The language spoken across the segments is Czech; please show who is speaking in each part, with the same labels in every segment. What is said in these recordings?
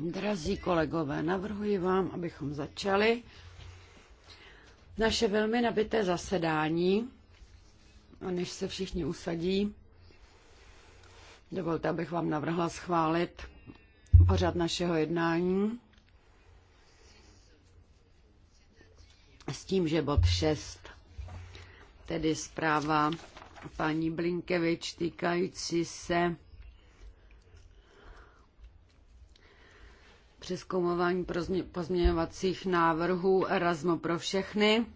Speaker 1: Drazí kolegové, navrhuji vám, abychom začali naše velmi nabité zasedání. A než se všichni usadí, dovolte, abych vám navrhla schválit pořad našeho jednání s tím, že bod 6, tedy zpráva paní Blinkevič týkající se přeskoumování pozměňovacích návrhů Erasmo pro všechny.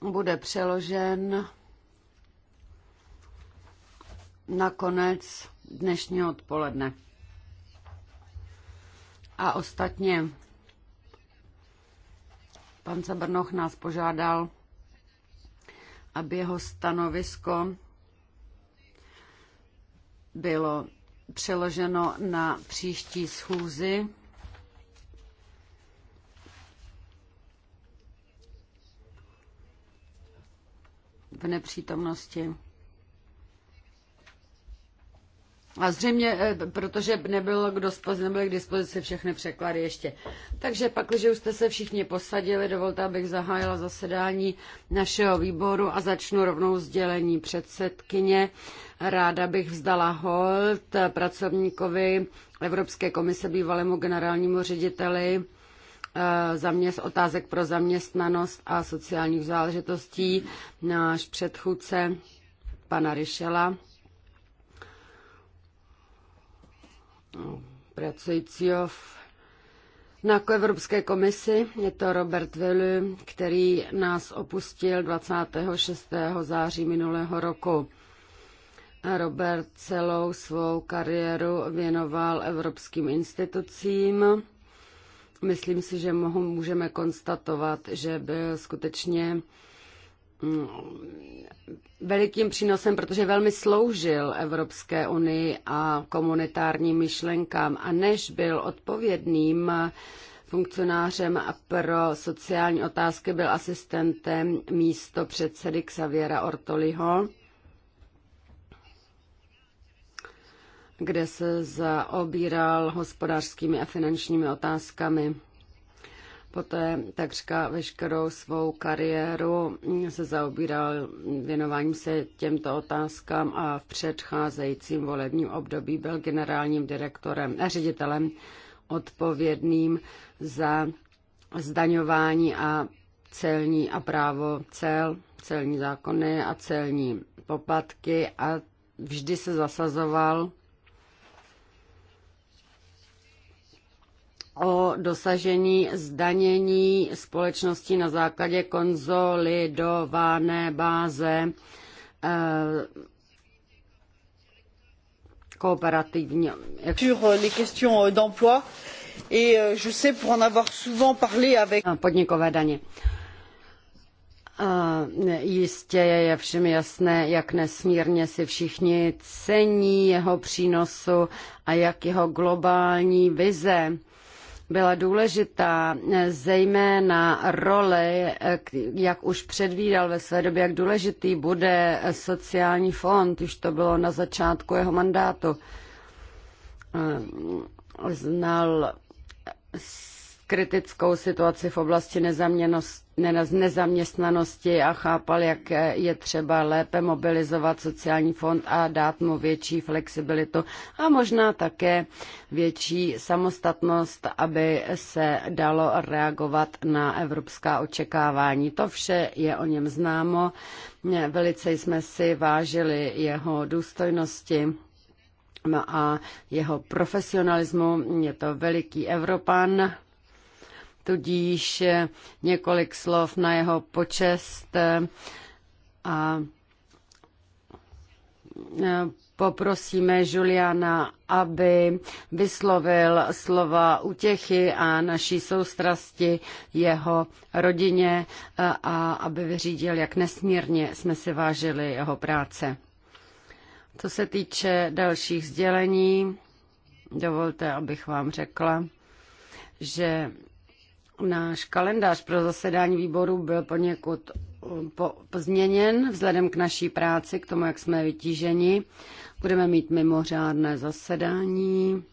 Speaker 1: Bude přeložen na konec dnešního odpoledne. A ostatně pan Sabrnoch nás požádal, aby jeho stanovisko bylo přeloženo na příští schůzi. v nepřítomnosti A zřejmě, eh, protože nebylo k dispozici, nebyly k dispozici všechny překlady ještě. Takže pak, když už jste se všichni posadili, dovolte, abych zahájila zasedání našeho výboru a začnu rovnou sdělení předsedkyně. Ráda bych vzdala hold pracovníkovi Evropské komise bývalému generálnímu řediteli eh, zaměst, otázek pro zaměstnanost a sociálních záležitostí náš předchůdce pana Ryšela pracující v na Evropské komisi. Je to Robert Willy, který nás opustil 26. září minulého roku. Robert celou svou kariéru věnoval evropským institucím. Myslím si, že mohu, můžeme konstatovat, že byl skutečně Mm, velikým přínosem, protože velmi sloužil Evropské unii a komunitárním myšlenkám. A než byl odpovědným funkcionářem pro sociální otázky, byl asistentem místo předsedy Xaviera Ortoliho, kde se zaobíral hospodářskými a finančními otázkami. Poté takřka veškerou svou kariéru se zaobíral věnováním se těmto otázkám a v předcházejícím volebním období byl generálním direktorem a ředitelem odpovědným za zdaňování a celní a právo cel, celní zákony a celní poplatky a vždy se zasazoval o dosažení zdanění společností na základě konzolidované báze eh, kooperativní. Sur euh, les questions euh, d'emploi et euh, je sais pour en avoir souvent parlé avec eh, podnikové daně. A eh, jistě je všem jasné, jak nesmírně si všichni cení jeho přínosu a jak jeho globální vize byla důležitá, eh, zejména role, eh, jak už předvídal ve své době, jak důležitý bude eh, sociální fond, už to bylo na začátku jeho mandátu. Znal kritickou situaci v oblasti nezaměnosti nezaměstnanosti a chápal, jak je třeba lépe mobilizovat sociální fond a dát mu větší flexibilitu a možná také větší samostatnost, aby se dalo reagovat na evropská očekávání. To vše je o něm známo. Velice jsme si vážili jeho důstojnosti a jeho profesionalismu. Je to veliký Evropan tudíž eh, několik slov na jeho počest eh, a eh, poprosíme Juliana, aby vyslovil slova utěchy a naší soustrasti jeho rodině a aby vyřídil, jak nesmírně jsme si vážili jeho práce. Co se týče dalších sdělení, dovolte, abych vám řekla, že Náš kalendář pro zasedání výboru byl poněkud um, pozměněn vzhledem k naší práci, k tomu, jak jsme vytíženi. Budeme mít mimořádné zasedání.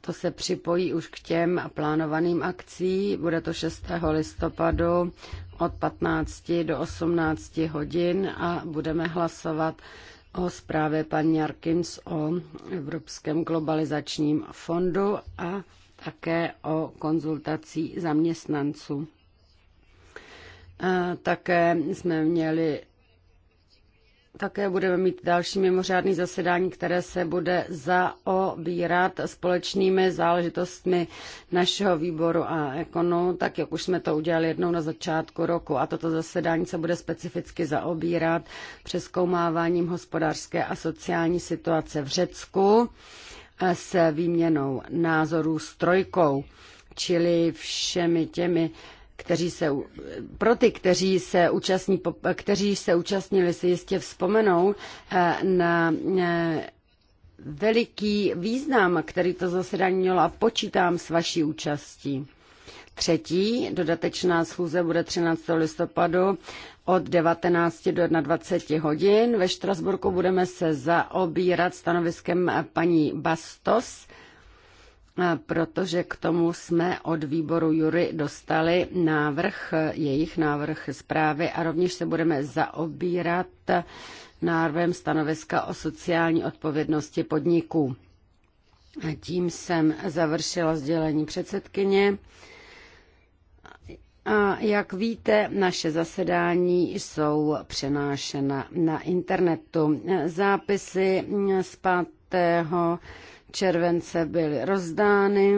Speaker 1: To se připojí už k těm plánovaným akcí. Bude to 6. listopadu od 15 do 18 hodin a budeme hlasovat o zprávě paní Jarkins o Evropském globalizačním fondu a také o konzultací zaměstnanců. A také jsme měli také budeme mít další mimořádné zasedání, které se bude zaobírat společnými záležitostmi našeho výboru a ekonu, tak jak už jsme to udělali jednou na začátku roku. A toto zasedání se bude specificky zaobírat přeskoumáváním hospodářské a sociální situace v Řecku s výměnou názorů s trojkou, čili všemi těmi, kteří se, pro ty, kteří se, účastní, kteří se účastnili, si jistě vzpomenou eh, na eh, veliký význam, který to zasedání mělo a počítám s vaší účastí. Třetí dodatečná schůze bude 13. listopadu od 19 do 21 hodin. Ve Štrasburku budeme se zaobírat stanoviskem paní Bastos, protože k tomu jsme od výboru Jury dostali návrh, jejich návrh zprávy a rovněž se budeme zaobírat návrhem stanoviska o sociální odpovědnosti podniků. A tím jsem završila sdělení předsedkyně. A jak víte, naše zasedání jsou přenášena na internetu. Zápisy z 5. července byly rozdány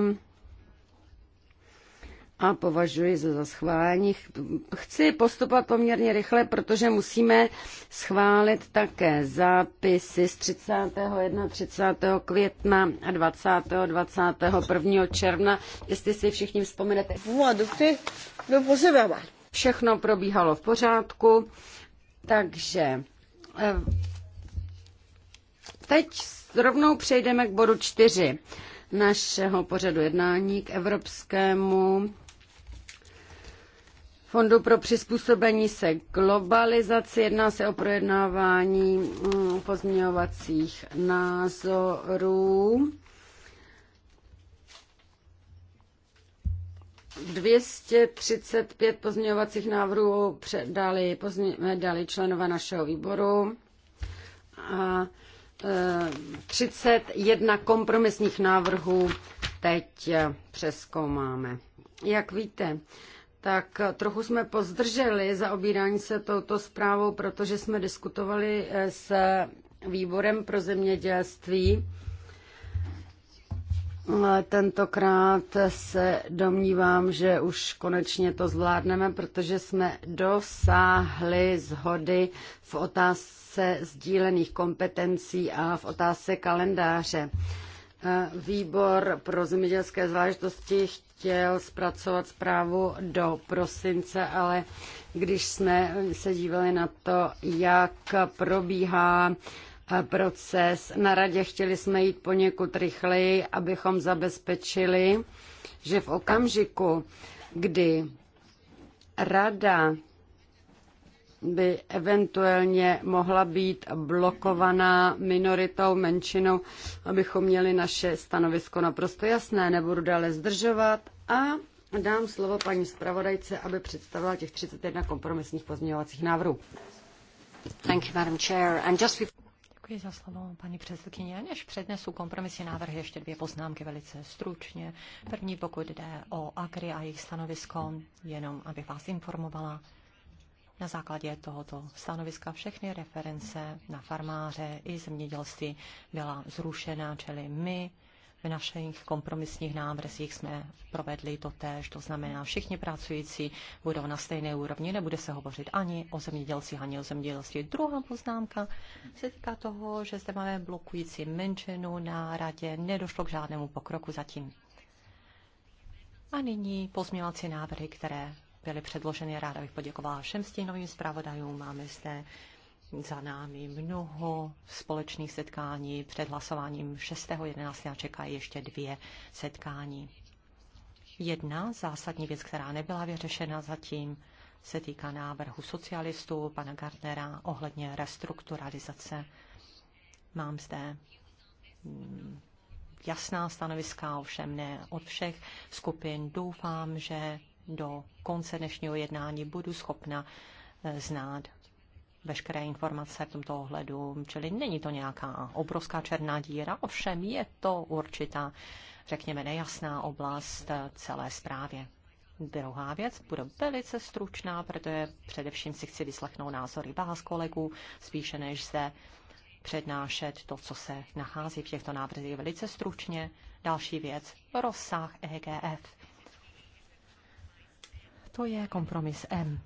Speaker 1: a považuji za, za schválení. Chci postupovat poměrně rychle, protože musíme schválit také zápisy z 31. 30. května a 20. 21. června, jestli si všichni vzpomenete. Všechno probíhalo v pořádku, takže eh, teď rovnou přejdeme k bodu 4 našeho pořadu jednání k Evropskému Fondu pro přizpůsobení se globalizaci. Jedná se o projednávání mm, pozměňovacích názorů. 235 pozměňovacích návrhů předali pozmě, eh, dali členové našeho výboru a 31 eh, kompromisních návrhů teď eh, přeskoumáme. Jak víte, tak trochu jsme pozdrželi zaobírání se touto zprávou, protože jsme diskutovali eh, s výborem pro zemědělství. Tentokrát se domnívám, že už konečně to zvládneme, protože jsme dosáhli zhody v otázce sdílených kompetencí a v otázce kalendáře. Výbor pro zemědělské záležitosti chtěl zpracovat zprávu do prosince, ale když jsme se dívali na to, jak probíhá eh, proces, na radě chtěli jsme jít poněkud rychleji, abychom zabezpečili, že v okamžiku, kdy rada by eventuálně mohla být blokovaná minoritou, menšinou, abychom měli naše stanovisko naprosto jasné. Nebudu dále zdržovat a dám slovo paní zpravodajce, aby představila těch 31 kompromisních pozměňovacích návrhů. Thank you, Madam Chair. And just before...
Speaker 2: Děkuji za slovo, paní předsedkyně. Než přednesu kompromisní návrhy, ještě dvě poznámky velice stručně. První, pokud jde o Agri a jejich stanovisko, jenom abych vás informovala, na základě tohoto stanoviska všechny reference na farmáře i zemědělství byla zrušena, čili my v našich kompromisních návrzích jsme provedli to též, to znamená, všichni pracující budou na stejné úrovni, nebude se hovořit ani o zemědělci, ani o zemědělství. Druhá poznámka se týká toho, že zde máme blokující menšinu na radě, nedošlo k žádnému pokroku zatím. A nyní pozměňovací návrhy, které byly předloženy. Ráda bych poděkovala všem stínovým zpravodajům. Máme zde za námi mnoho společných setkání před hlasováním 6.11. a čekají ještě dvě setkání. Jedna zásadní věc, která nebyla vyřešena zatím, se týká návrhu socialistů pana Gardnera ohledně restrukturalizace. Mám zde mm, jasná stanoviska, ovšem ne od všech skupin. Doufám, že do konce dnešního jednání budu schopna eh, znát veškeré informace v tomto ohledu, čili není to nějaká obrovská černá díra, ovšem je to určitá, řekněme, nejasná oblast eh, celé zprávě. Druhá věc bude velice stručná, protože především si chci vyslechnout názory vás kolegů, spíše než zde přednášet to, co se nachází v těchto návrzích velice stručně. Další věc, rozsah EGF to je kompromis M.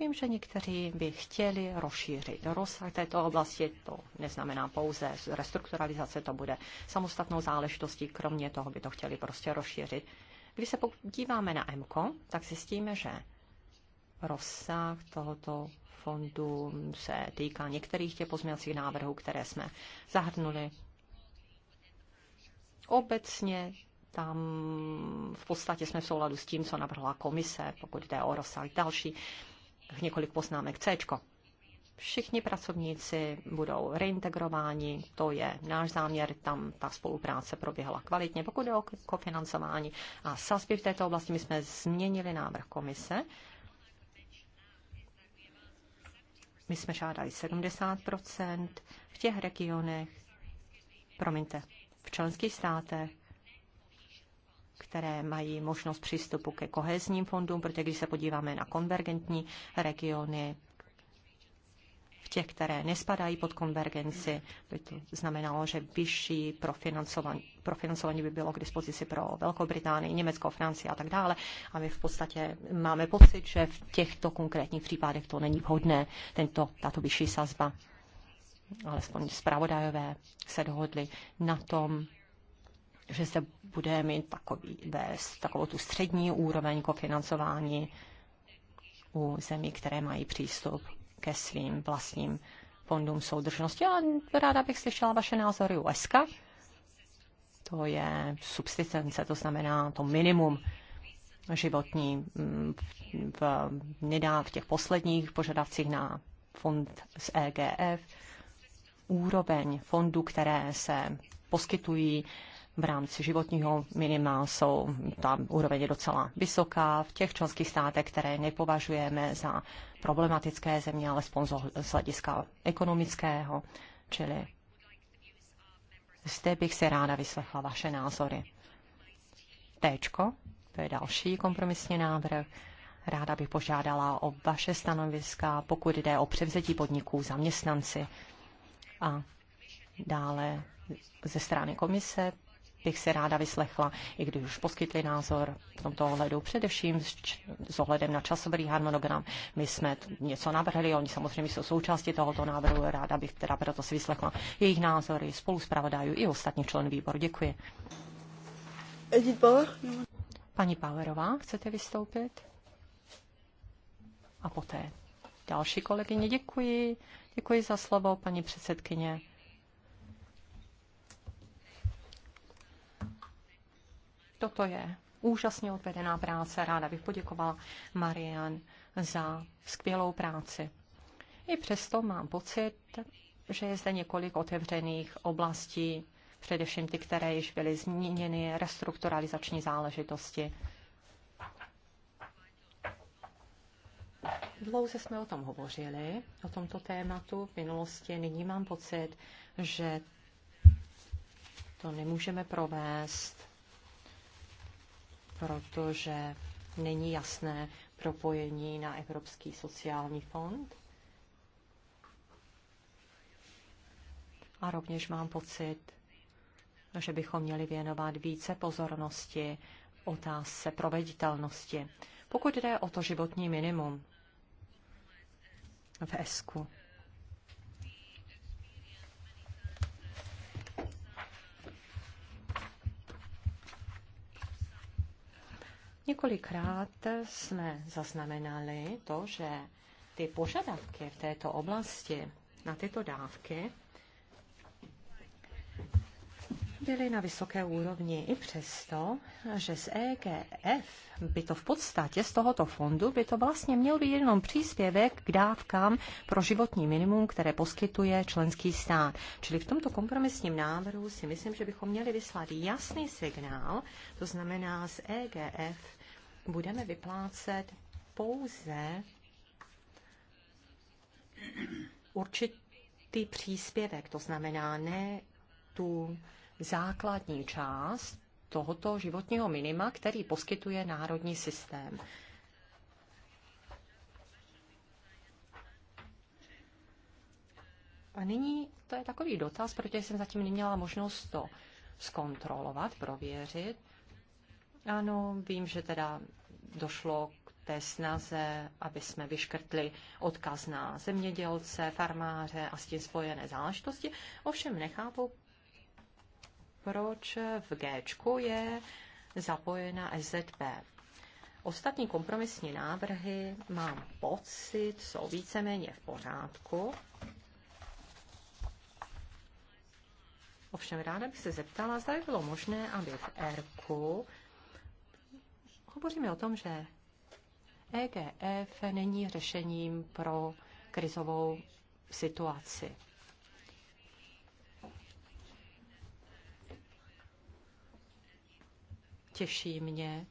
Speaker 2: Vím, že někteří by chtěli rozšířit rozsah této oblasti. To neznamená pouze restrukturalizace, to bude samostatnou záležitostí. Kromě toho by to chtěli prostě rozšířit. Když se podíváme na MK, tak zjistíme, že rozsah tohoto fondu se týká některých těch pozměňovacích návrhů, které jsme zahrnuli. Obecně tam v podstatě jsme v souladu s tím, co navrhla komise, pokud jde o rozsah další, několik poznámek C. Všichni pracovníci budou reintegrováni, to je náš záměr, tam ta spolupráce proběhla kvalitně. Pokud jde o kofinancování a sazby v této oblasti, my jsme změnili návrh komise. My jsme žádali 70 v těch regionech, promiňte, v členských státech, které mají možnost přístupu ke kohezním fondům, protože když se podíváme na konvergentní regiony, v těch, které nespadají pod konvergenci, by to znamenalo, že vyšší profinancování, profinancování by bylo k dispozici pro Velkou Británii, Německo, Francii a tak dále. A my v podstatě máme pocit, že v těchto konkrétních případech to není vhodné, tento, tato vyšší sazba. Alespoň zpravodajové se dohodli na tom, že se bude mít takový, vést takovou tu střední úroveň kofinancování u zemí, které mají přístup ke svým vlastním fondům soudržnosti. A ráda bych slyšela vaše názory u SK. To je subsistence, to znamená to minimum životní mm, v, nedá v těch posledních požadavcích na fond z EGF. Úroveň fondů, které se poskytují v rámci životního minima jsou, ta úroveň je docela vysoká v těch členských státech, které nepovažujeme za problematické země, ale z hlediska ekonomického, čili zde bych se ráda vyslechla vaše názory. Téčko, to je další kompromisní návrh. Ráda bych požádala o vaše stanoviska, pokud jde o převzetí podniků zaměstnanci a dále ze strany komise bych si ráda vyslechla, i když už poskytli názor v tomto ohledu, především s ohledem na časový harmonogram. My jsme něco navrhli, oni samozřejmě jsou součástí tohoto návrhu, ráda bych teda proto si vyslechla jejich názory, spolu zpravodajů i ostatní členy výboru. Děkuji. Edith Bauer. Paní Bauerová, chcete vystoupit? A poté další kolegyně. Děkuji. Děkuji za slovo, paní předsedkyně. Toto je úžasně odvedená práce. Ráda bych poděkovala Marian za skvělou práci. I přesto mám pocit, že je zde několik otevřených oblastí, především ty, které již byly zmíněny, restrukturalizační záležitosti. Dlouze jsme o tom hovořili, o tomto tématu v minulosti. Nyní mám pocit, že to nemůžeme provést protože není jasné propojení na Evropský sociální fond. A rovněž mám pocit, že bychom měli věnovat více pozornosti otázce proveditelnosti. Pokud jde o to životní minimum v ESKu, Několikrát jsme zaznamenali to, že ty požadavky v této oblasti na tyto dávky byly na vysoké úrovni i přesto, že z EGF by to v podstatě z tohoto fondu by to vlastně měl být jenom příspěvek k dávkám pro životní minimum, které poskytuje členský stát. Čili v tomto kompromisním návrhu si myslím, že bychom měli vyslat jasný signál, to znamená z EGF budeme vyplácet pouze určitý příspěvek, to znamená ne tu základní část tohoto životního minima, který poskytuje národní systém. A nyní to je takový dotaz, protože jsem zatím neměla možnost to zkontrolovat, prověřit. Ano, vím, že teda došlo k té snaze, aby jsme vyškrtli odkaz na zemědělce, farmáře a s tím spojené záležitosti. Ovšem nechápu, proč v G je zapojena SZP. Ostatní kompromisní návrhy, mám pocit, jsou víceméně v pořádku. Ovšem ráda bych se zeptala, zda by bylo možné, aby v r Hovoříme o tom, že EGF není řešením pro krizovou situaci. Těší mě,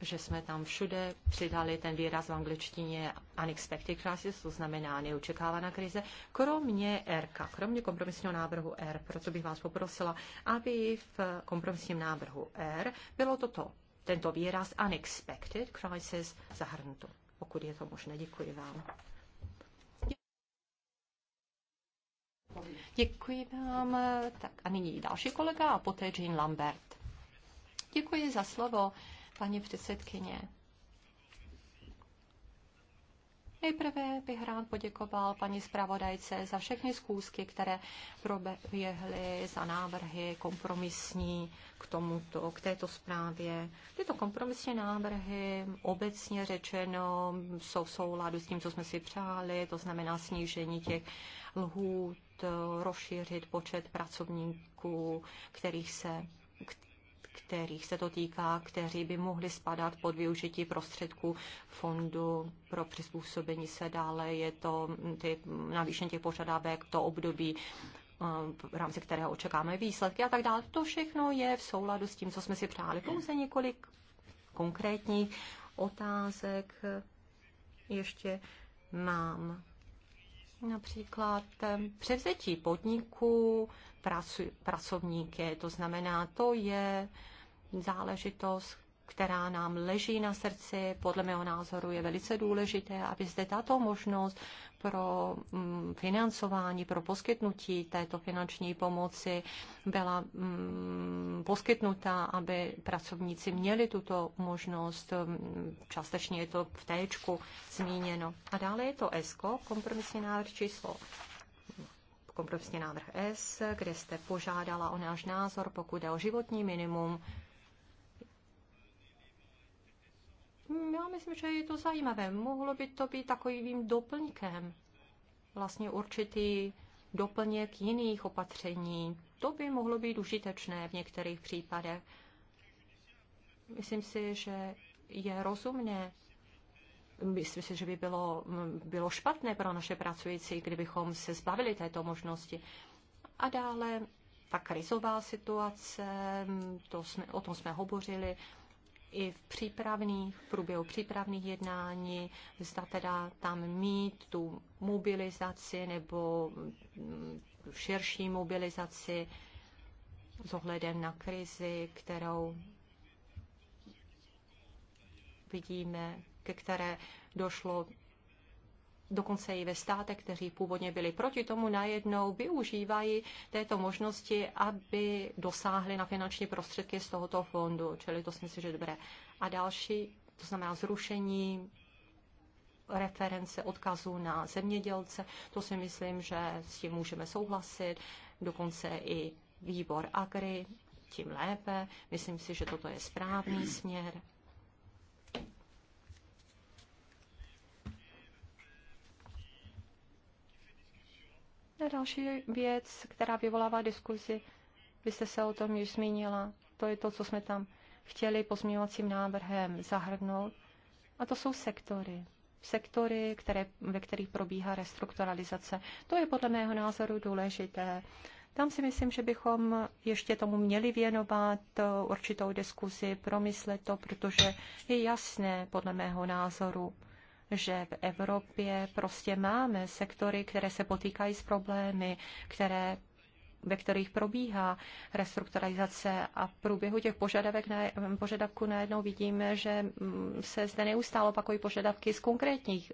Speaker 2: že jsme tam všude přidali ten výraz v angličtině unexpected crisis, to znamená neočekávaná krize, kromě R, kromě kompromisního návrhu R. Proto bych vás poprosila, aby v kompromisním návrhu R bylo toto tento výraz unexpected crisis zahrnuto. Pokud je to možné, děkuji vám. Děkuji vám. Tak a nyní další kolega a poté Jean Lambert. Děkuji za slovo, paní předsedkyně. Nejprve bych rád poděkoval paní zpravodajce za všechny zkoušky, které proběhly, za návrhy kompromisní k tomuto, k této zprávě. Tyto kompromisní návrhy obecně řečeno jsou v souladu s tím, co jsme si přáli, to znamená snížení těch lhůt, rozšířit počet pracovníků, kterých se kterých se to týká, kteří by mohli spadat pod využití prostředků fondu pro přizpůsobení se dále. Je to mm, ty, mm, navýšení těch požadavek, to období eh, v rámci kterého očekáme výsledky a tak dále. To všechno je v souladu s tím, co jsme si přáli. Pouze několik konkrétních otázek ještě mám například ehm, převzetí podniku, pracovníky. To znamená, to je záležitost, která nám leží na srdci, podle mého názoru je velice důležité, aby zde tato možnost pro mm, financování, pro poskytnutí této finanční pomoci byla mm, poskytnuta, aby pracovníci měli tuto možnost. Mm, částečně je to v téčku zmíněno. A dále je to ESCO, kompromisní návrh číslo kompromisní návrh S, kde jste požádala o náš názor, pokud jde o životní minimum Já no, myslím, že je to zajímavé. Mohlo by to být takovým doplňkem, vlastně určitý doplněk jiných opatření. To by mohlo být užitečné v některých případech. Myslím si, že je rozumné myslím si, že by bylo, bylo špatné pro naše pracující, kdybychom se zbavili této možnosti. A dále ta krizová situace, to jsme, o tom jsme hovořili, i v přípravných, v průběhu přípravných jednání, zda teda tam mít tu mobilizaci nebo mm, širší mobilizaci s ohledem na krizi, kterou vidíme, ke které došlo dokonce i ve státech, kteří původně byli proti tomu, najednou využívají této možnosti, aby dosáhli na finanční prostředky z tohoto fondu. Čili to si myslím, že je dobré. A další, to znamená zrušení reference odkazu na zemědělce. To si myslím, že s tím můžeme souhlasit. Dokonce i výbor Agri, tím lépe. Myslím si, že toto je správný směr. A další věc, která vyvolává diskuzi, vy jste se o tom již zmínila, to je to, co jsme tam chtěli pozměňovacím návrhem zahrnout. A to jsou sektory. Sektory, které, ve kterých probíhá restrukturalizace. To je podle mého názoru důležité. Tam si myslím, že bychom ještě tomu měli věnovat eh, určitou diskuzi, promyslet to, protože je jasné podle mého názoru, že v Evropě prostě máme sektory, které se potýkají s problémy, které ve kterých probíhá restrukturalizace a v průběhu těch požadavek na, požadavku najednou vidíme, že mm, se zde neustále opakují požadavky z konkrétních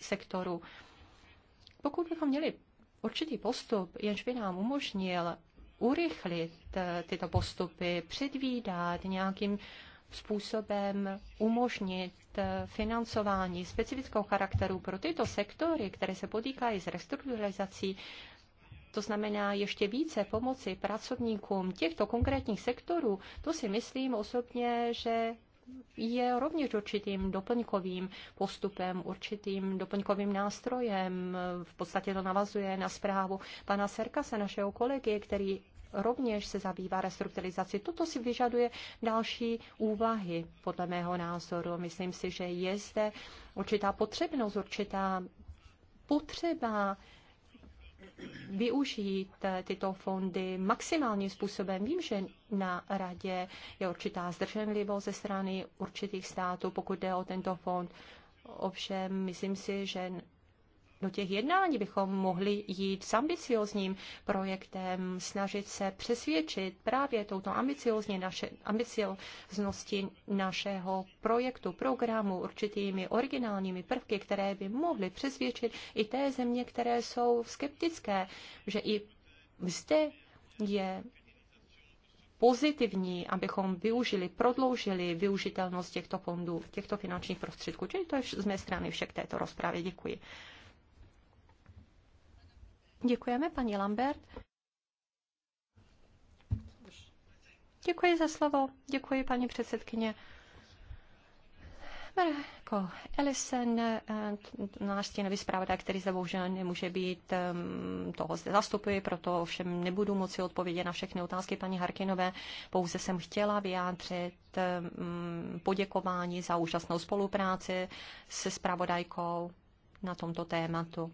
Speaker 2: sektorů. Pokud bychom měli určitý postup, jenž by nám umožnil urychlit eh, tyto postupy, předvídat nějakým způsobem umožnit eh, financování specifického charakteru pro tyto sektory, které se potýkají s restrukturalizací, to znamená ještě více pomoci pracovníkům těchto konkrétních sektorů, to si myslím osobně, že je rovněž určitým doplňkovým postupem, určitým doplňkovým nástrojem. V podstatě to navazuje na zprávu pana Serkase, našeho kolegy, který rovněž se zabývá restrukturalizací. Toto si vyžaduje další úvahy, podle mého názoru. Myslím si, že je zde určitá potřebnost, určitá potřeba využít tyto fondy maximálním způsobem. Vím, že na radě je určitá zdrženlivost ze strany určitých států, pokud jde o tento fond. Ovšem, myslím si, že do těch jednání bychom mohli jít s ambiciozním projektem, snažit se přesvědčit právě touto ambiciozně naše, ambicioznosti našeho projektu, programu, určitými originálními prvky, které by mohly přesvědčit i té země, které jsou skeptické, že i zde je pozitivní, abychom využili, prodloužili využitelnost těchto fondů, těchto finančních prostředků. Čili to je z mé strany vše k této rozprávě. Děkuji. Děkujeme, paní Lambert. Děkuji za slovo. Děkuji, paní předsedkyně. Marko Ellison, eh, náš stínový zpravodaj, který zde bohužel nemůže být, ehm, toho zde zastupuji, proto ovšem nebudu moci odpovědět na všechny otázky paní Harkinové. Pouze jsem chtěla vyjádřit ehm, poděkování za úžasnou spolupráci se zpravodajkou na tomto tématu.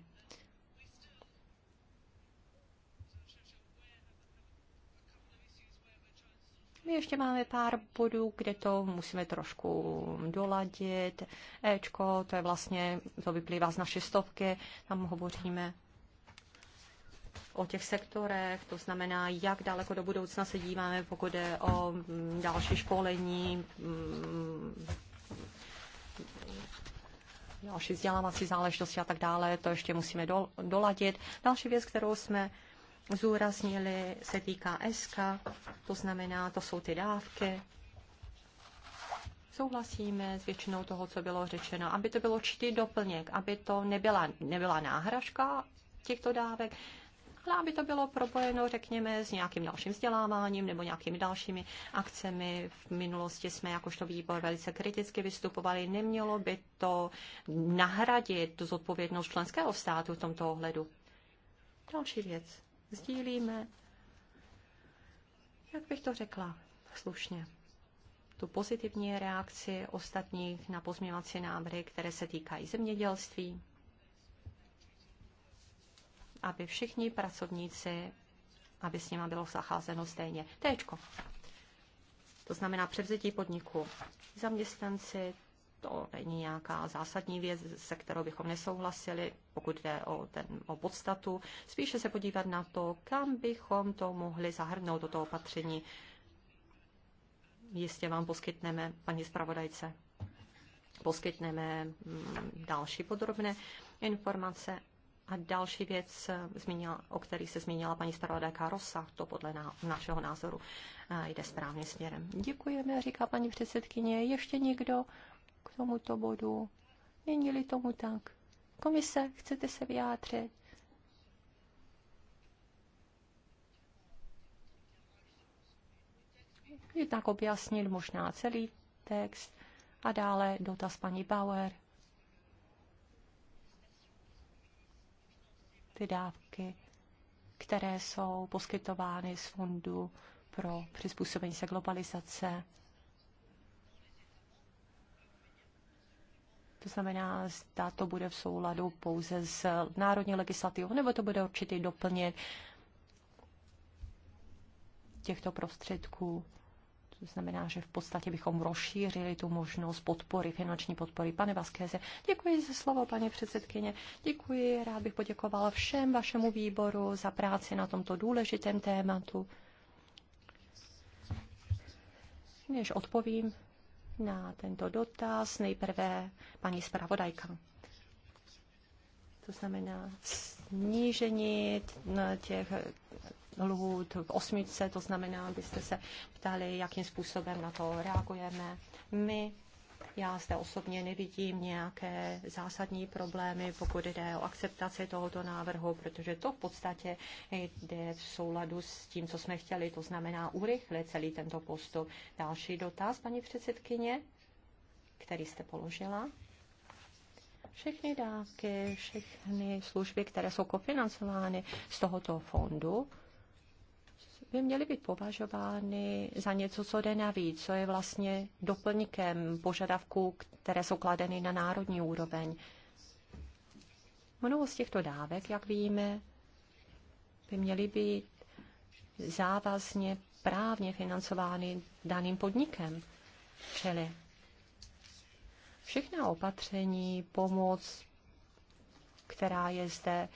Speaker 2: ještě máme pár bodů, kde to musíme trošku doladit. Ečko, to je vlastně, to vyplývá z naší stovky, tam hovoříme o těch sektorech, to znamená, jak daleko do budoucna se díváme, pokud je o mm, další školení, mm, další vzdělávací záležitosti a tak dále, to ještě musíme doladit. Další věc, kterou jsme zúraznili, se týká SK, to znamená, to jsou ty dávky. Souhlasíme s většinou toho, co bylo řečeno, aby to bylo určitý doplněk, aby to nebyla, nebyla náhražka těchto dávek, ale aby to bylo propojeno, řekněme, s nějakým dalším vzděláváním nebo nějakými dalšími akcemi. V minulosti jsme jakožto výbor velice kriticky vystupovali. Nemělo by to nahradit tu zodpovědnost členského státu v tomto ohledu. Další věc sdílíme, jak bych to řekla slušně, tu pozitivní reakci ostatních na pozměňovací návrhy, které se týkají zemědělství, aby všichni pracovníci, aby s nimi bylo zacházeno stejně. Téčko. To znamená převzetí podniku. Zaměstnanci, to není nějaká zásadní věc, se kterou bychom nesouhlasili, pokud jde o, ten, o podstatu. Spíše se podívat na to, kam bychom to mohli zahrnout do toho opatření. Jistě vám poskytneme, paní zpravodajce, poskytneme mm, další podrobné informace. A další věc, zmínila, o které se zmínila paní zpravodajka Rosa, to podle ná, našeho názoru eh, jde správným směrem. Děkujeme, říká paní předsedkyně. Ještě někdo? k tomuto bodu? Není-li tomu tak? Komise, chcete se vyjádřit? Jednak objasnit možná celý text a dále dotaz paní Bauer. Ty dávky, které jsou poskytovány z fondu pro přizpůsobení se globalizace To znamená, zda to bude v souladu pouze s národní legislativou, nebo to bude určitý doplněk těchto prostředků. To znamená, že v podstatě bychom rozšířili tu možnost podpory, finanční podpory. Pane Vaskéze, děkuji za slovo, paní předsedkyně. Děkuji, rád bych poděkovala všem vašemu výboru za práci na tomto důležitém tématu. Než odpovím na tento dotaz. Nejprve paní zpravodajka. To znamená snížení těch lhůt v osmičce, to znamená, abyste se ptali, jakým způsobem na to reagujeme. My já zde osobně nevidím nějaké zásadní problémy, pokud jde o akceptaci tohoto návrhu, protože to v podstatě jde v souladu s tím, co jsme chtěli, to znamená urychlit celý tento postup. Další dotaz, paní předsedkyně, který jste položila všechny dávky, všechny služby, které jsou kofinancovány z tohoto fondu, by měly být považovány za něco, co jde navíc, co je vlastně doplňkem požadavků, které jsou kladeny na národní úroveň. Mnoho z těchto dávek, jak víme, by měly být závazně právně financovány daným podnikem. Čili všechna opatření, pomoc, která je zde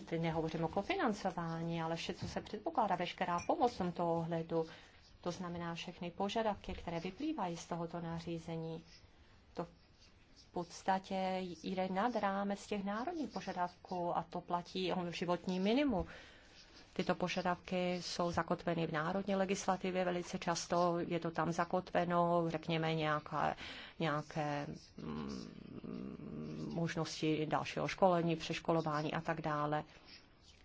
Speaker 2: teď nehovořím o kofinancování, ale vše, co se předpokládá, veškerá pomoc v tomto ohledu, to znamená všechny požadavky, které vyplývají z tohoto nařízení. To v podstatě jde nad rámec těch národních požadavků a to platí o životní minimum. Tyto požadavky jsou zakotveny v národní legislativě velice často, je to tam zakotveno, řekněme nějaká, nějaké mm, možnosti dalšího školení, přeškolování a tak dále.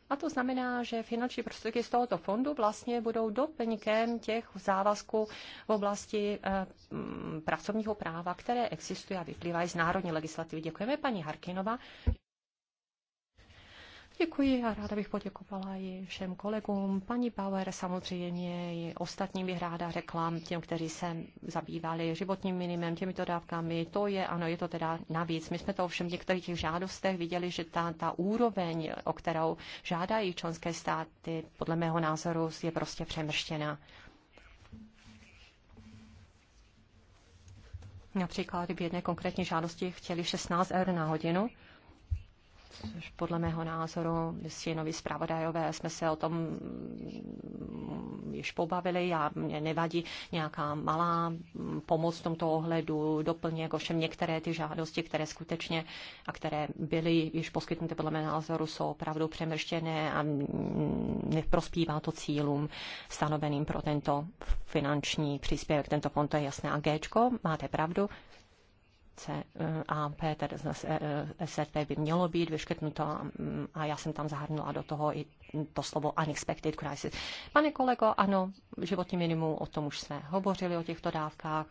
Speaker 2: A to znamená, že finanční prostředky z tohoto fondu vlastně budou doplňkem těch závazků v oblasti eh, mm, pracovního práva, které existují a vyplývají z národní legislativy. Děkujeme paní Harkinova. Děkuji a ráda bych poděkovala i všem kolegům. Paní Bauer samozřejmě i ostatním bych ráda řekla, těm, kteří se zabývali životním minimem, těmito dávkami, to je, ano, je to teda navíc. My jsme to ovšem v některých těch žádostech viděli, že ta, ta úroveň, o kterou žádají členské státy, podle mého názoru je prostě přemrštěna. Například v jedné konkrétní žádosti chtěli 16 eur na hodinu, což podle mého názoru stěnoví zpravodajové jsme se o tom mm, již pobavili, já mě nevadí nějaká malá mm, pomoc v tomto ohledu, jako všem některé ty žádosti, které skutečně a které byly již poskytnuty podle mého názoru, jsou opravdu přemrštěné a neprospívá to cílům stanoveným pro tento finanční příspěvek, tento fond, to je jasné. A Gčko, máte pravdu, CAP, tedy z SRP, e, e by mělo být vyškrtnuto a já jsem tam zahrnula do toho i to slovo unexpected crisis. Pane kolego, ano, životní minimum, o tom už jsme hovořili, o těchto dávkách,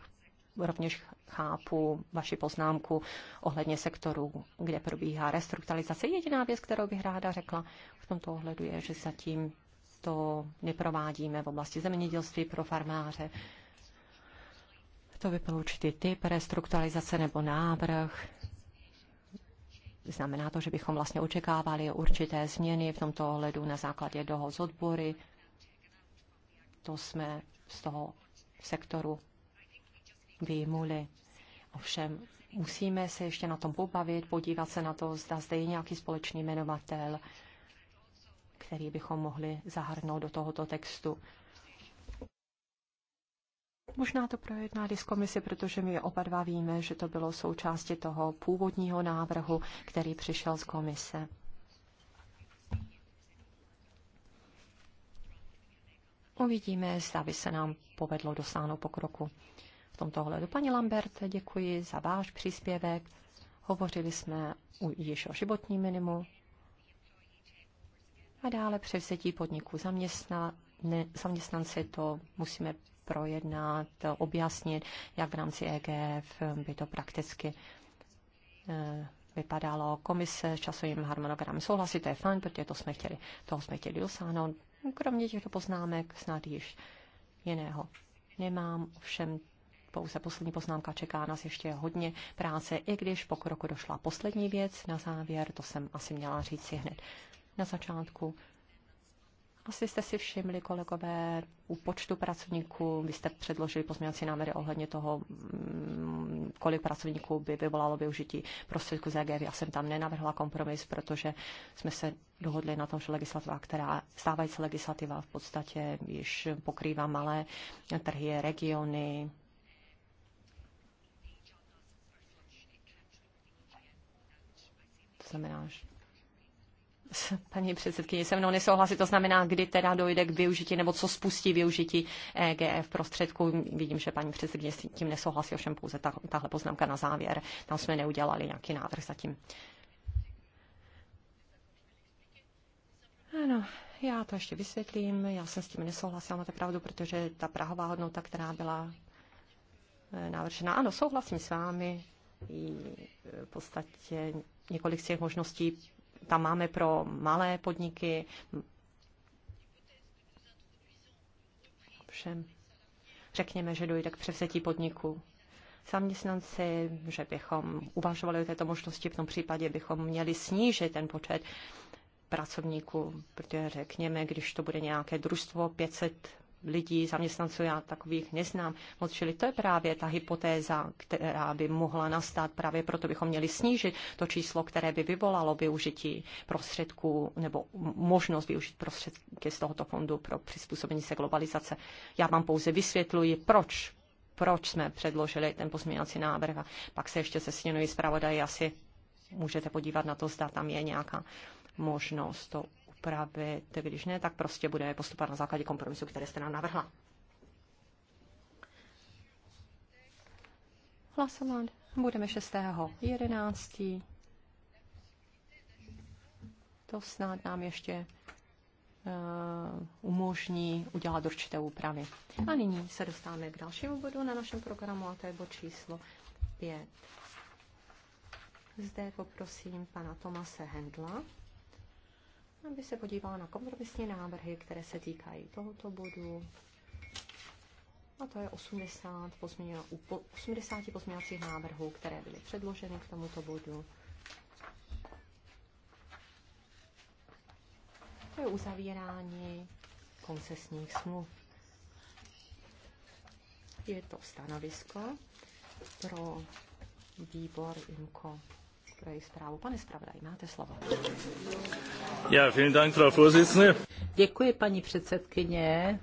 Speaker 2: rovněž chápu vaši poznámku ohledně sektorů, kde probíhá restrukturalizace. Jediná věc, kterou bych ráda řekla v tomto ohledu, je, že zatím to neprovádíme v oblasti zemědělství pro farmáře, to by byl určitý typ restrukturalizace nebo návrh. Znamená to, že bychom vlastně očekávali určité změny v tomto ohledu na základě dohod z odbory. To jsme z toho sektoru vyjmuli. Ovšem, musíme se ještě na tom pobavit, podívat se na to, zda zde je nějaký společný jmenovatel, který bychom mohli zahrnout do tohoto textu. Možná to projedná diskomisi, protože my oba dva víme, že to bylo součástí toho původního návrhu, který přišel z komise. Uvidíme, zda by se nám povedlo dosáhnout pokroku. V tomto ohledu paní Lambert, děkuji za váš příspěvek. Hovořili jsme již o životním minimu a dále převzetí podniku zaměstna, ne, zaměstnanci, to musíme projednat, objasnit, jak v rámci EGF by to prakticky eh, vypadalo. Komise s časovým harmonogramem souhlasí, to je fajn, protože to jsme chtěli, toho jsme chtěli dosáhnout. Kromě těchto poznámek snad již jiného nemám, ovšem pouze poslední poznámka, čeká nás ještě hodně práce, i když po kroku došla poslední věc na závěr, to jsem asi měla říct si hned na začátku. Asi jste si všimli, kolegové, u počtu pracovníků, vy jste předložili pozměňovací námery ohledně toho, mm, kolik pracovníků by vyvolalo využití prostředku ZGV. E Já jsem tam nenavrhla kompromis, protože jsme se dohodli na tom, že legislativa, která stávající legislativa v podstatě již pokrývá malé trhy, regiony, to znamená, že paní předsedkyně se mnou nesouhlasí, to znamená, kdy teda dojde k využití nebo co spustí využití EGF prostředku. Vidím, že paní předsedkyně s tím nesouhlasí, ovšem pouze ta, tahle poznámka na závěr. Tam jsme neudělali nějaký návrh zatím. Ano, já to ještě vysvětlím. Já jsem s tím nesouhlasila, máte pravdu, protože ta prahová hodnota, která byla eh, navržena, ano, souhlasím s vámi. I v podstatě několik z těch možností tam máme pro malé podniky. Všem. Řekněme, že dojde k převzetí podniku zaměstnanci, že bychom uvažovali o této možnosti, v tom případě bychom měli snížit ten počet pracovníků, protože řekněme, když to bude nějaké družstvo 500 lidí, zaměstnanců, já takových neznám moc, čili to je právě ta hypotéza, která by mohla nastat, právě proto bychom měli snížit to číslo, které by vyvolalo využití prostředků nebo možnost využít prostředky z tohoto fondu pro přizpůsobení se globalizace. Já vám pouze vysvětluji, proč proč jsme předložili ten pozměňovací návrh a pak se ještě se stěnují zpravodaji asi můžete podívat na to, zda tam je nějaká možnost to upravit. Když ne, tak prostě bude postupovat na základě kompromisu, které jste nám navrhla. Hlasování budeme 6. 11. To snad nám ještě eh, umožní udělat určité úpravy. A nyní se dostáváme k dalšímu bodu na našem programu a to je bod číslo 5. Zde poprosím pana Tomase Hendla aby se podívala na kompromisní návrhy, které se týkají tohoto bodu. A to je 80, pozměňo, 80 pozměňovacích návrhů, které byly předloženy k tomuto bodu. To je uzavírání koncesních smluv. Je to stanovisko pro výbor IMCO zpravodaji zprávu. Pane zpravodaj, máte
Speaker 3: slovo. Já, vielen Dank, Frau Vorsitzende. Děkuji, paní předsedkyně.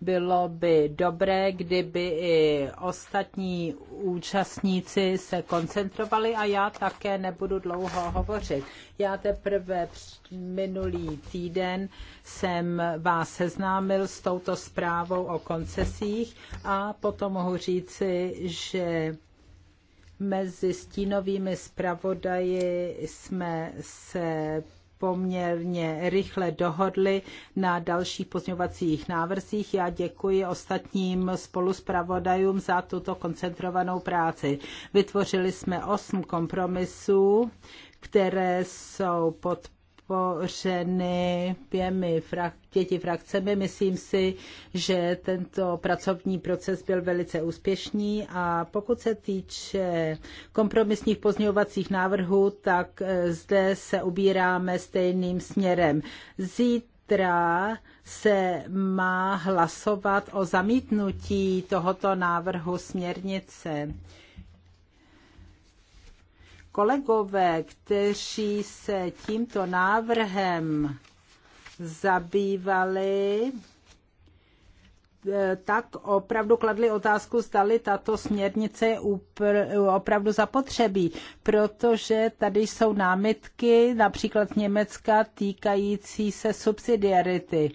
Speaker 3: Bylo by dobré, kdyby i ostatní účastníci se koncentrovali a já také nebudu dlouho hovořit. Já teprve minulý týden jsem vás seznámil s touto zprávou o koncesích a potom mohu říci, že Mezi stínovými zpravodaji jsme se poměrně rychle dohodli na dalších pozměňovacích návrzích. Já děkuji ostatním spoluspravodajům za tuto koncentrovanou práci. Vytvořili jsme osm kompromisů, které jsou podporovány podpořeny pěmi frak, pěti frakcemi. Myslím si, že tento pracovní proces byl velice úspěšný a pokud se týče kompromisních pozměňovacích návrhů, tak eh, zde se ubíráme stejným směrem. Zítra se má hlasovat o zamítnutí tohoto návrhu směrnice kolegové, kteří se tímto návrhem zabývali, Eh, tak opravdu kladli otázku, zdali tato směrnice je opravdu zapotřebí, protože tady jsou námitky například z Německa týkající se subsidiarity.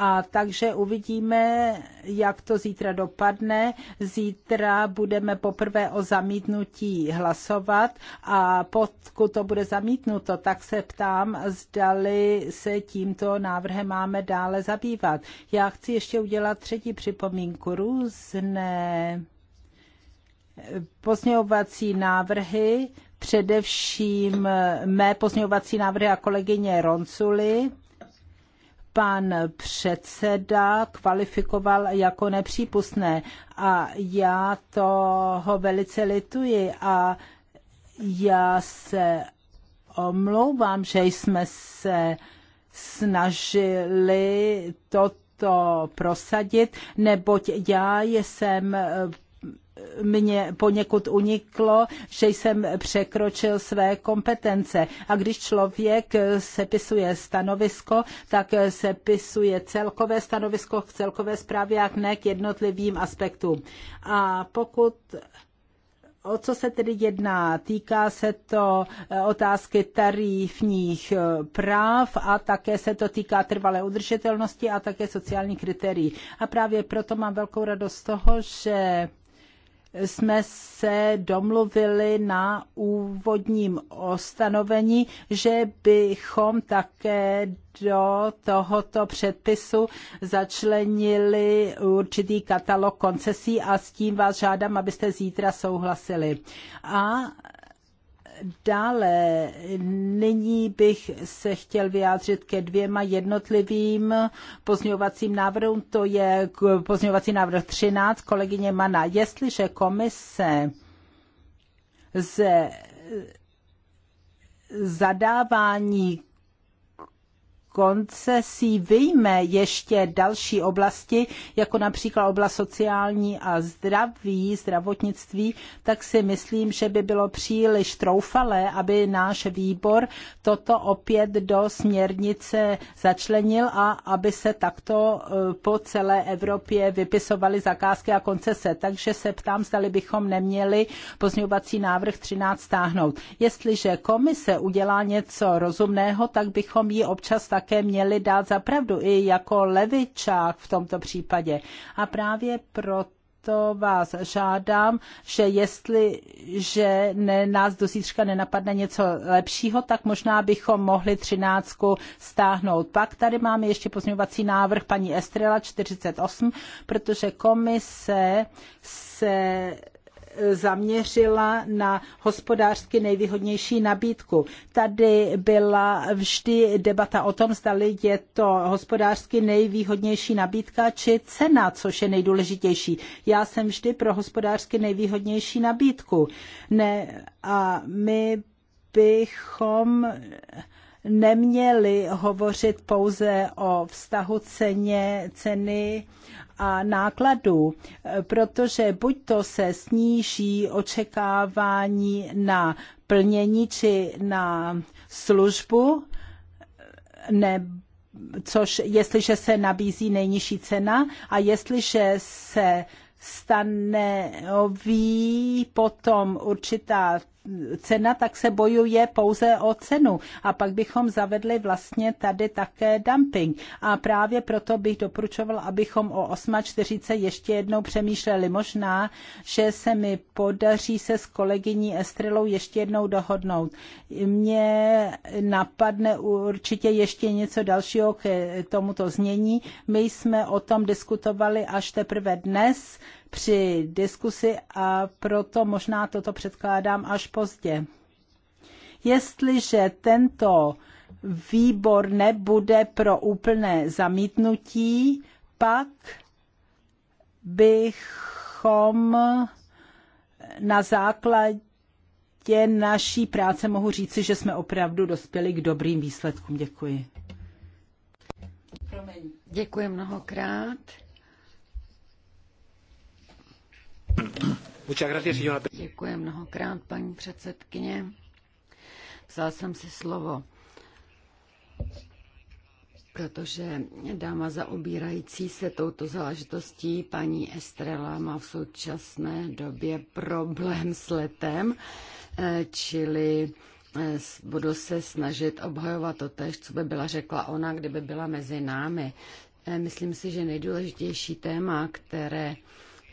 Speaker 3: A takže uvidíme, jak to zítra dopadne. Zítra budeme poprvé o zamítnutí hlasovat a pokud to bude zamítnuto, tak se ptám, zdali se tímto návrhem máme dále zabývat. Já chci ještě udělat třetí třetí připomínku. Různé pozměňovací návrhy, především mé pozměňovací návrhy a kolegyně Ronculi. pan předseda kvalifikoval jako nepřípustné a já toho velice lituji a já se omlouvám, že jsme se snažili toto to prosadit, neboť já jsem eh, mně poněkud uniklo, že jsem překročil své kompetence. A když člověk eh, sepisuje stanovisko, tak eh, sepisuje celkové stanovisko k celkové zprávě jak ne k jednotlivým aspektům. A pokud O co se tedy jedná? Týká se to e, otázky tarifních e, práv a také se to týká trvalé udržitelnosti a také sociálních kritérií. A právě proto mám velkou radost z toho, že jsme se domluvili na úvodním ostanovení, že bychom také do tohoto předpisu začlenili určitý katalog koncesí a s tím vás žádám, abyste zítra souhlasili. A Dále nyní bych se chtěl vyjádřit ke dvěma jednotlivým pozměňovacím návrhům. To je pozměňovací návrh 13 kolegyně Mana. Jestliže komise z zadávání koncesí vyjme ještě další oblasti, jako například oblast sociální a zdraví, zdravotnictví, tak si myslím, že by bylo příliš troufalé, aby náš výbor toto opět do směrnice začlenil a aby se takto eh, po celé Evropě vypisovaly zakázky a koncese. Takže se ptám, zdali bychom neměli pozňovací návrh 13 stáhnout. Jestliže komise udělá něco rozumného, tak bychom ji občas také také měli dát zapravdu i jako levičák v tomto případě. A právě proto to vás žádám, že jestli že ne, nás do zítřka nenapadne něco lepšího, tak možná bychom mohli třináctku stáhnout. Pak tady máme ještě pozměňovací návrh paní Estrela 48, protože komise se zaměřila na hospodářsky nejvýhodnější nabídku. Tady byla vždy debata o tom, zda je to hospodářsky nejvýhodnější nabídka či cena, což je nejdůležitější. Já jsem vždy pro hospodářsky nejvýhodnější nabídku. Ne, a my bychom neměli hovořit pouze o vztahu ceně, ceny a nákladů, protože buď to se sníží očekávání na plnění či na službu, ne, což jestliže se nabízí nejnižší cena a jestliže se stanoví potom určitá cena, tak se bojuje pouze o cenu. A pak bychom zavedli vlastně tady také dumping. A právě proto bych doporučoval, abychom o 8.40 ještě jednou přemýšleli. Možná, že se mi podaří se s kolegyní Estrelou ještě jednou dohodnout. Mně napadne určitě ještě něco dalšího k tomuto znění. My jsme o tom diskutovali až teprve dnes při diskusi a proto možná toto předkládám až pozdě. Jestliže tento výbor nebude pro úplné zamítnutí, pak bychom na základě naší práce mohu říci, že jsme opravdu dospěli k dobrým výsledkům. Děkuji. Děkuji mnohokrát.
Speaker 2: Děkuji
Speaker 1: mnohokrát, paní předsedkyně. Vzal jsem si slovo, protože dáma zaobírající se touto záležitostí, paní Estrela, má v současné době problém s letem, eh, čili eh, budu se snažit obhajovat to tež, co by byla řekla ona, kdyby byla mezi námi. Eh, myslím si, že nejdůležitější téma, které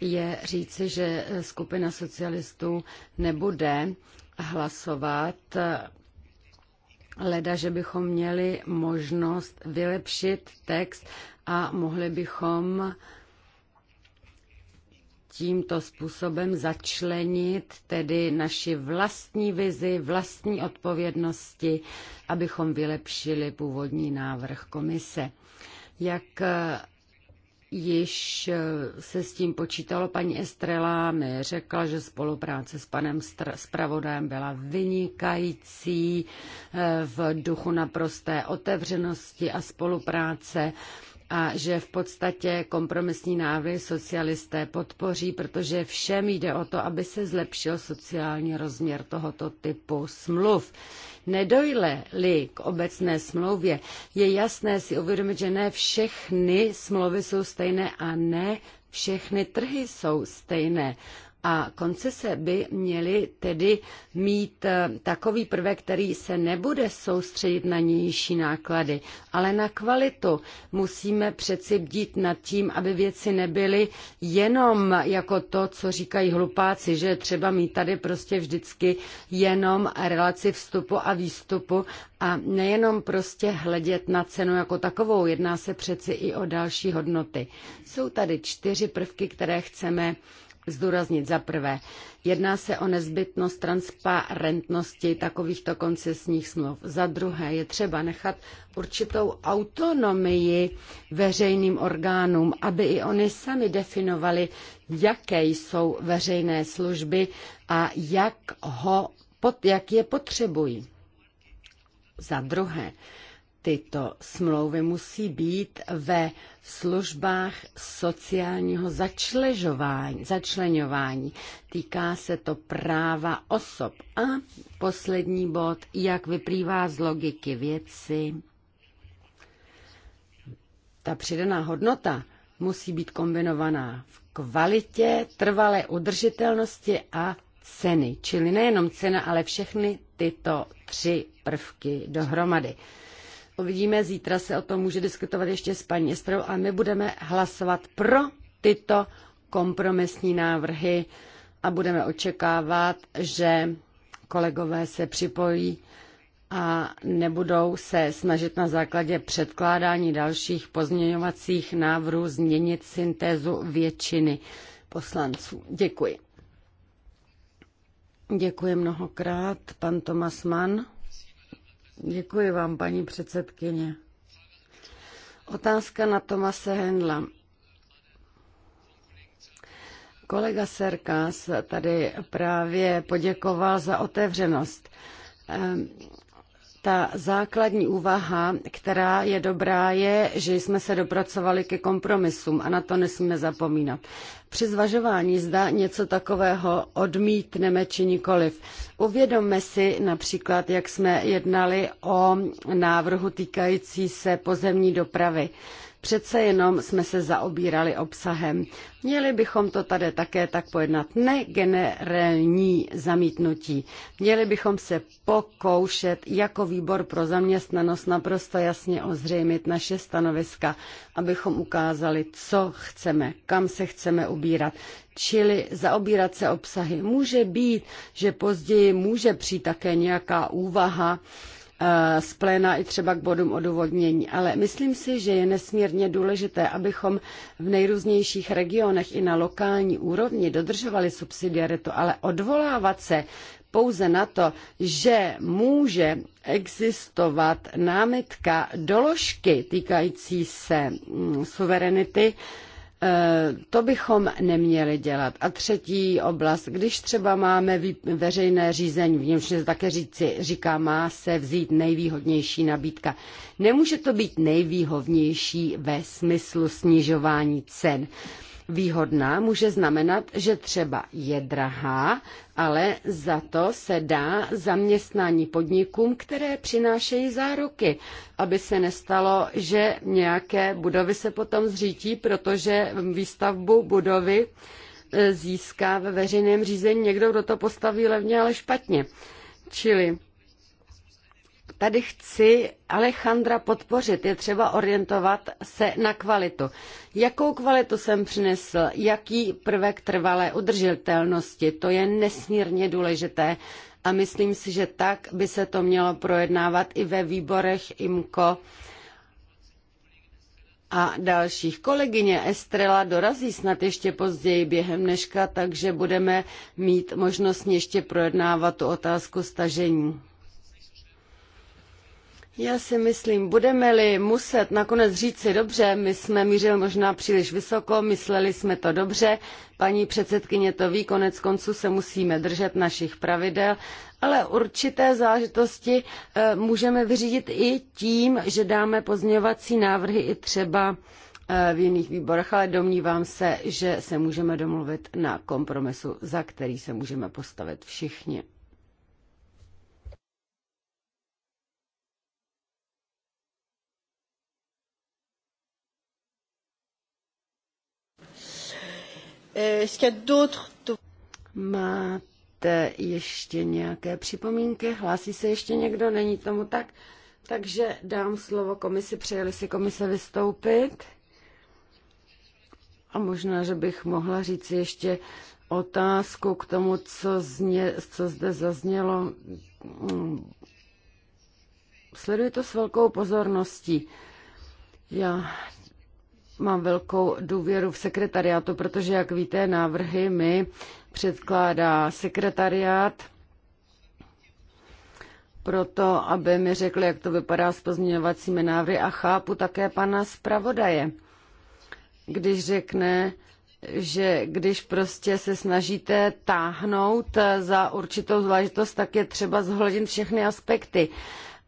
Speaker 1: je říci, že skupina socialistů nebude hlasovat leda, že bychom měli možnost vylepšit text a mohli bychom tímto způsobem začlenit tedy naši vlastní vizi, vlastní odpovědnosti, abychom vylepšili původní návrh komise. Jak již eh, se s tím počítalo. Paní Estrela mi řekla, že spolupráce s panem Spravodajem byla vynikající eh, v duchu naprosté otevřenosti a spolupráce a že v podstatě kompromisní návrhy socialisté podpoří, protože všem jde o to, aby se zlepšil sociální rozměr tohoto typu smluv. Nedojle-li k obecné smlouvě, je jasné si uvědomit, že ne všechny smlouvy jsou stejné a ne všechny trhy jsou stejné. A koncese by měly tedy mít eh, takový prvek, který se nebude soustředit na nižší náklady, ale na kvalitu. Musíme přeci bdít nad tím, aby věci nebyly jenom jako to, co říkají hlupáci, že třeba mít tady prostě vždycky jenom relaci vstupu a výstupu a nejenom prostě hledět na cenu jako takovou. Jedná se přeci i o další hodnoty. Jsou tady čtyři prvky, které chceme zdůraznit. Za prvé, jedná se o nezbytnost transparentnosti takovýchto koncesních smluv. Za druhé, je třeba nechat určitou autonomii veřejným orgánům, aby i oni sami definovali, jaké jsou veřejné služby a jak, ho, jak je potřebují. Za druhé, tyto smlouvy musí být ve službách sociálního začležování, začlenování. Týká se to práva osob. A poslední bod, jak vyplývá z logiky věci, ta přidaná hodnota musí být kombinovaná v kvalitě, trvalé udržitelnosti a ceny. Čili nejenom cena, ale všechny tyto tři prvky dohromady. Uvidíme, zítra se o tom může diskutovat ještě s paní Estrou a my budeme hlasovat pro tyto kompromisní návrhy a budeme očekávat, že kolegové se připojí a nebudou se snažit na základě předkládání dalších pozměňovacích návrhů změnit syntézu většiny poslanců. Děkuji. Děkuji mnohokrát, pan Tomas Mann. Děkuji vám, paní předsedkyně. Otázka na Tomase Hendla. Kolega Serkas tady právě poděkoval za otevřenost. Ehm, ta základní úvaha, která je dobrá, je, že jsme se dopracovali ke kompromisům a na to nesmíme zapomínat. Při zvažování zda něco takového odmítneme či nikoliv. Uvědomme si například, jak jsme jednali o návrhu týkající se pozemní dopravy. Přece jenom jsme se zaobírali obsahem. Měli bychom to tady také tak pojednat. Ne generální zamítnutí. Měli bychom se pokoušet jako výbor pro zaměstnanost naprosto jasně ozřejmit naše stanoviska, abychom ukázali, co chceme, kam se chceme ubírat. Čili zaobírat se obsahy. Může být, že později může přijít také nějaká úvaha, Eh, z pléna i třeba k bodům odůvodnění. Ale myslím si, že je nesmírně důležité, abychom v nejrůznějších regionech i na lokální úrovni dodržovali subsidiaritu, ale odvolávat se pouze na to, že může existovat námitka doložky týkající se mm, suverenity, Eh, to bychom neměli dělat. A třetí oblast, když třeba máme veřejné řízení, v němž se také říci, říká, má se vzít nejvýhodnější nabídka. Nemůže to být nejvýhodnější ve smyslu snižování cen výhodná může znamenat, že třeba je drahá, ale za to se dá zaměstnání podnikům, které přinášejí záruky, aby se nestalo, že nějaké budovy se potom zřítí, protože výstavbu budovy eh, získá ve veřejném řízení někdo, kdo to postaví levně, ale špatně. Čili Tady chci Alejandra podpořit. Je třeba orientovat se na kvalitu. Jakou kvalitu jsem přinesl? Jaký prvek trvalé udržitelnosti? To je nesmírně důležité a myslím si, že tak by se to mělo projednávat i ve výborech IMCO a dalších. Kolegyně Estrela dorazí snad ještě později během dneška, takže budeme mít možnost ještě projednávat tu otázku stažení. Já si myslím, budeme-li muset nakonec říci dobře, my jsme mířili možná příliš vysoko, mysleli jsme to dobře, paní předsedkyně to ví, konec konců se musíme držet našich pravidel, ale určité záležitosti eh, můžeme vyřídit i tím, že dáme pozměňovací návrhy i třeba eh, v jiných výborech, ale domnívám se, že se můžeme domluvit na kompromisu, za který se můžeme postavit všichni. Euh, Máte ještě nějaké připomínky? Hlásí se ještě někdo? Není tomu tak? Takže dám slovo komisi, přejeli si komise vystoupit. A možná, že bych mohla říct ještě otázku k tomu, co, zně, co zde zaznělo. Sleduji to s velkou pozorností. Já mám velkou důvěru v sekretariátu, protože, jak víte, návrhy mi předkládá sekretariát proto, aby mi řekl, jak to vypadá s pozměňovacími návrhy a chápu také pana zpravodaje, když řekne, že když prostě se snažíte táhnout za určitou záležitost, tak je třeba zhledit všechny aspekty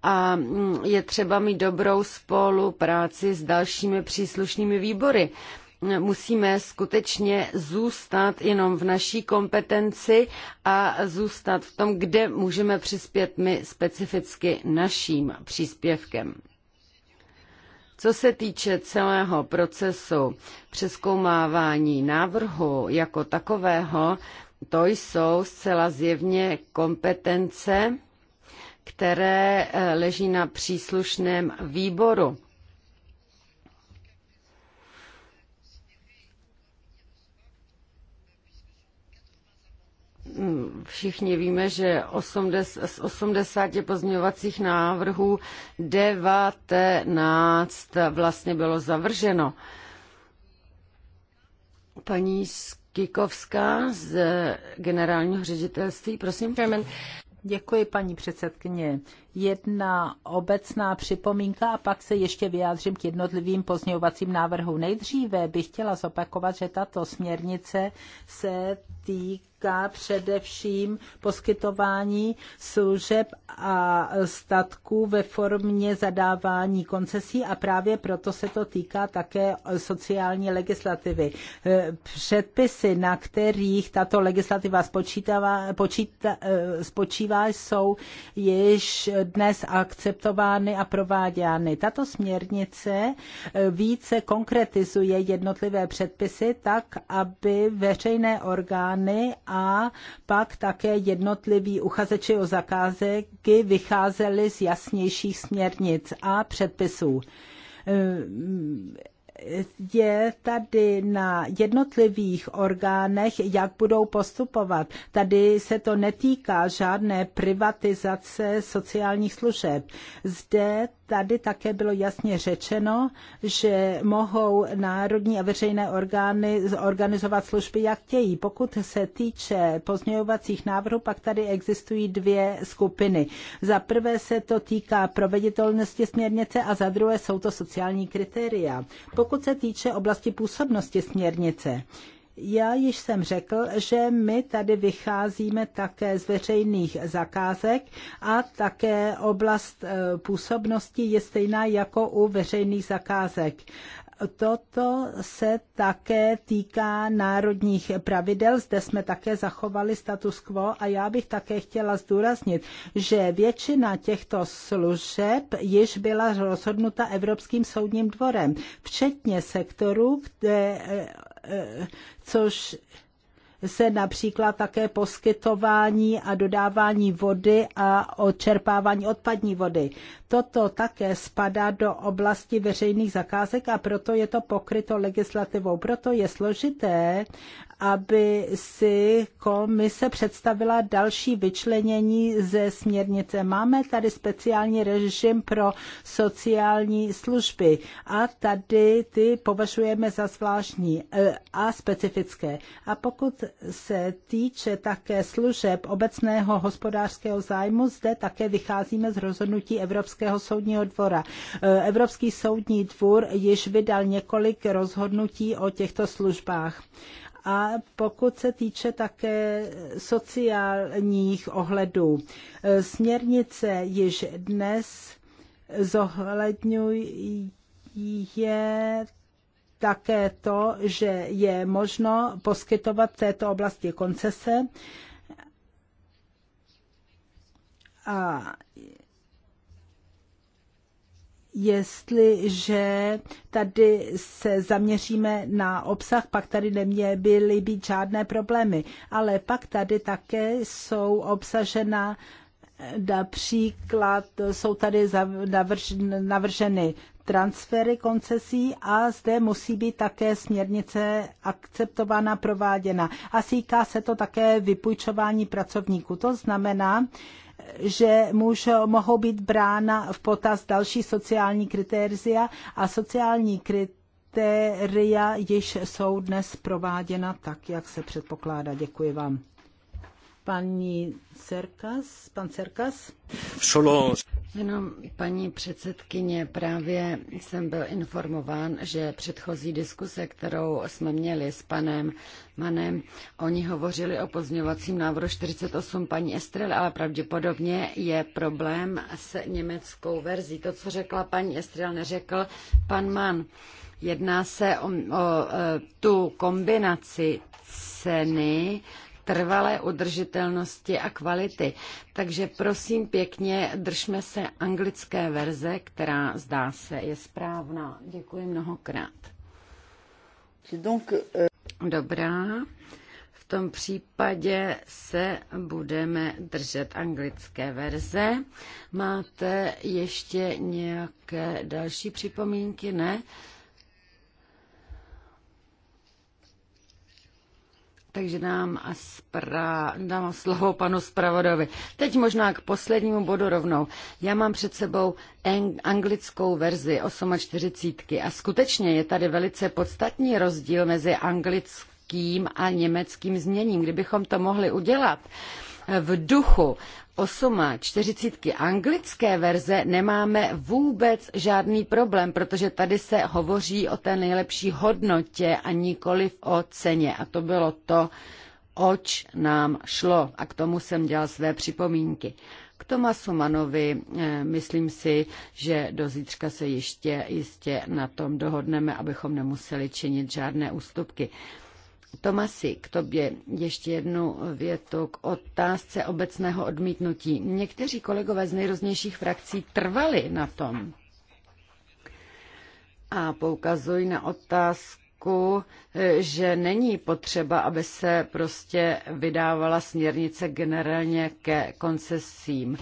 Speaker 1: a mm, je třeba mít dobrou spolupráci s dalšími příslušnými výbory. Musíme skutečně zůstat jenom v naší kompetenci a zůstat v tom, kde můžeme přispět my specificky naším příspěvkem. Co se týče celého procesu přeskoumávání návrhu jako takového, to jsou zcela zjevně kompetence které eh, leží na příslušném výboru. Mm, všichni víme, že 80, z 80 pozměňovacích návrhů 19 vlastně bylo zavrženo. Paní Skikovská z
Speaker 3: generálního ředitelství, prosím. Děkuji, paní předsedkyně. Jedna obecná připomínka a pak se ještě vyjádřím k jednotlivým pozměňovacím návrhům. Nejdříve bych chtěla zopakovat, že tato směrnice se týká týká především poskytování služeb a statků ve formě zadávání koncesí a právě proto se to týká také sociální legislativy. Eh, předpisy, na kterých tato legislativa eh, spočívá, jsou již dnes akceptovány a prováděny. Tato směrnice eh, více konkretizuje jednotlivé předpisy tak, aby veřejné orgány a pak také jednotliví uchazeči o zakázky vycházeli z jasnějších směrnic a předpisů ehm, je tady na jednotlivých orgánech, jak budou postupovat. Tady se to netýká žádné privatizace sociálních služeb. Zde tady také bylo jasně řečeno, že mohou národní a veřejné orgány organizovat služby, jak chtějí. Pokud se týče pozměňovacích návrhů, pak tady existují dvě skupiny. Za prvé se to týká proveditelnosti směrnice a za druhé jsou to sociální kritéria. Pokud se týče oblasti působnosti směrnice, já již jsem řekl, že my tady vycházíme také z veřejných zakázek a také oblast e, působnosti je stejná jako u veřejných zakázek. Toto se také týká národních pravidel, zde jsme také zachovali status quo a já bych také chtěla zdůraznit, že většina těchto služeb již byla rozhodnuta Evropským soudním dvorem, včetně sektorů, kde e, Eh, což se například také poskytování a dodávání vody a odčerpávání odpadní vody. Toto také spadá do oblasti veřejných zakázek a proto je to pokryto legislativou. Proto je složité, aby si komise představila další vyčlenění ze směrnice. Máme tady speciální režim pro sociální služby a tady ty považujeme za zvláštní e, a specifické. A pokud se týče také služeb obecného hospodářského zájmu, zde také vycházíme z rozhodnutí Evropského soudního dvora. E, Evropský soudní dvůr již vydal několik rozhodnutí o těchto službách. A pokud se týče také sociálních ohledů, směrnice již dnes zohledňují je také to, že je možno poskytovat v této oblasti koncese a jestliže tady se zaměříme na obsah, pak tady neměly být žádné problémy. Ale pak tady také jsou obsažena například jsou tady navrženy transfery koncesí a zde musí být také směrnice akceptována, prováděna. A týká se to také vypůjčování pracovníků. To znamená, že můžou, mohou být brána v potaz další sociální kritéria a sociální kritéria již jsou dnes prováděna tak, jak se předpokládá. Děkuji vám. Paní Cerkas, pan Cerkas?
Speaker 1: Solo. Jenom paní předsedkyně, právě jsem byl informován, že předchozí diskuse, kterou jsme měli s panem Manem, oni hovořili o pozměňovacím návrhu 48 paní Estrel, ale pravděpodobně je problém s německou verzí. To, co řekla paní Estrel, neřekl pan Man. Jedná se o, o e, tu kombinaci ceny, trvalé udržitelnosti a kvality. Takže prosím pěkně, držme se anglické verze, která zdá se je správná. Děkuji mnohokrát. Euh, Dobrá. V tom případě se budeme držet anglické verze. Máte ještě nějaké další připomínky? Ne? takže dám, a spra, dám slovo panu Spravodovi. Teď možná k poslednímu bodu rovnou. Já mám před sebou anglickou verzi 48 a skutečně je tady velice podstatný rozdíl mezi anglickým a německým změním. Kdybychom to mohli udělat, v duchu čtyřicítky anglické verze nemáme vůbec žádný problém, protože tady se hovoří o té nejlepší hodnotě a nikoliv o ceně. A to bylo to, oč nám šlo. A k tomu jsem dělal své připomínky. K Tomasu Manovi eh, myslím si, že do zítřka se ještě jistě na tom dohodneme, abychom nemuseli činit žádné ústupky. Tomasi, k tobě ještě jednu větu k otázce obecného odmítnutí. Někteří kolegové z nejrůznějších frakcí trvali na tom a poukazují na otázku, že není potřeba, aby se prostě vydávala směrnice generálně ke koncesím.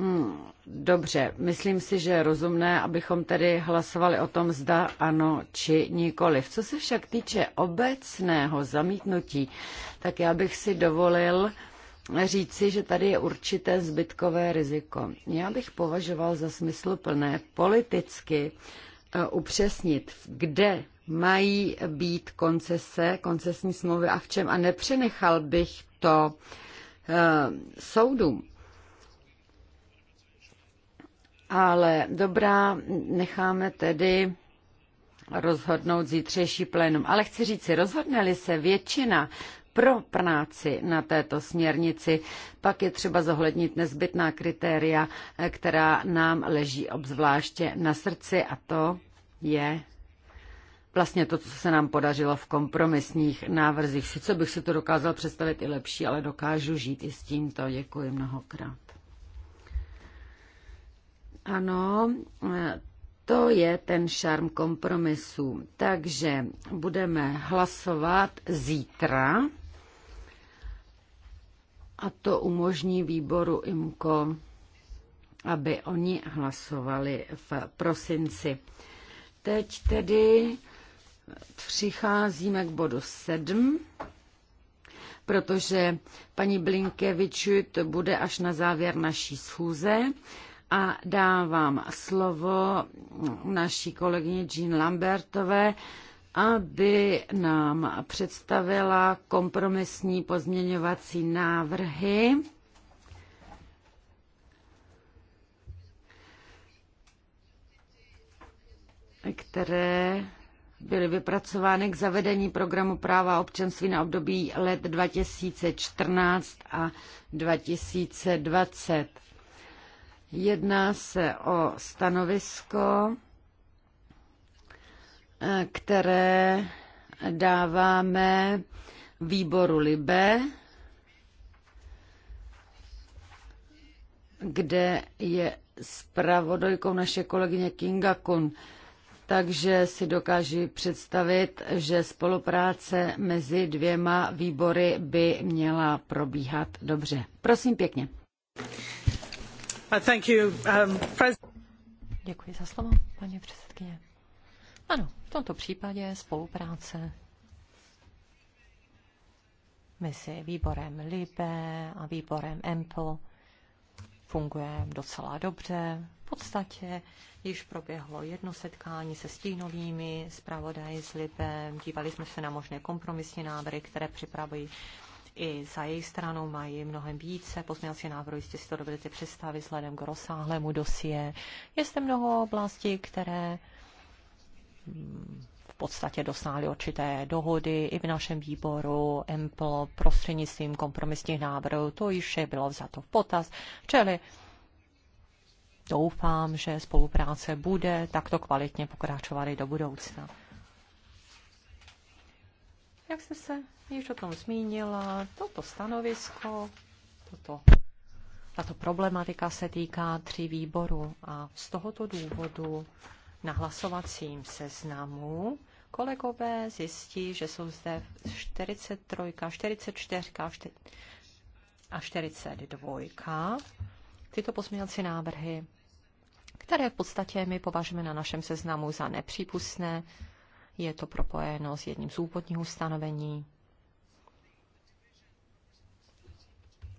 Speaker 1: Hmm, dobře, myslím si, že je rozumné, abychom tedy hlasovali o tom, zda ano či nikoliv. Co se však týče obecného zamítnutí, tak já bych si dovolil říci, že tady je určité zbytkové riziko. Já bych považoval za smysluplné politicky eh, upřesnit, kde mají být koncese, koncesní smlouvy a v čem. A nepřenechal bych to eh, soudům ale dobrá, necháme tedy rozhodnout zítřejší plénum. Ale chci říct, si, rozhodne-li se většina pro práci na této směrnici, pak je třeba zohlednit nezbytná kritéria, která nám leží obzvláště na srdci a to je vlastně to, co se nám podařilo v kompromisních návrzích. Sice bych si to dokázal představit i lepší, ale dokážu žít i s tímto. Děkuji mnohokrát. Ano, to je ten šarm kompromisu. Takže budeme hlasovat zítra a to umožní výboru IMKO, aby oni hlasovali v prosinci. Teď tedy přicházíme k bodu 7, protože paní Blinkevičut bude až na závěr naší schůze a dávám slovo naší kolegyně Jean Lambertové, aby nám představila kompromisní pozměňovací návrhy. které byly vypracovány k zavedení programu práva občanství na období let 2014 a 2020. Jedná se o stanovisko, eh, které dáváme výboru Libe, kde je zpravodajkou naše kolegyně Kinga Kun. Takže si dokáží představit, že spolupráce mezi dvěma výbory by měla probíhat dobře. Prosím pěkně.
Speaker 3: Uh,
Speaker 2: um, Děkuji za slovo, paní předsedkyně. Ano, v tomto případě spolupráce mezi výborem LIBE a výborem EMPL funguje docela dobře. V podstatě již proběhlo jedno setkání se stínovými zpravodaji z LIBE. Dívali jsme se na možné kompromisní návrhy, které připravují i za její stranou mají mnohem více pozměňovací návrhy, jistě si to dovedete představit vzhledem k rozsáhlému dosie. Je zde mnoho oblastí, které mm, v podstatě dosáhly určité dohody i v našem výboru EMPL prostřednictvím kompromisních návrhů. To již vše bylo vzato v potaz. Čili doufám, že spolupráce bude takto kvalitně pokračovat i do budoucna. Jak jste se již o tom zmínila, toto stanovisko, toto, tato problematika se týká tří výborů a z tohoto důvodu na hlasovacím seznamu kolegové zjistí, že jsou zde 43, 44 a 42 tyto pozměňovací návrhy, které v podstatě my považujeme na našem seznamu za nepřípustné, je to propojeno s jedním z úvodních ustanovení,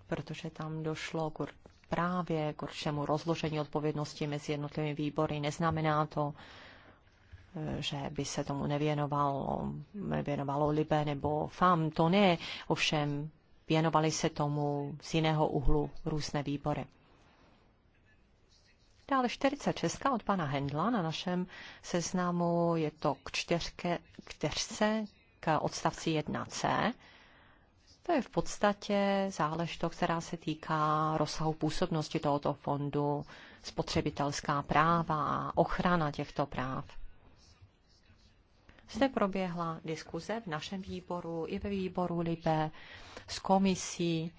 Speaker 2: protože tam došlo k právě k určitému rozložení odpovědnosti mezi jednotlivými výbory. Neznamená to, eh, že by se tomu nevěnovalo, nevěnovalo Libe nebo FAM, to ne, ovšem věnovali se tomu z jiného úhlu různé výbory. Dále 46 od pana Hendla na našem seznamu je to k čtyřke, k čtyřce, k odstavci 1c. To je v podstatě záležitost, která se týká rozsahu působnosti tohoto fondu, spotřebitelská práva a ochrana těchto práv. Zde proběhla diskuze v našem výboru i ve výboru LIBE s komisí.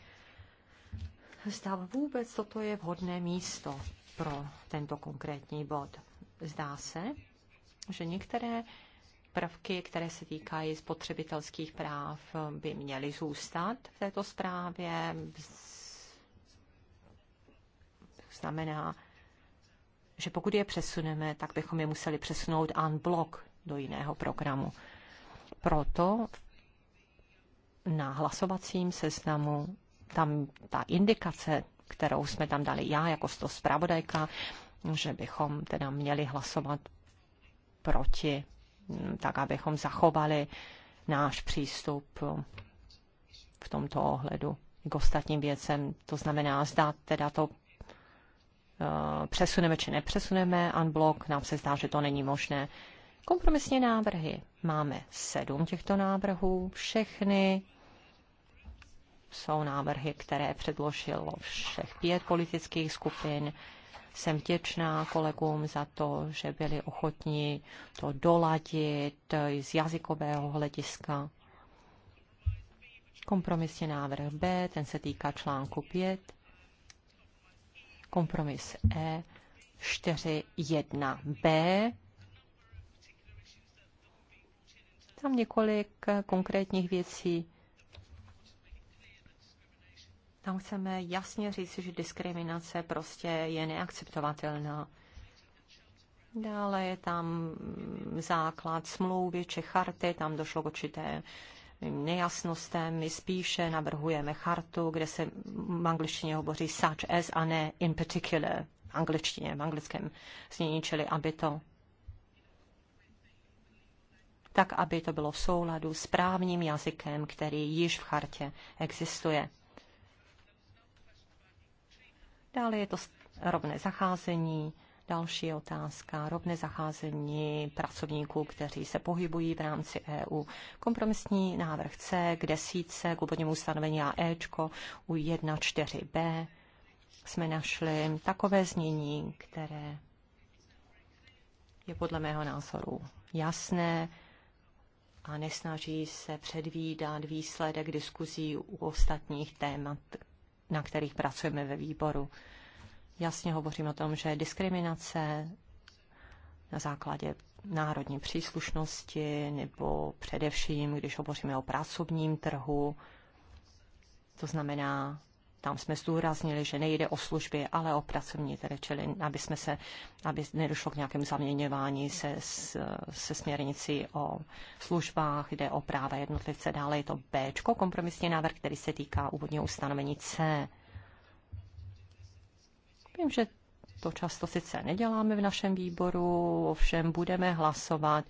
Speaker 2: Zda vůbec toto je vhodné místo pro tento konkrétní bod. Zdá se, že některé prvky, které se týkají spotřebitelských práv, by měly zůstat v této zprávě. Znamená, že pokud je přesuneme, tak bychom je museli přesunout unblock do jiného programu. Proto na hlasovacím seznamu tam ta indikace kterou jsme tam dali já jako toho zpravodajka, že bychom teda měli hlasovat proti, mm, tak abychom zachovali náš přístup mm, v tomto ohledu k ostatním věcem. To znamená, zda teda to e, přesuneme či nepřesuneme unblock, nám se zdá, že to není možné. Kompromisní návrhy. Máme sedm těchto návrhů, všechny jsou návrhy, které předložilo všech pět politických skupin. Jsem vděčná kolegům za to, že byli ochotní to doladit z jazykového hlediska. Kompromisní návrh B, ten se týká článku 5. Kompromis E 4.1b. Tam několik konkrétních věcí, tam chceme jasně říct, že diskriminace prostě je neakceptovatelná. Dále je tam základ smlouvy či charty, tam došlo k určité nejasnostem. My spíše navrhujeme chartu, kde se v angličtině hovoří such as a ne in particular v angličtině, v anglickém znění, čili aby to tak, aby to bylo v souladu s právním jazykem, který již v chartě existuje. Dále je to rovné zacházení, další otázka, rovné zacházení pracovníků, kteří se pohybují v rámci EU. Kompromisní návrh C kde desíce, k úvodnímu ustanovení a Ečko u 1.4b jsme našli takové znění, které je podle mého názoru jasné a nesnaží se předvídat výsledek diskuzí u ostatních témat, na kterých pracujeme ve výboru. Jasně hovořím o tom, že diskriminace na základě národní příslušnosti nebo především, když hovoříme o pracovním trhu, to znamená tam jsme zdůraznili, že nejde o služby, ale o pracovní tedy, čili aby, jsme se, aby nedošlo k nějakému zaměňování se, se směrnicí o službách, jde o práva jednotlivce. Dále je to B, kompromisní návrh, který se týká úvodního ustanovení C. Vím, že to často sice neděláme v našem výboru, ovšem budeme hlasovat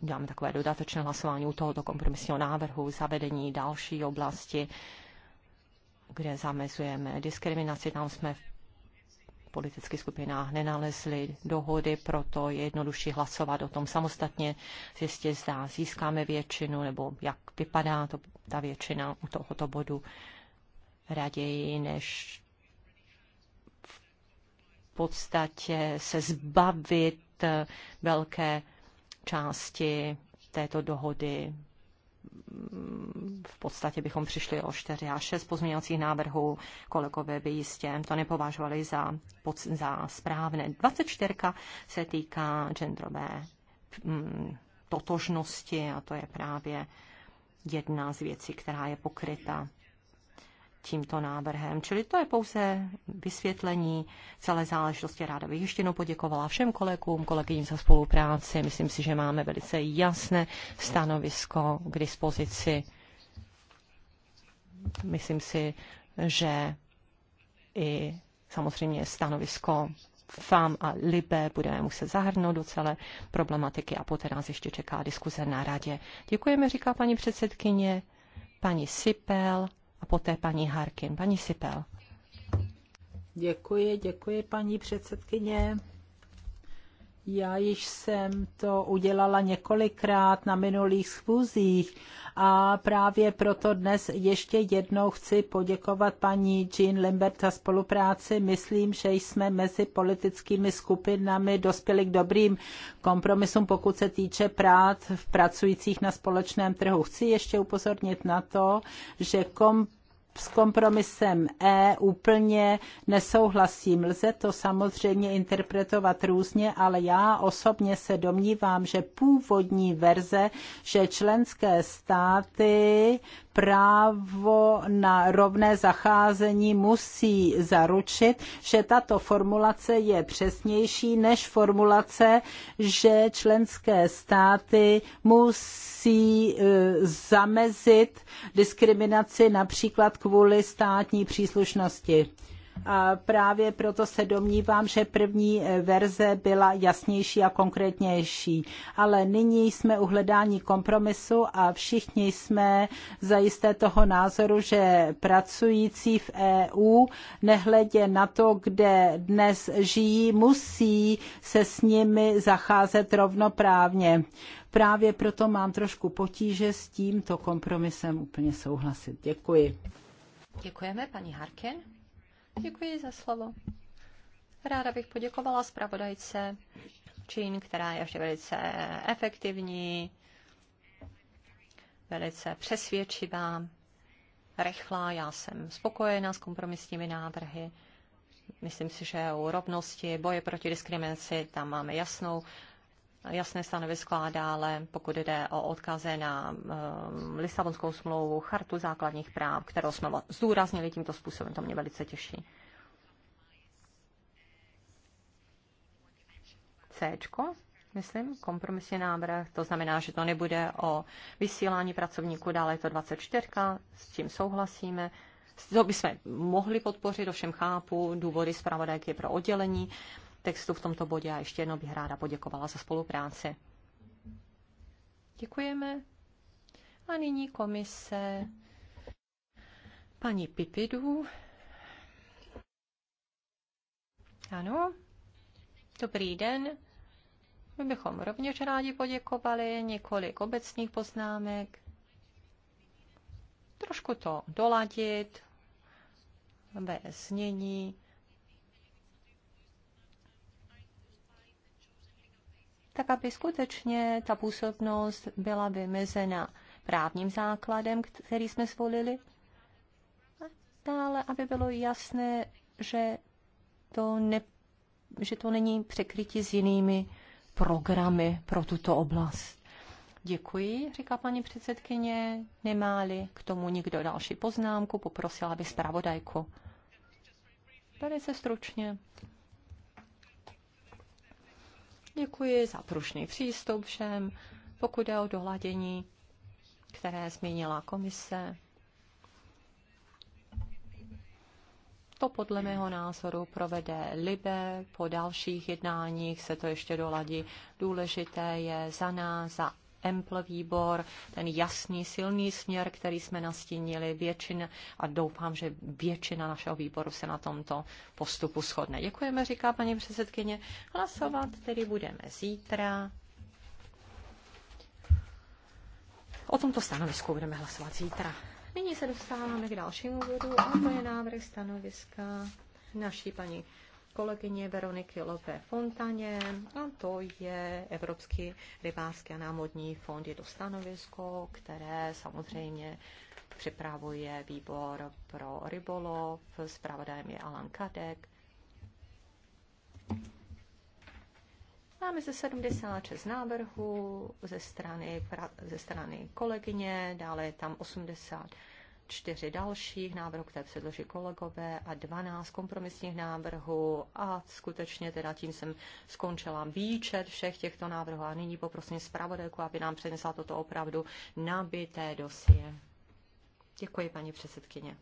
Speaker 2: děláme takové dodatečné hlasování u tohoto kompromisního návrhu, zavedení další oblasti, kde zamezujeme diskriminaci. Tam jsme v politických skupinách nenalezli dohody, proto je jednodušší hlasovat o tom samostatně, zjistě zda získáme většinu, nebo jak vypadá to, ta většina u tohoto bodu raději, než v podstatě se zbavit velké části této dohody v podstatě bychom přišli o 4 až 6 pozměňovacích návrhů. Kolegové by jistě to nepovažovali za, za správné. 24 se týká genderové mm, totožnosti a to je právě jedna z věcí, která je pokryta tímto návrhem. Čili to je pouze vysvětlení celé záležitosti. Ráda bych ještě jednou poděkovala všem kolegům, kolegyním za spolupráci. Myslím si, že máme velice jasné stanovisko k dispozici. Myslím si, že i samozřejmě stanovisko FAM a LIBE budeme muset zahrnout do celé problematiky a poté nás ještě čeká diskuze na radě. Děkujeme, říká paní předsedkyně, paní Sipel a poté paní Harkin. Paní Sipel.
Speaker 3: Děkuji, děkuji paní předsedkyně. Já již jsem to udělala několikrát na minulých schůzích a právě proto dnes ještě jednou chci poděkovat paní Jean Lambert za spolupráci. Myslím, že jsme mezi politickými skupinami dospěli k dobrým kompromisům, pokud se týče práv v pracujících na společném trhu. Chci ještě upozornit na to, že kompromis s kompromisem E úplně nesouhlasím. Lze to samozřejmě interpretovat různě, ale já osobně se domnívám, že původní verze, že členské státy právo na rovné zacházení musí zaručit, že tato formulace je přesnější než formulace, že členské státy musí e, zamezit diskriminaci například kvůli státní příslušnosti. A právě proto se domnívám, že první verze byla jasnější a konkrétnější. Ale nyní jsme u hledání kompromisu a všichni jsme zajisté toho názoru, že pracující v EU, nehledě na to, kde dnes žijí, musí se s nimi zacházet rovnoprávně. Právě proto mám trošku potíže s tímto kompromisem úplně souhlasit. Děkuji.
Speaker 2: Děkujeme, paní Harkin. Děkuji za slovo. Ráda bych poděkovala zpravodajce Čín, která je vždy velice efektivní, velice přesvědčivá, rychlá. Já jsem spokojená s kompromisními návrhy. Myslím si, že u rovnosti, boje proti diskriminaci, tam máme jasnou jasné stanovisko a dále, pokud jde o odkaze na uh, Lisabonskou smlouvu, chartu základních práv, kterou jsme zdůraznili tímto způsobem, to mě velice těší. C, myslím, kompromisní návrh, to znamená, že to nebude o vysílání pracovníků, dále je to 24, s tím souhlasíme. To bychom mohli podpořit, ovšem chápu důvody zpravodajky pro oddělení textu v tomto bodě a ještě jednou bych ráda poděkovala za spolupráci. Děkujeme. A nyní komise paní Pipidu. Ano, dobrý den. My bychom rovněž rádi poděkovali několik obecných poznámek. Trošku to doladit ve znění tak aby skutečně ta působnost byla vymezena právním základem, který jsme zvolili, ale aby bylo jasné, že to, ne, že to není překrytí s jinými programy pro tuto oblast. Děkuji, říká paní předsedkyně. Nemá-li k tomu nikdo další poznámku, poprosila by zpravodajku. Velice stručně. Děkuji za prušný přístup všem, pokud je o dohladění, které změnila komise. To podle mého názoru provede Libe, po dalších jednáních se to ještě doladí. Důležité je za nás, za Empl výbor, ten jasný, silný směr, který jsme nastínili většin a doufám, že většina našeho výboru se na tomto postupu shodne. Děkujeme, říká paní předsedkyně. Hlasovat tedy budeme zítra. O tomto stanovisku budeme hlasovat zítra. Nyní se dostáváme k dalšímu bodu a to je návrh stanoviska naší paní kolegyně Veroniky Lopé Fontaně a to je Evropský rybářský a námodní fond. Je to stanovisko, které samozřejmě připravuje výbor pro rybolov, zpravodajem je Alan Kadek. Máme ze 76 návrhů ze strany, ze strany kolegyně, dále je tam 80 čtyři dalších návrhů, které předloží kolegové a dvanáct kompromisních návrhů a skutečně teda tím jsem skončila výčet všech těchto návrhů a nyní poprosím zpravodajku, aby nám přenesla toto opravdu nabité dosie. Děkuji, paní předsedkyně.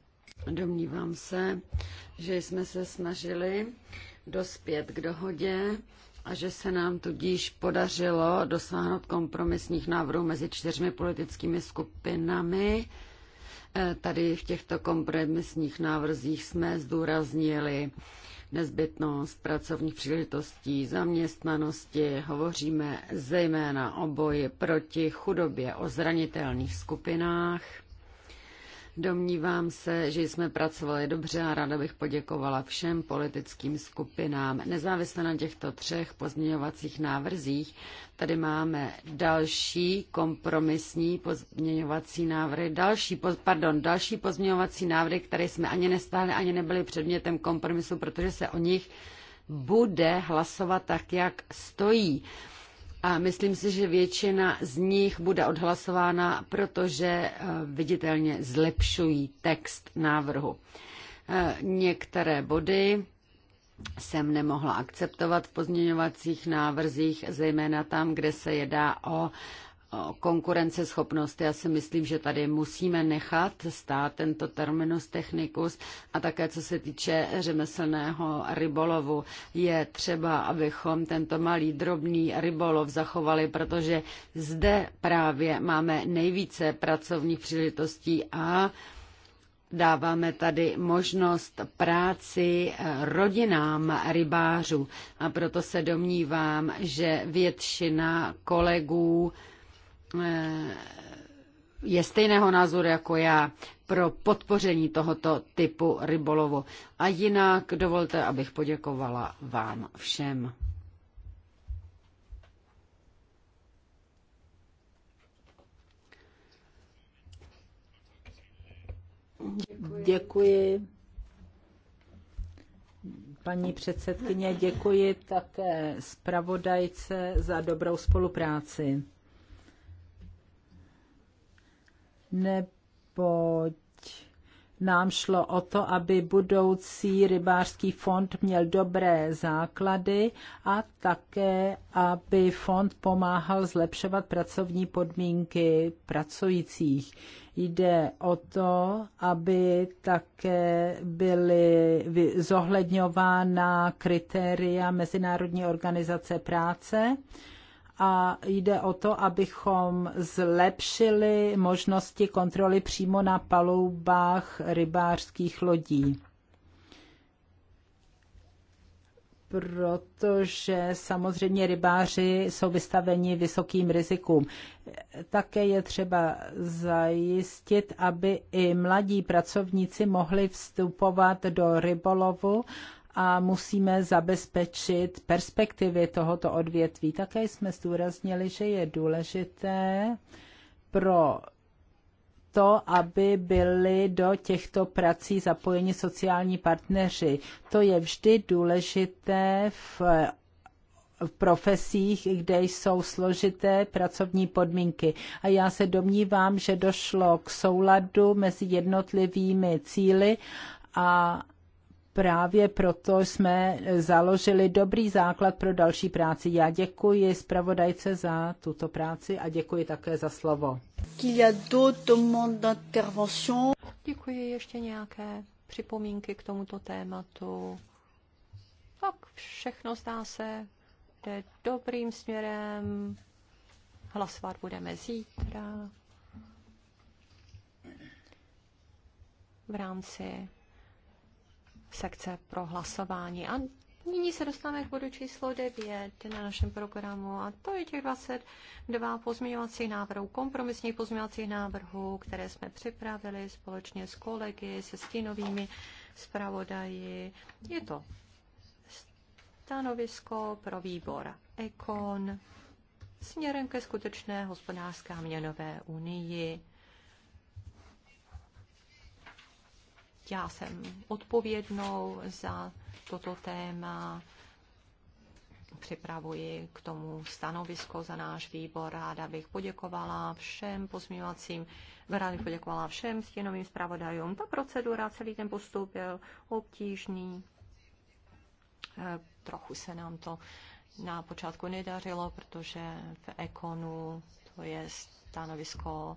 Speaker 1: Domnívám se, že jsme se snažili dospět k dohodě a že se nám tudíž podařilo dosáhnout kompromisních návrhů mezi čtyřmi politickými skupinami. Eh, tady v těchto kompromisních návrzích jsme zdůraznili nezbytnost pracovních příležitostí, zaměstnanosti. Hovoříme zejména o boji proti chudobě, o zranitelných skupinách Domnívám se, že jsme pracovali dobře a ráda bych poděkovala všem politickým skupinám. Nezávisle na těchto třech pozměňovacích návrzích, tady máme další kompromisní pozměňovací návrhy, další, pardon, další pozměňovací návrhy, které jsme ani nestáhli, ani nebyly předmětem kompromisu, protože se o nich bude hlasovat tak, jak stojí. A myslím si, že většina z nich bude odhlasována, protože eh, viditelně zlepšují text návrhu. Eh, některé body jsem nemohla akceptovat v pozměňovacích návrzích, zejména tam, kde se jedná o konkurenceschopnost. Já si myslím, že tady musíme nechat stát tento terminus technicus a také co se týče řemeslného rybolovu. Je třeba, abychom tento malý drobný rybolov zachovali, protože zde právě máme nejvíce pracovních příležitostí a dáváme tady možnost práci eh, rodinám rybářů. A proto se domnívám, že většina kolegů Eh, je stejného názoru jako já pro podpoření tohoto typu rybolovu. A jinak dovolte, abych poděkovala vám všem.
Speaker 3: Děkuji. děkuji. Paní předsedkyně, děkuji také zpravodajce za dobrou spolupráci. neboť nám šlo o to, aby budoucí rybářský fond měl dobré základy a také, aby fond pomáhal zlepšovat pracovní podmínky pracujících. Jde o to, aby také byly zohledňována kritéria Mezinárodní organizace práce a jde o to, abychom zlepšili možnosti kontroly přímo na paloubách rybářských lodí. protože samozřejmě rybáři jsou vystaveni vysokým rizikům. Také je třeba zajistit, aby i mladí pracovníci mohli vstupovat do rybolovu a musíme zabezpečit perspektivy tohoto odvětví. Také jsme zdůraznili, že je důležité pro to, aby byli do těchto prací zapojeni sociální partneři. To je vždy důležité v v profesích, kde jsou složité pracovní podmínky. A já se domnívám, že došlo k souladu mezi jednotlivými cíly a právě proto jsme založili dobrý základ pro další práci. Já děkuji zpravodajce za tuto práci a děkuji také za slovo.
Speaker 2: Děkuji ještě nějaké připomínky k tomuto tématu. Tak všechno zdá se jde dobrým směrem. Hlasovat budeme zítra v rámci sekce pro hlasování. A nyní se dostáváme k bodu číslo 9 na našem programu a to je těch 22 pozměňovacích návrhů, kompromisních pozměňovacích návrhů, které jsme připravili společně s kolegy, se stínovými zpravodaji. Je to stanovisko pro výbor EKON směrem ke skutečné hospodářské a měnové unii. já jsem odpovědnou za toto téma, připravuji k tomu stanovisko za náš výbor. Ráda bych poděkovala všem pozměňovacím, ráda bych poděkovala všem stěnovým zpravodajům. Ta procedura, celý ten postup byl obtížný. Eh, trochu se nám to na počátku nedařilo, protože v Ekonu to je stanovisko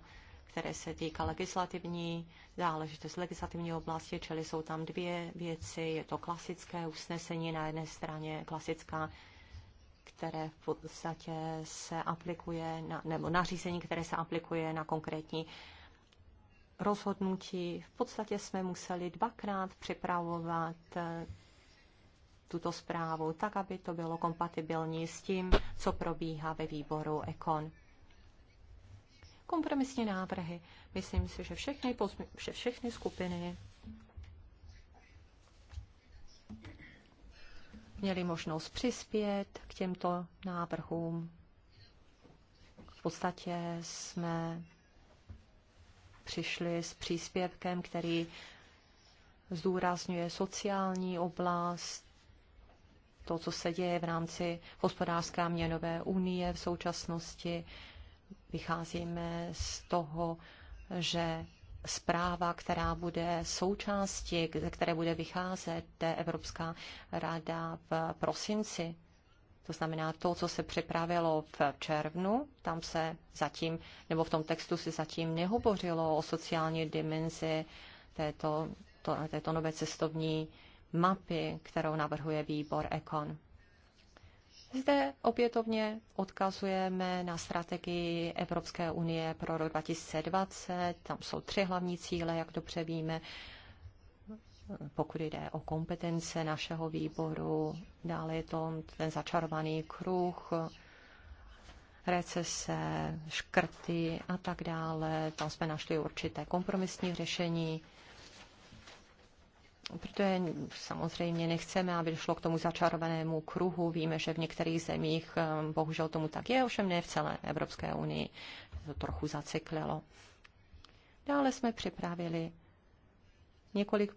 Speaker 2: které se týká legislativní záležitost legislativní oblasti, čili jsou tam dvě věci. Je to klasické usnesení na jedné straně, klasická které v podstatě se aplikuje, na, nebo nařízení, které se aplikuje na konkrétní rozhodnutí. V podstatě jsme museli dvakrát připravovat eh, tuto zprávu tak, aby to bylo kompatibilní s tím, co probíhá ve výboru ECON kompromisní návrhy. Myslím si, že všechny, že všechny skupiny měly možnost přispět k těmto návrhům. V podstatě jsme přišli s příspěvkem, který zdůrazňuje sociální oblast, to, co se děje v rámci hospodářské a měnové unie v současnosti, vycházíme z toho, že zpráva, která bude součástí, ze které bude vycházet Evropská rada v prosinci, to znamená to, co se připravilo v červnu, tam se zatím, nebo v tom textu se zatím nehovořilo o sociální dimenzi této, to, této nové cestovní mapy, kterou navrhuje výbor Econ. Zde opětovně odkazujeme na strategii Evropské unie pro rok 2020. Tam jsou tři hlavní cíle, jak dobře víme pokud jde o kompetence našeho výboru. Dále je to ten začarovaný kruh, recese, škrty a tak dále. Tam jsme našli určité kompromisní řešení protože samozřejmě nechceme, aby šlo k tomu začarovanému kruhu. Víme, že v některých zemích ehm, bohužel tomu tak je, ovšem ne v celé Evropské unii. To trochu zacyklilo. Dále jsme připravili několik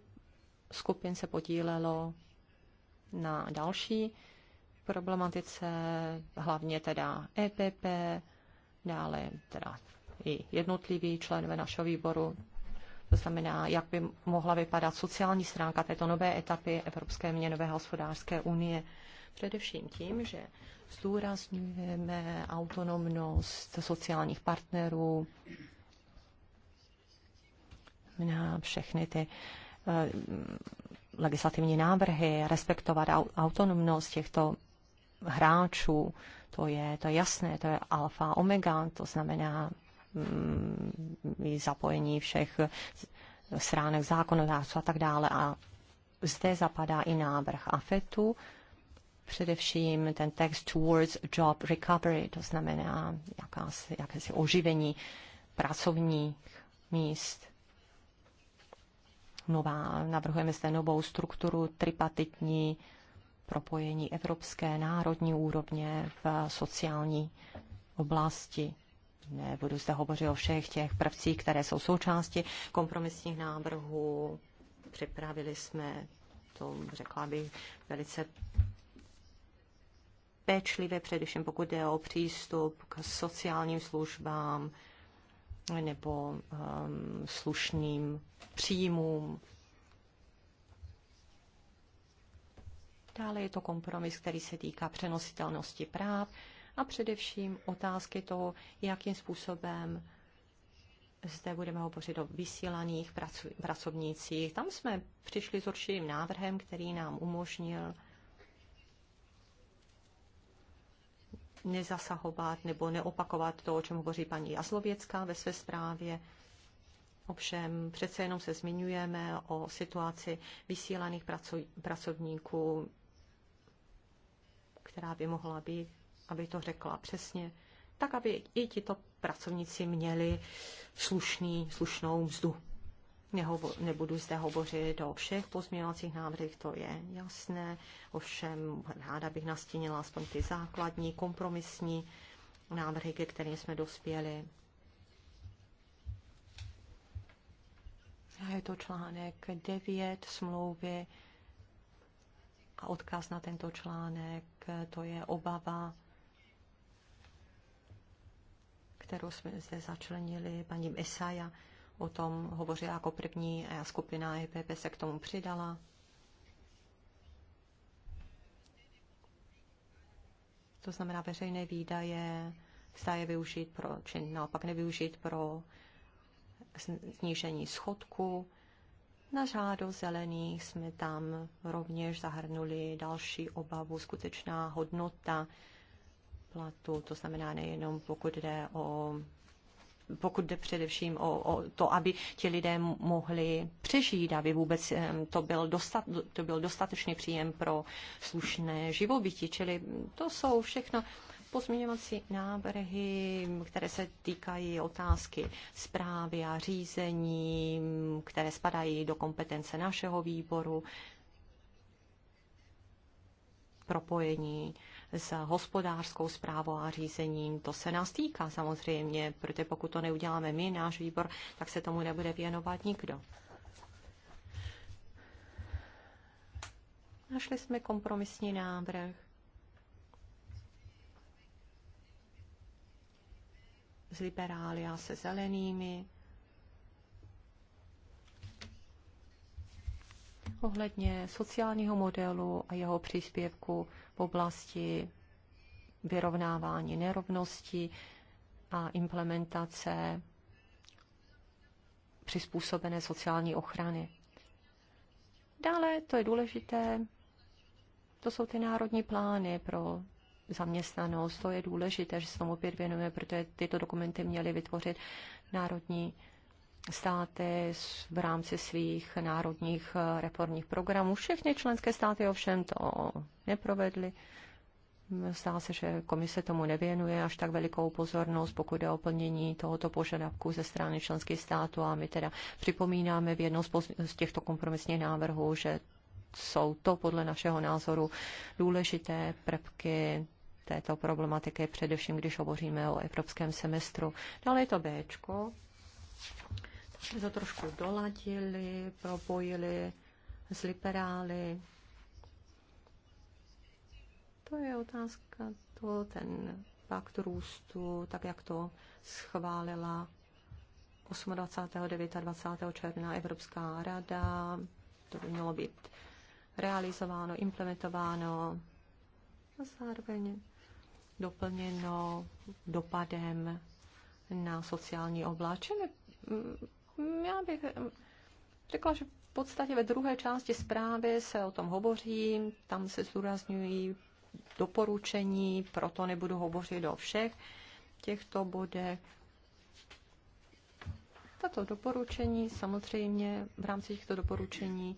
Speaker 2: skupin se podílelo na další problematice, hlavně teda EPP, dále teda i jednotliví členové našeho výboru to znamená, jak by mohla vypadat sociální stránka této nové etapy Evropské měnové hospodářské unie. Především tím, že zdůrazňujeme autonomnost sociálních partnerů, na všechny ty eh, legislativní návrhy, respektovat autonomnost těchto hráčů, to je, to je jasné, to je alfa omega, to znamená Mm, zapojení všech stránek zákonodárců a tak dále. A zde zapadá i návrh AFETu, především ten text towards job recovery, to znamená jakási, jakési oživení pracovních míst. Nová, navrhujeme zde novou strukturu tripatitní propojení evropské národní úrovně v sociální oblasti nebudu zde hovořit o všech těch prvcích, které jsou součástí kompromisních návrhů. Připravili jsme to, řekla bych, velice pečlivě, především pokud jde o přístup k sociálním službám nebo um, slušným příjmům. Dále je to kompromis, který se týká přenositelnosti práv a především otázky toho, jakým způsobem zde budeme hovořit o vysílaných pracovnících. Tam jsme přišli s určitým návrhem, který nám umožnil nezasahovat nebo neopakovat to, o čem hovoří paní Jazlověcká ve své zprávě. Ovšem přece jenom se zmiňujeme o situaci vysílaných pracovníků, která by mohla být aby to řekla přesně, tak aby i tito pracovníci měli slušný, slušnou mzdu. Nehovo, nebudu zde hovořit o všech pozměňovacích návrhech, to je jasné, ovšem ráda bych nastínila aspoň ty základní, kompromisní návrhy, ke kterým jsme dospěli. A je to článek 9 smlouvy a odkaz na tento článek, to je obava kterou jsme zde začlenili, paní Esaja o tom hovořila jako první a skupina EPP se k tomu přidala. To znamená veřejné výdaje, zda je využít pro, či naopak nevyužít pro snížení schodku. Na řádu zelených jsme tam rovněž zahrnuli další obavu, skutečná hodnota platu, to znamená nejenom pokud jde o pokud jde především o, o to, aby ti lidé mohli přežít, aby vůbec to byl, dostat, to byl dostatečný příjem pro slušné živobytí. Čili to jsou všechno pozměňovací návrhy, které se týkají otázky zprávy a řízení, které spadají do kompetence našeho výboru, propojení s hospodářskou zprávou a řízením. To se nás týká samozřejmě, protože pokud to neuděláme my, náš výbor, tak se tomu nebude věnovat nikdo. Našli jsme kompromisní návrh. s liberály a se zelenými. Ohledně sociálního modelu a jeho příspěvku v oblasti vyrovnávání nerovností a implementace přizpůsobené sociální ochrany. Dále, to je důležité, to jsou ty národní plány pro zaměstnanost. To je důležité, že se tomu opět věnujeme, protože tyto dokumenty měly vytvořit národní státy v rámci svých národních eh, reformních programů. Všechny členské státy ovšem to neprovedly. Zdá se, že komise tomu nevěnuje až tak velikou pozornost, pokud je o plnění tohoto požadavku ze strany členských států. A my teda připomínáme v jednom z těchto kompromisních návrhů, že jsou to podle našeho názoru důležité prvky této problematiky, především když hovoříme o evropském semestru. Dále je to Bčko jsme to trošku doladili, propojili s liberály. To je otázka to, ten pakt růstu, tak jak to schválila 28. 29. 20. června Evropská rada. To by mělo být realizováno, implementováno a zároveň doplněno dopadem na sociální oblast. Čili mm, já bych řekla, že v podstatě ve druhé části zprávy se o tom hovoří, tam se zdůrazňují doporučení, proto nebudu hovořit o všech těchto bodech. Tato doporučení, samozřejmě v rámci těchto doporučení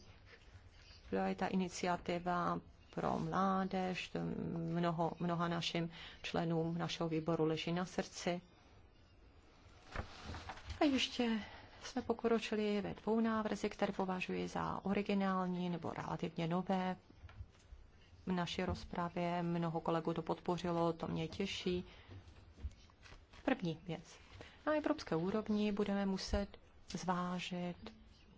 Speaker 2: byla i ta iniciativa pro mládež, mnoho, mnoha našim členům našeho výboru leží na srdci. A ještě jsme pokročili ve dvou návrzi, které považuji za originální nebo relativně nové. V naší rozpravě mnoho kolegů to podpořilo, to mě těší. První věc. Na evropské úrovni budeme muset zvážit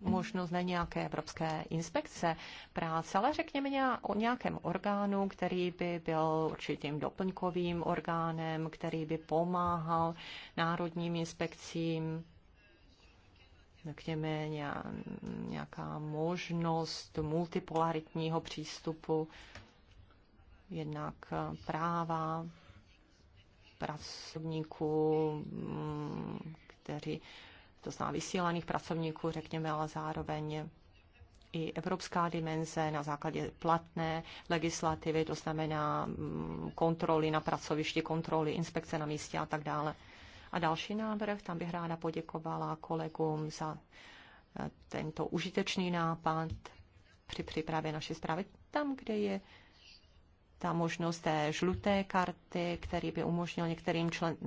Speaker 2: možnost na nějaké evropské inspekce práce, ale řekněme o nějakém orgánu, který by byl určitým doplňkovým orgánem, který by pomáhal národním inspekcím řekněme, nějaká možnost multipolaritního přístupu, jednak práva pracovníků, mm, kteří, to zná vysílaných pracovníků, řekněme, ale zároveň i evropská dimenze na základě platné legislativy, to znamená mm, kontroly na pracovišti, kontroly, inspekce na místě a tak dále. A další návrh, tam bych ráda poděkovala kolegům za eh, tento užitečný nápad při přípravě naší zprávy. Tam, kde je ta možnost té žluté karty, který by umožnil některým člen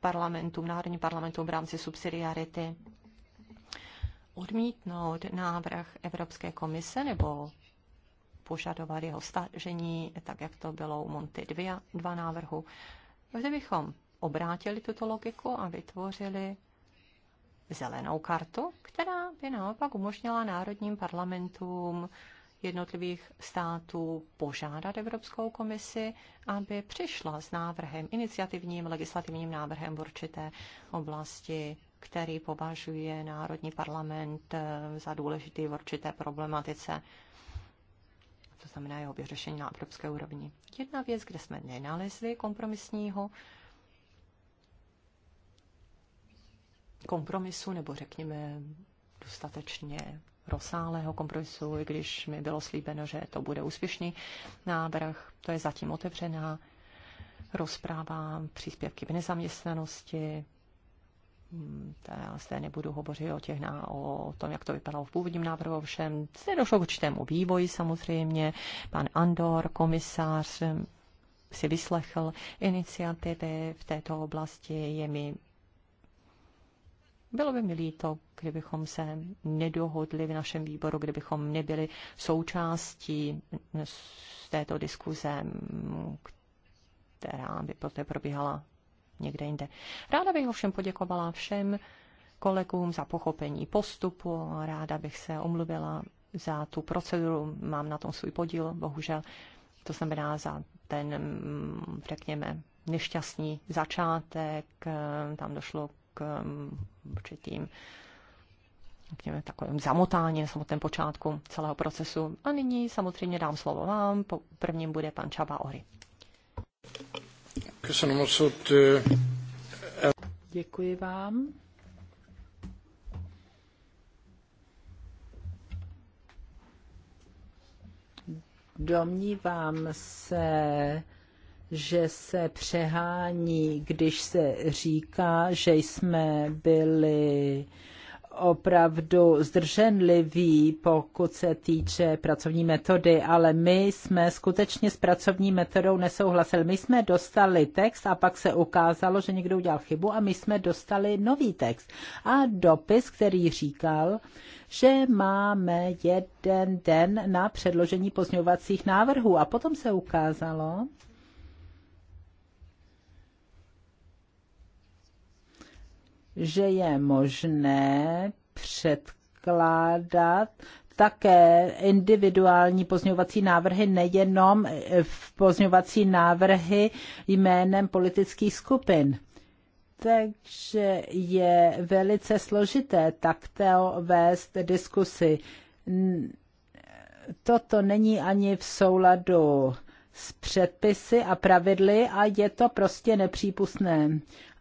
Speaker 2: parlamentům, národním parlamentům v rámci subsidiarity odmítnout návrh Evropské komise nebo požadovat jeho stažení, tak jak to bylo u Monty 2, dva návrhu. kde bychom obrátili tuto logiku a vytvořili zelenou kartu, která by naopak umožnila národním parlamentům jednotlivých států požádat Evropskou komisi, aby přišla s návrhem, iniciativním legislativním návrhem v určité oblasti, který považuje Národní parlament eh, za důležitý v určité problematice. To znamená jeho vyřešení na evropské úrovni. Jedna věc, kde jsme nenalezli kompromisního kompromisu, nebo řekněme dostatečně rozsáhlého kompromisu, i když mi bylo slíbeno, že to bude úspěšný návrh. To je zatím otevřená rozpráva, příspěvky v nezaměstnanosti, hmm, já zde nebudu hovořit o, těch, o tom, jak to vypadalo v původním návrhu, ovšem zde došlo k určitému vývoji samozřejmě. Pan Andor, komisář, hmm, si vyslechl iniciativy v této oblasti. Je mi bylo by mi líto, kdybychom se nedohodli v našem výboru, kdybychom nebyli součástí z této diskuze, která by poté probíhala někde jinde. Ráda bych ovšem poděkovala všem kolegům za pochopení postupu a ráda bych se omluvila za tu proceduru. Mám na tom svůj podíl, bohužel. To znamená za ten, řekněme, nešťastný začátek. Tam došlo k um, určitým řekněme, takovým zamotání na samotném počátku celého procesu. A nyní samozřejmě dám slovo vám. Po prvním bude pan Čaba Ory.
Speaker 3: Děkuji vám. Domnívám se, že se přehání, když se říká, že jsme byli opravdu zdrženliví, pokud se týče pracovní metody, ale my jsme skutečně s pracovní metodou nesouhlasili. My jsme dostali text a pak se ukázalo, že někdo udělal chybu a my jsme dostali nový text. A dopis, který říkal, že máme jeden den na předložení pozměňovacích návrhů. A potom se ukázalo, že je možné předkládat také individuální pozňovací návrhy, nejenom pozňovací návrhy jménem politických skupin. Takže je velice složité takto vést diskusy. Toto není ani v souladu s předpisy a pravidly a je to prostě nepřípustné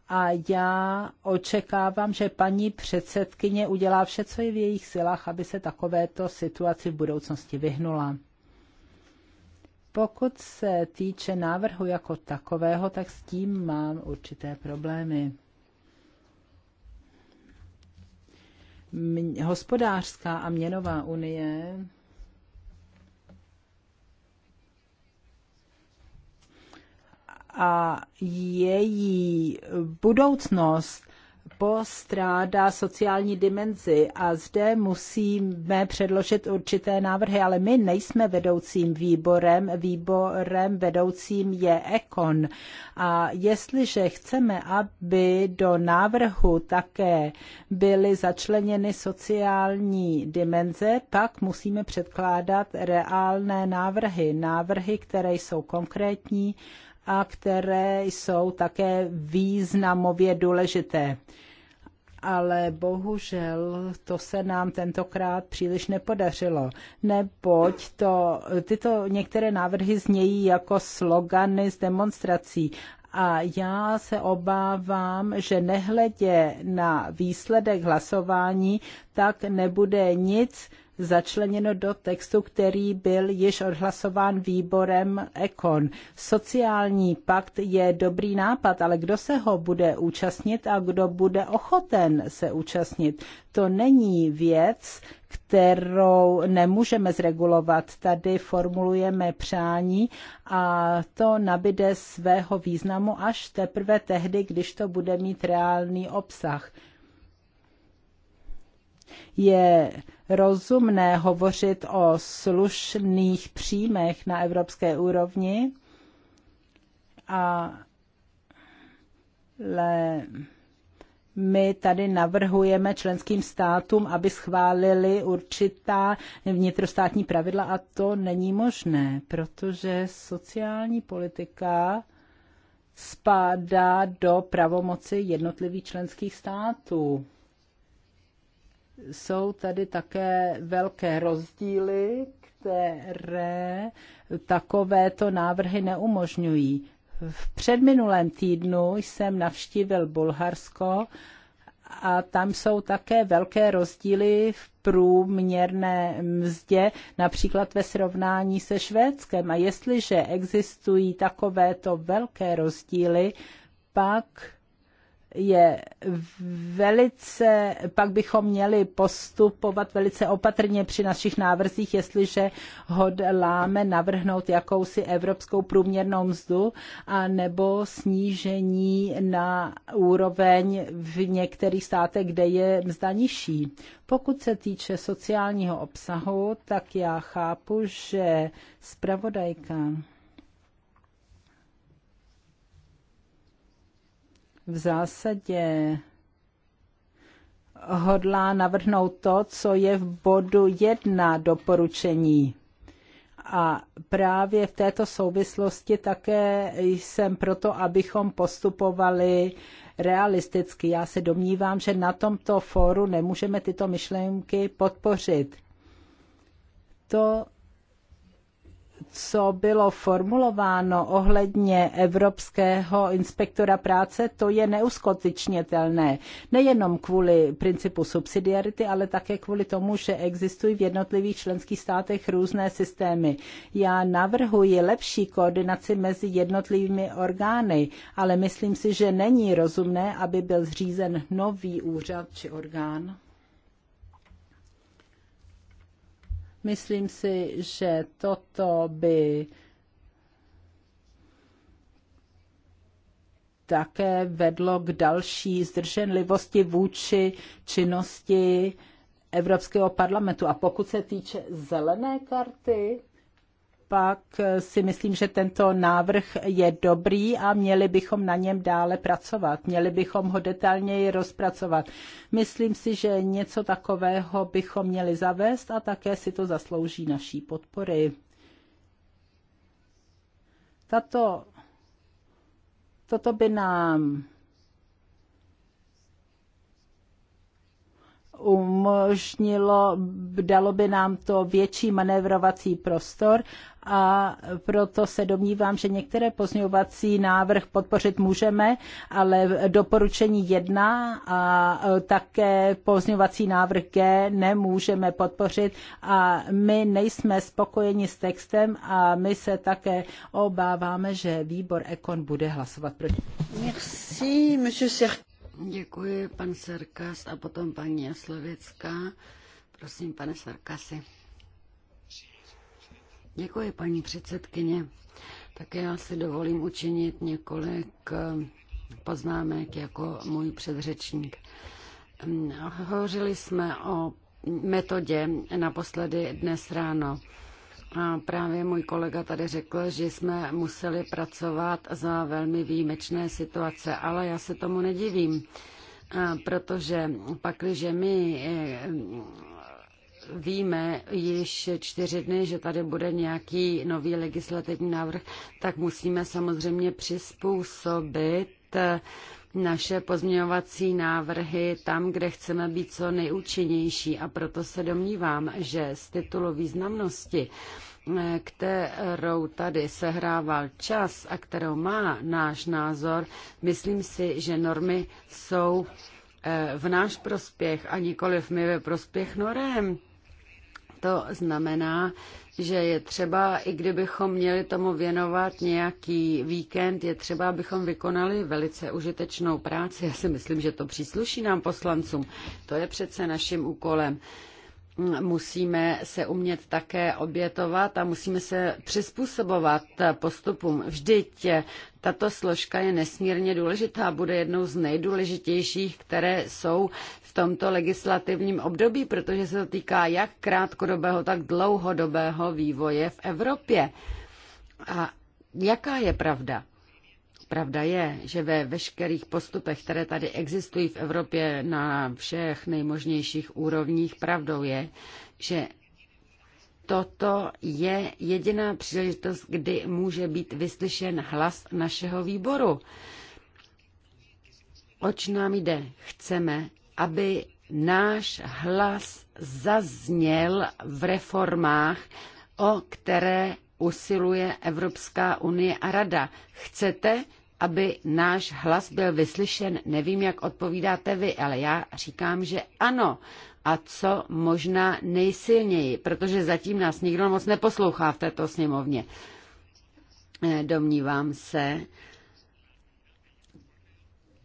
Speaker 3: a já očekávám, že paní předsedkyně udělá vše, co je v jejich silách, aby se takovéto situaci v budoucnosti vyhnula. Pokud se týče návrhu jako takového, tak s tím mám určité problémy. Hospodářská a měnová unie a její budoucnost postrádá sociální dimenzi a zde musíme předložit určité návrhy, ale my nejsme vedoucím výborem, výborem vedoucím je Ekon. A jestliže chceme, aby do návrhu také byly začleněny sociální dimenze, pak musíme předkládat reálné návrhy, návrhy, které jsou konkrétní a které jsou také významově důležité. Ale bohužel to se nám tentokrát příliš nepodařilo, neboť to, tyto některé návrhy znějí jako slogany z demonstrací a já se obávám, že nehledě na výsledek hlasování, tak nebude nic, začleněno do textu, který byl již odhlasován výborem Econ. Sociální pakt je dobrý nápad, ale kdo se ho bude účastnit a kdo bude ochoten se účastnit? To není věc, kterou nemůžeme zregulovat. Tady formulujeme přání a to nabide svého významu až teprve tehdy, když to bude mít reálný obsah je rozumné hovořit o slušných příjmech na evropské úrovni, ale my tady navrhujeme členským státům, aby schválili určitá vnitrostátní pravidla a to není možné, protože sociální politika spadá do pravomoci jednotlivých členských států jsou tady také velké rozdíly, které takovéto návrhy neumožňují. V předminulém týdnu jsem navštívil Bulharsko a tam jsou také velké rozdíly v průměrné mzdě, například ve srovnání se Švédskem. A jestliže existují takovéto velké rozdíly, pak je velice, pak bychom měli postupovat velice opatrně při našich návrzích, jestliže hodláme navrhnout jakousi evropskou průměrnou mzdu a nebo snížení na úroveň v některých státech, kde je mzda nižší. Pokud se týče sociálního obsahu, tak já chápu, že zpravodajka v zásadě hodlá navrhnout to, co je v bodu jedna doporučení. A právě v této souvislosti také jsem proto, abychom postupovali realisticky. Já se domnívám, že na tomto fóru nemůžeme tyto myšlenky podpořit. To co bylo formulováno ohledně Evropského inspektora práce, to je neuskutečnitelné. Nejenom kvůli principu subsidiarity, ale také kvůli tomu, že existují v jednotlivých členských státech různé systémy. Já navrhuji lepší koordinaci mezi jednotlivými orgány, ale myslím si, že není rozumné, aby byl zřízen nový úřad či orgán. Myslím si, že toto by také vedlo k další zdrženlivosti vůči činnosti Evropského parlamentu. A pokud se týče zelené karty, pak si myslím, že tento návrh je dobrý a měli bychom na něm dále pracovat. Měli bychom ho detailněji rozpracovat. Myslím si, že něco takového bychom měli zavést a také si to zaslouží naší podpory. Tato, toto by nám umožnilo, dalo by nám to větší manévrovací prostor a proto se domnívám, že některé pozňovací návrh podpořit můžeme, ale doporučení jedna a také pozňovací návrh G nemůžeme podpořit a my nejsme spokojeni s textem a my se také obáváme, že výbor Ekon bude hlasovat proti. Merci, monsieur
Speaker 1: Děkuji, pan Sarkas a potom paní Jaslovická. Prosím, pane Serkasi. Děkuji, paní předsedkyně. Tak já si dovolím učinit několik eh, poznámek jako můj předřečník. Hovořili jsme o metodě naposledy dnes ráno právě můj kolega tady řekl, že jsme museli pracovat za velmi výjimečné situace, ale já se tomu nedivím, protože pak, když my e, víme již čtyři dny, že tady bude nějaký nový legislativní návrh, tak musíme samozřejmě přizpůsobit naše pozměňovací návrhy tam, kde chceme být co nejúčinnější. A proto se domnívám, že z titulu významnosti eh, kterou tady sehrával čas a kterou má náš názor, myslím si, že normy jsou eh, v náš prospěch a nikoliv my ve prospěch norem. To znamená, že je třeba, i kdybychom měli tomu věnovat nějaký víkend, je třeba, abychom vykonali velice užitečnou práci. Já si myslím, že to přísluší nám poslancům. To je přece naším úkolem musíme se umět také obětovat a musíme se přizpůsobovat postupům. Vždyť tato složka je nesmírně důležitá, bude jednou z nejdůležitějších, které jsou v tomto legislativním období, protože se to týká jak krátkodobého, tak dlouhodobého vývoje v Evropě. A jaká je pravda? Pravda je, že ve veškerých postupech, které tady existují v Evropě na všech nejmožnějších úrovních, pravdou je, že toto je jediná příležitost, kdy může být vyslyšen hlas našeho výboru. Oč nám jde? Chceme, aby náš hlas zazněl v reformách, o které usiluje Evropská unie a Rada. Chcete, aby náš hlas byl vyslyšen? Nevím, jak odpovídáte vy, ale já říkám, že ano. A co možná nejsilněji, protože zatím nás nikdo moc neposlouchá v této sněmovně. Eh, domnívám se,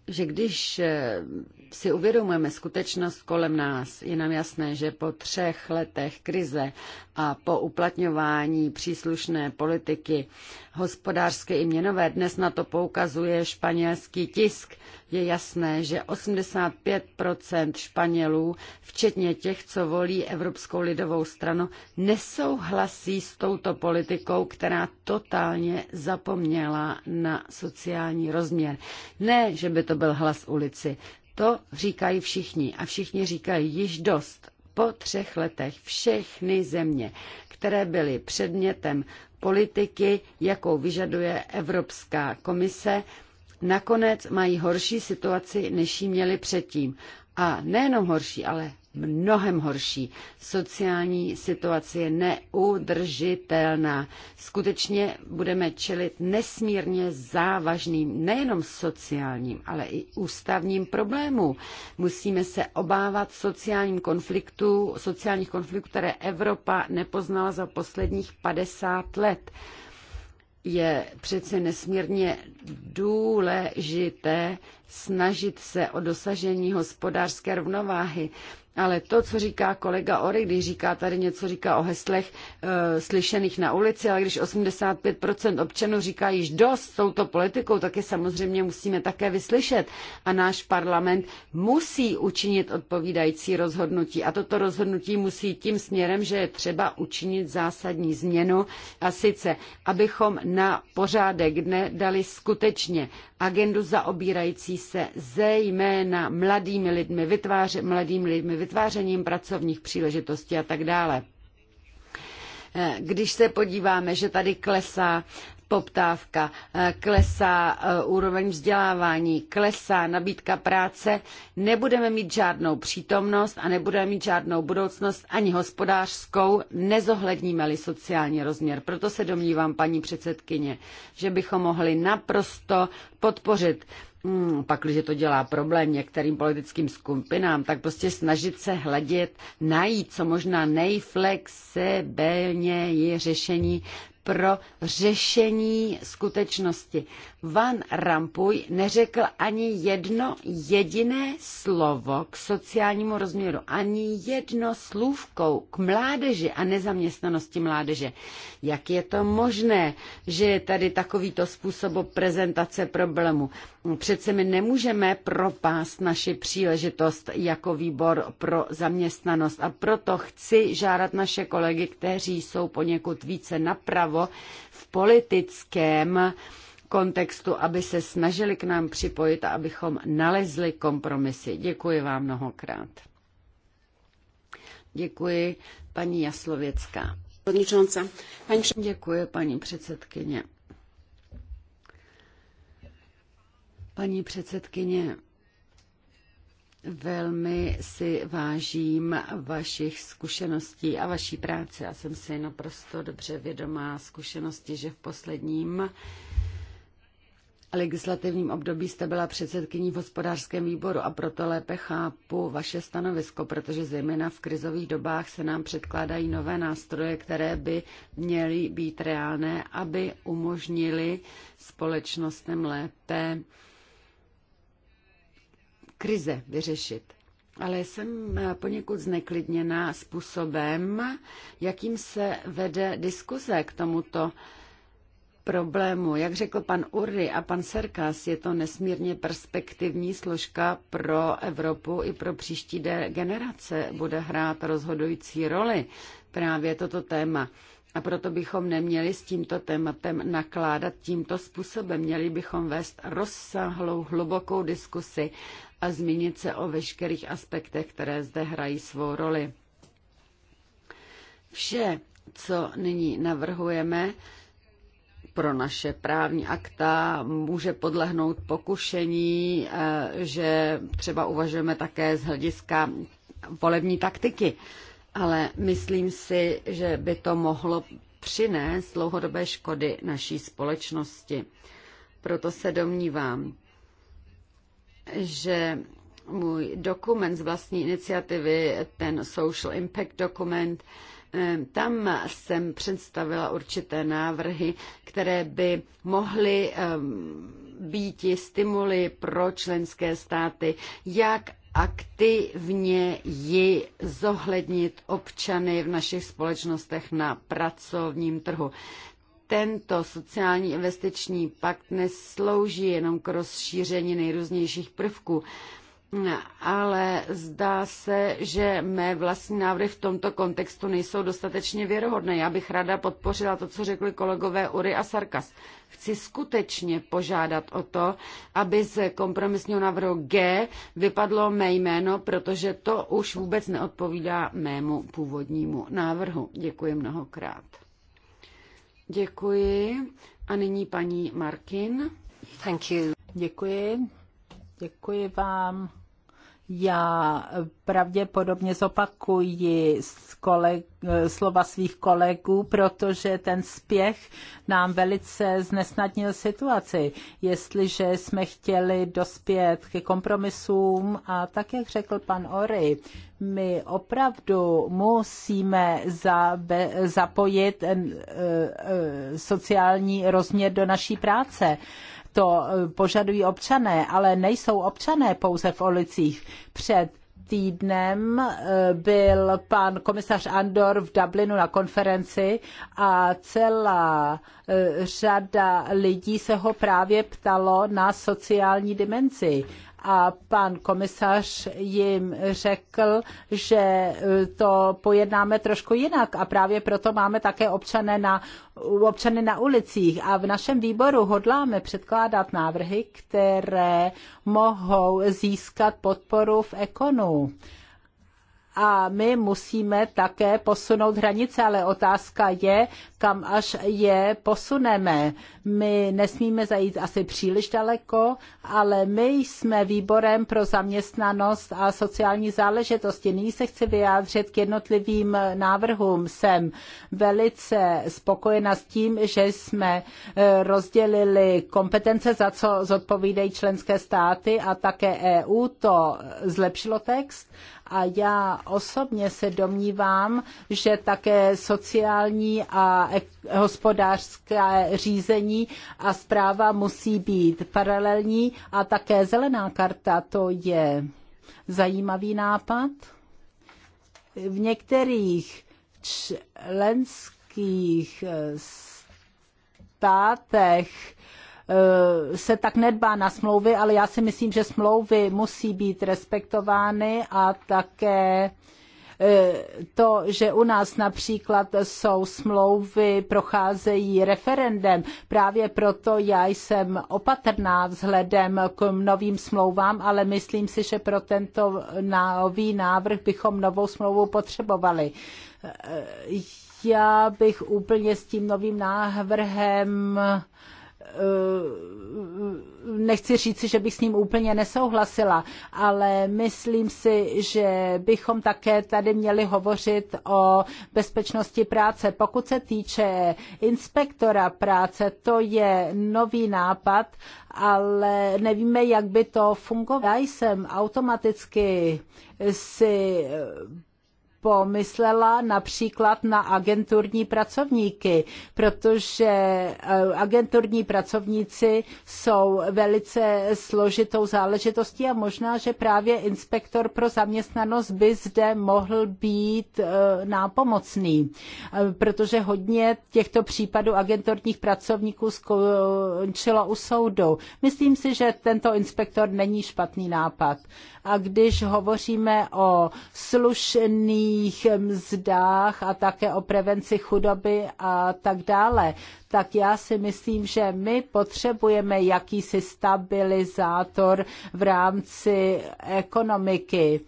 Speaker 1: že když eh, si uvědomujeme skutečnost kolem nás, je nám jasné, že po třech letech krize a po uplatňování příslušné politiky hospodářské i měnové, dnes na to poukazuje španělský tisk, je jasné, že 85 Španělů, včetně těch, co volí Evropskou lidovou stranu, nesouhlasí s touto politikou, která totálně zapomněla na sociální rozměr. Ne, že by to byl hlas ulici, to říkají všichni a všichni říkají již dost. Po třech letech všechny země, které byly předmětem politiky, jakou vyžaduje Evropská komise, nakonec mají horší situaci, než ji měli předtím a nejenom horší, ale mnohem horší. Sociální situace je neudržitelná. Skutečně budeme čelit nesmírně závažným, nejenom sociálním, ale i ústavním problémům. Musíme se obávat sociálním konfliktu, sociálních konfliktů, které Evropa nepoznala za posledních 50 let je přece nesmírně důležité snažit se o dosažení hospodářské rovnováhy ale to, co říká kolega Ory, když říká tady něco, říká o heslech e, slyšených na ulici, ale když 85% občanů říká již dost s touto politikou, tak je samozřejmě musíme také vyslyšet. A náš parlament musí učinit odpovídající rozhodnutí. A toto rozhodnutí musí tím směrem, že je třeba učinit zásadní změnu. A sice, abychom na pořádek dne dali skutečně agendu zaobírající se zejména mladými lidmi, vytváře, mladými lidmi vytvářením pracovních příležitostí a tak dále. Eh, když se podíváme, že tady klesá poptávka, eh, klesá eh, úroveň vzdělávání, klesá nabídka práce, nebudeme mít žádnou přítomnost a nebudeme mít žádnou budoucnost ani hospodářskou, nezohledníme-li sociální rozměr. Proto se domnívám, paní předsedkyně, že bychom mohli naprosto podpořit Hmm, pak, když to dělá problém některým politickým skupinám, tak prostě snažit se hledět, najít co možná nejflexibilněji řešení pro řešení skutečnosti. Van Rampuj neřekl ani jedno jediné slovo k sociálnímu rozměru, ani jedno slůvkou k mládeži a nezaměstnanosti mládeže. Jak je to možné, že je tady takovýto způsob prezentace problému? Přece my nemůžeme propást naši příležitost jako výbor pro zaměstnanost a proto chci žádat naše kolegy, kteří jsou poněkud více napravo právo v politickém kontextu, aby se snažili k nám připojit a abychom nalezli kompromisy. Děkuji vám mnohokrát. Děkuji, paní Jaslověcká. Paní... Děkuji, paní předsedkyně. Paní předsedkyně, Velmi si vážím vašich zkušeností a vaší práce. Já jsem si naprosto dobře vědomá zkušenosti, že v posledním legislativním období jste byla předsedkyní v hospodářském výboru a proto lépe chápu vaše stanovisko, protože zejména v krizových dobách se nám předkládají nové nástroje, které by měly být reálné, aby umožnili společnostem lépe krize vyřešit. Ale jsem eh, poněkud zneklidněná způsobem, jakým se vede diskuze k tomuto problému. Jak řekl pan Urry a pan Serkas, je to nesmírně perspektivní složka pro Evropu i pro příští generace. Bude hrát rozhodující roli právě toto téma. A proto bychom neměli s tímto tématem nakládat tímto způsobem. Měli bychom vést rozsáhlou, hlubokou diskusi a zmínit se o veškerých aspektech, které zde hrají svou roli. Vše, co nyní navrhujeme, pro naše právní akta může podlehnout pokušení, eh, že třeba uvažujeme také z hlediska volební taktiky. Ale myslím si, že by to mohlo přinést dlouhodobé škody naší společnosti. Proto se domnívám, že můj dokument z vlastní iniciativy, ten Social Impact dokument, eh, tam jsem představila určité návrhy, které by mohly eh, být stimuly pro členské státy, jak aktivně ji zohlednit občany v našich společnostech na pracovním trhu tento sociální investiční pakt neslouží jenom k rozšíření nejrůznějších prvků, ale zdá se, že mé vlastní návrhy v tomto kontextu nejsou dostatečně věrohodné. Já bych ráda podpořila to, co řekli kolegové Ury a Sarkas. Chci skutečně požádat o to, aby z kompromisního návrhu G vypadlo mé jméno, protože to už vůbec neodpovídá mému původnímu návrhu. Děkuji mnohokrát. Děkuji. A nyní
Speaker 3: paní Markin. Thank you. Děkuji. Děkuji vám já pravděpodobně zopakuji slova svých kolegů, protože ten spěch nám velice znesnadnil situaci. Jestliže jsme chtěli dospět ke kompromisům a tak, jak řekl pan Ory, my opravdu musíme zapojit eh, eh, sociální rozměr do naší práce to eh, požadují občané, ale nejsou občané pouze v ulicích. Před týdnem eh, byl pan komisař Andor v Dublinu na konferenci a celá eh, řada lidí se ho právě ptalo na sociální dimenzi a pan komisař jim řekl, že e, to pojednáme trošku jinak a právě proto máme také občané na, občany na ulicích a v našem výboru hodláme předkládat návrhy, které mohou získat podporu v ekonu a my musíme také posunout hranice, ale otázka je, kam až je posuneme. My nesmíme zajít asi příliš daleko, ale my jsme výborem pro zaměstnanost a sociální záležitosti. Nyní se chci vyjádřit k jednotlivým návrhům. Jsem velice spokojena s tím, že jsme eh, rozdělili kompetence, za co zodpovídají členské státy a také EU. To zlepšilo text a já osobně se domnívám, že také sociální a E- hospodářské řízení a zpráva musí být paralelní a také zelená karta, to je zajímavý nápad. V některých členských e, státech e, se tak nedbá na smlouvy, ale já si myslím, že smlouvy musí být respektovány a také Eh, to, že u nás například jsou smlouvy, procházejí referendem. Právě proto já jsem opatrná vzhledem k novým smlouvám, ale myslím si, že pro tento nový návrh bychom novou smlouvu potřebovali. Eh, já bych úplně s tím novým návrhem Eh, nechci říci, že bych s ním úplně nesouhlasila, ale myslím si, že bychom také tady měli hovořit o bezpečnosti práce. Pokud se týče inspektora práce, to je nový nápad, ale nevíme, jak by to fungovalo. Já jsem automaticky si pomyslela například na agenturní pracovníky, protože eh, agenturní pracovníci jsou velice složitou záležitostí a možná, že právě inspektor pro zaměstnanost by zde mohl být eh, nápomocný, eh, protože hodně těchto případů agenturních pracovníků skončilo u soudu. Myslím si, že tento inspektor není špatný nápad. A když hovoříme o slušných mzdách a také o prevenci chudoby a tak dále, tak já si myslím, že my potřebujeme jakýsi stabilizátor v rámci ekonomiky,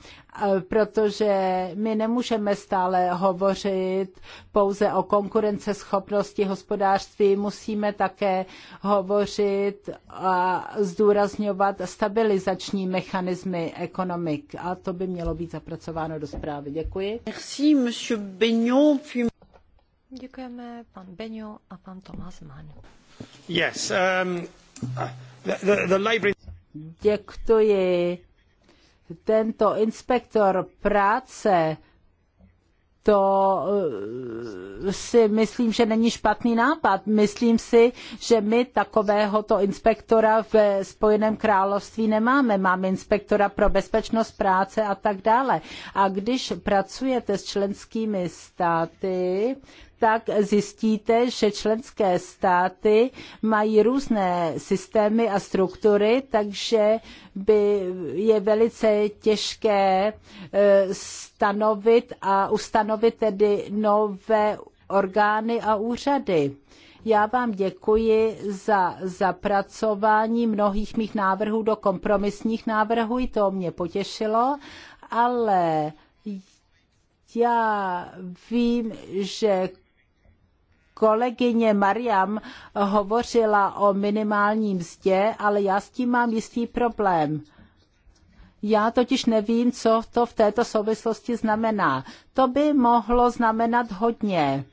Speaker 3: eh, protože my nemůžeme stále hovořit pouze o konkurenceschopnosti hospodářství, musíme také hovořit a zdůrazňovat stabilizační mechanismy ekonomik. A to by mělo být zapracováno do zprávy. Děkuji. Merci, monsieur Beignon.
Speaker 2: Děkujeme pan Benio a pan Tomáš Mann. Yes,
Speaker 1: um, the, the, the library...
Speaker 3: Děkuji. Tento inspektor práce to uh, si myslím, že není špatný nápad. Myslím si, že my takovéhoto inspektora v Spojeném království nemáme. Máme inspektora pro bezpečnost práce a tak dále. A když pracujete s členskými státy, tak zjistíte, že členské státy mají různé systémy a struktury, takže by je velice těžké e, stanovit a ustanovit tedy nové orgány a úřady. Já vám děkuji za zapracování mnohých mých návrhů do kompromisních návrhů, i to mě potěšilo, ale já vím, že kolegyně Mariam hovořila o minimálním mzdě, ale já s tím mám jistý problém. Já totiž nevím, co to v této souvislosti znamená. To by mohlo znamenat hodně.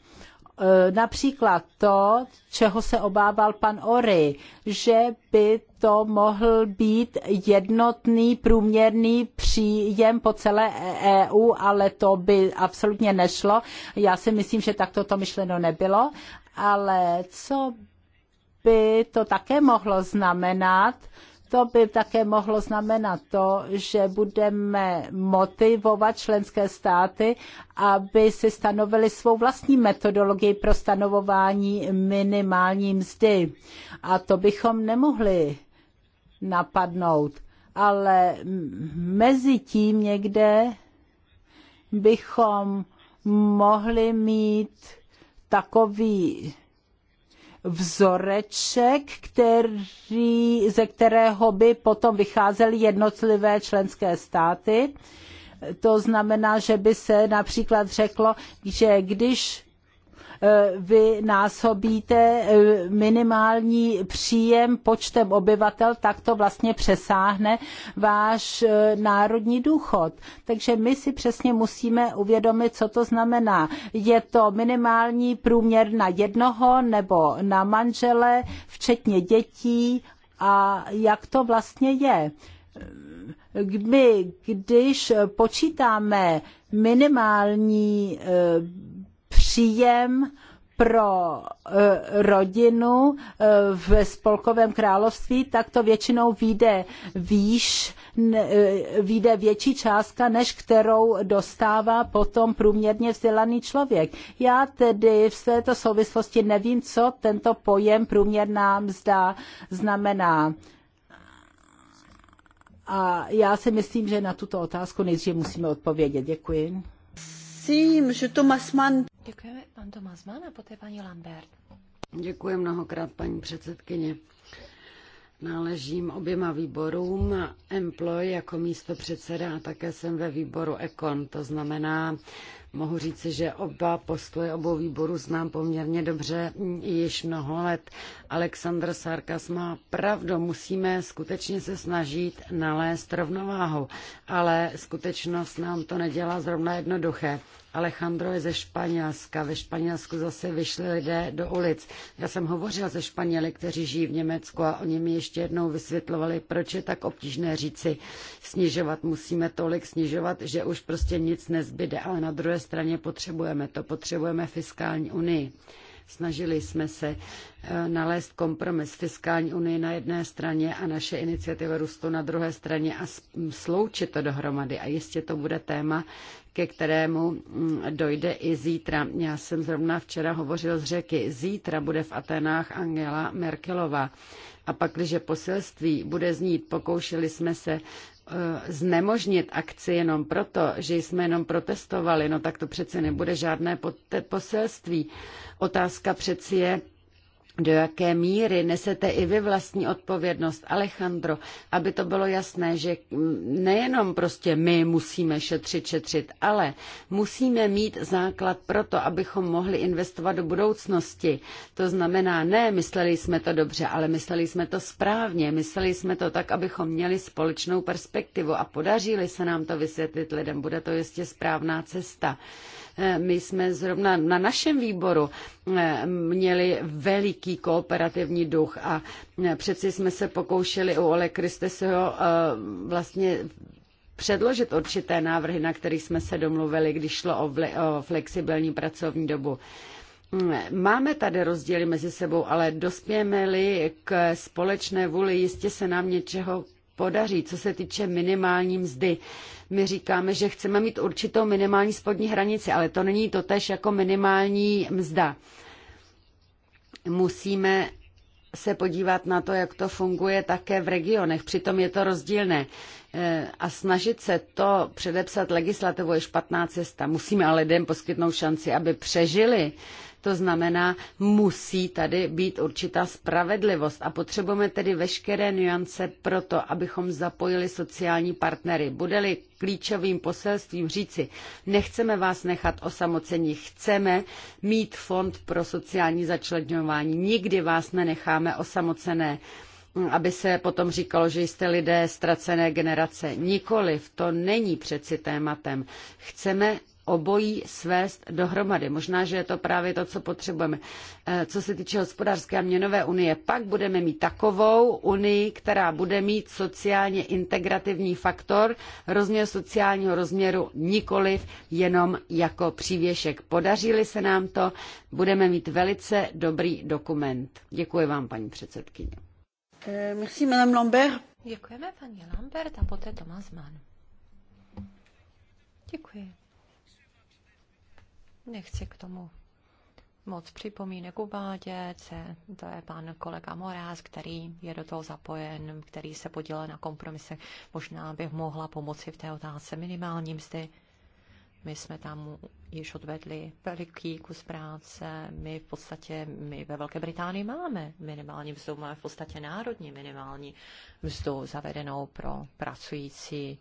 Speaker 3: E, například to, čeho se obával pan Ory, že by to mohl být jednotný průměrný příjem po celé EU, ale to by absolutně nešlo. Já si myslím, že takto to myšleno nebylo. Ale co by to také mohlo znamenat, to by také mohlo znamenat to, že budeme motivovat členské státy, aby si stanovili svou vlastní metodologii pro stanovování minimální mzdy. A to bychom nemohli napadnout. Ale mezi tím někde bychom mohli mít takový vzoreček, který, ze kterého by potom vycházely jednotlivé členské státy. To znamená, že by se například řeklo, že když Eh, vy násobíte eh, minimální příjem počtem obyvatel, tak to vlastně přesáhne váš eh, národní důchod. Takže my si přesně musíme uvědomit, co to znamená. Je to minimální průměr na jednoho nebo na manžele, včetně dětí a jak to vlastně je my, když počítáme minimální příjem pro eh, rodinu eh, v spolkovém království, tak to většinou vyjde výš, eh, vyjde větší částka, než kterou dostává potom průměrně vzdělaný člověk. Já tedy v této souvislosti nevím, co tento pojem průměrná mzda znamená. A já si myslím, že na tuto otázku nejdřív musíme odpovědět. Děkuji. Sí,
Speaker 2: Děkujeme pan Tomáš Mann a poté paní Lambert.
Speaker 3: Děkuji mnohokrát, paní předsedkyně.
Speaker 1: Náležím oběma výborům, Employ jako místo předseda a také jsem ve výboru Econ. To znamená, mohu říci, že oba postoje obou výborů znám poměrně dobře již mnoho let. Aleksandr Sarkas má pravdu, musíme skutečně se snažit nalézt rovnováhu, ale skutečnost nám to nedělá zrovna jednoduché. Alejandro je ze Španělska. Ve Španělsku zase vyšli lidé do ulic. Já jsem hovořil ze Španěly, kteří žijí v Německu a oni mi ještě jednou vysvětlovali, proč je tak obtížné říci, snižovat musíme tolik snižovat, že už prostě nic nezbyde, ale na druhé straně potřebujeme to, potřebujeme fiskální unii. Snažili jsme se eh, nalézt kompromis fiskální unii na jedné straně a naše iniciativa růstu na druhé straně a sloučit to dohromady. A jistě to bude téma, ke kterému mm, dojde i zítra. Já jsem zrovna včera hovořil z řeky. Zítra bude v Atenách Angela Merkelová. A pak, když poselství bude znít, pokoušeli jsme se eh, znemožnit akci jenom proto, že jsme jenom protestovali, no tak to přece nebude žádné poselství. Otázka přeci je, do jaké míry nesete i vy vlastní odpovědnost, Alejandro, aby to bylo jasné, že nejenom prostě my musíme šetřit, šetřit, ale musíme mít základ pro to, abychom mohli investovat do budoucnosti. To znamená, ne, mysleli jsme to dobře, ale mysleli jsme to správně, mysleli jsme to tak, abychom měli společnou perspektivu a podařili se nám to vysvětlit lidem, bude to jistě správná cesta. Eh, my jsme zrovna na našem výboru eh, měli veliký kooperativní duch a eh, přeci jsme se pokoušeli u Ole Kristeseho vlastně předložit určité návrhy, na kterých jsme se domluvili, když šlo o, o flexibilní pracovní dobu. Hmm, máme tady rozdíly mezi sebou, ale dospějeme-li k společné vůli, jistě se nám něčeho podaří. Co se týče minimální mzdy, my říkáme, že chceme mít určitou minimální spodní hranici, ale to není totež jako minimální mzda. Musíme se podívat na to, jak to funguje také v regionech. Přitom je to rozdílné. E, a snažit se to předepsat legislativou je špatná cesta. Musíme ale lidem poskytnout šanci, aby přežili to znamená, musí tady být určitá spravedlivost a potřebujeme tedy veškeré nuance pro to, abychom zapojili sociální partnery. Bude-li klíčovým poselstvím říci, nechceme vás nechat osamocení, chceme mít fond pro sociální začleňování, nikdy vás nenecháme osamocené aby se potom říkalo, že jste lidé ztracené generace. Nikoliv, to není přeci tématem. Chceme obojí svést dohromady. Možná, že je to právě to, co potřebujeme. Eh, co se týče hospodářské a měnové unie, pak budeme mít takovou unii, která bude mít sociálně integrativní faktor, rozměr sociálního rozměru nikoliv jenom jako přívěšek. Podaří-li se nám to, budeme mít velice dobrý dokument. Děkuji vám, paní předsedkyně. Eh, merci, Madame Lambert. Děkujeme,
Speaker 2: paní Lambert, a poté Tomas Mann. Děkuji. Nechci k tomu moc připomínek uvádět. To je pan kolega Moráz, který je do toho zapojen, který se podílel na kompromise. Možná bych mohla pomoci v té otázce minimální mzdy. My jsme tam již odvedli veliký kus práce. My v podstatě, my ve Velké Británii máme minimální mzdu, máme v podstatě národní minimální mzdu zavedenou pro pracující.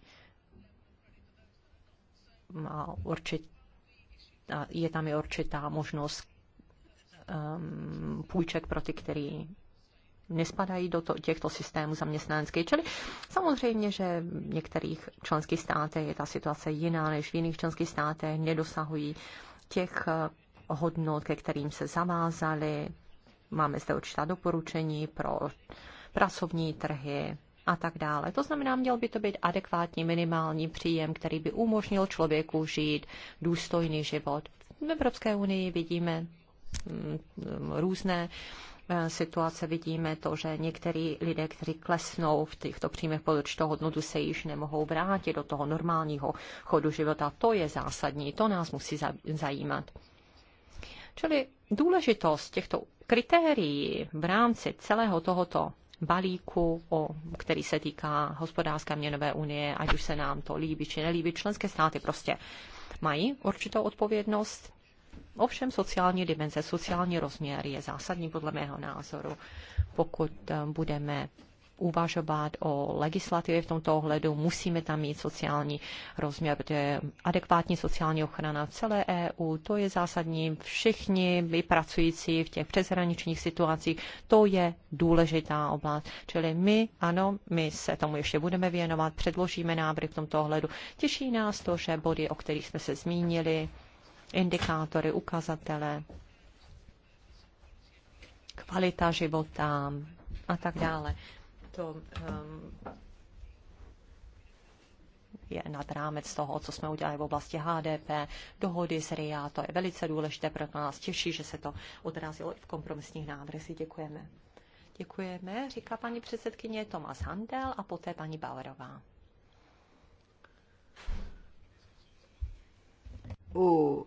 Speaker 2: Má určitě je tam i určitá možnost um, půjček pro ty, který nespadají do to, těchto systémů zaměstnaneckých. Čili samozřejmě, že v některých členských státech je ta situace jiná než v jiných členských státech, nedosahují těch eh, hodnot, ke kterým se zavázali. Máme zde určitá doporučení pro pracovní trhy, a tak dále. To znamená, měl by to být adekvátní minimální příjem, který by umožnil člověku žít důstojný život. V Evropské unii vidíme mm, různé eh, situace vidíme to, že některý lidé, kteří klesnou v těchto příjmech pod určitou hodnotu, se již nemohou vrátit do toho normálního chodu života. To je zásadní, to nás musí zajímat. Čili důležitost těchto kritérií v rámci celého tohoto balíku, o, který se týká hospodářské měnové unie, ať už se nám to líbí či nelíbí. Členské státy prostě mají určitou odpovědnost. Ovšem sociální dimenze, sociální rozměr je zásadní podle mého názoru. Pokud eh, budeme uvažovat o legislativě v tomto ohledu, musíme tam mít sociální rozměr, protože adekvátní sociální ochrana v celé EU, to je zásadní. Všichni my pracující v těch přeshraničních situacích, to je důležitá oblast. Čili my, ano, my se tomu ještě budeme věnovat, předložíme návrh v tomto ohledu. Těší nás to, že body, o kterých jsme se zmínili, indikátory, ukazatele, kvalita života a tak dále to um, je nad rámec toho, co jsme udělali v oblasti HDP, dohody s RIA, to je velice důležité, proto nás těší, že se to odrazilo i v kompromisních návrzích. Děkujeme. Děkujeme, říká paní předsedkyně Tomas Handel a poté paní Bauerová.
Speaker 3: U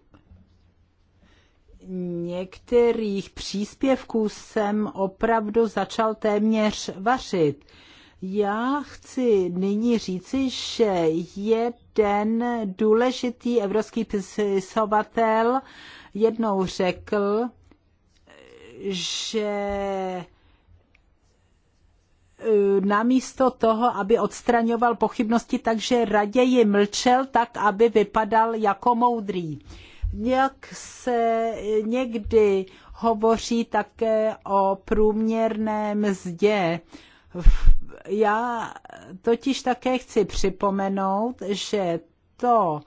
Speaker 3: některých příspěvků jsem opravdu začal téměř vařit. Já chci nyní říci, že jeden důležitý evropský pisovatel jednou řekl, že e, namísto toho, aby odstraňoval pochybnosti, takže raději mlčel tak, aby vypadal jako moudrý. Jak se někdy hovoří také o průměrné mzdě. Já totiž také chci připomenout, že to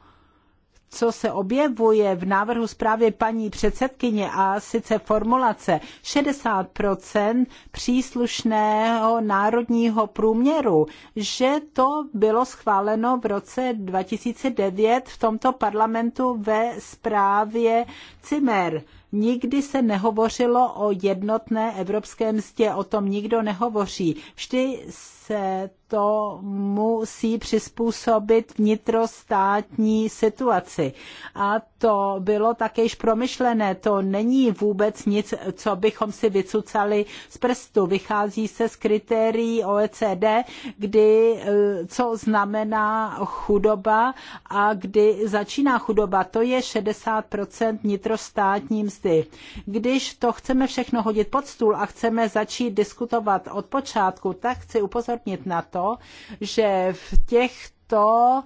Speaker 3: co se objevuje v návrhu zprávy paní předsedkyně a sice formulace 60% příslušného národního průměru, že to bylo schváleno v roce 2009 v tomto parlamentu ve zprávě Cimer. Nikdy se nehovořilo o jednotné evropské mzdě, o tom nikdo nehovoří. Vždy se to musí přizpůsobit vnitrostátní situaci. A to bylo také již promyšlené. To není vůbec nic, co bychom si vycucali z prstu. Vychází se z kritérií OECD, kdy eh, co znamená chudoba a kdy začíná chudoba. To je 60% vnitrostátní mzdy. Když to chceme všechno hodit pod stůl a chceme začít diskutovat od počátku, tak chci upozornit, upozornit na to, že v těchto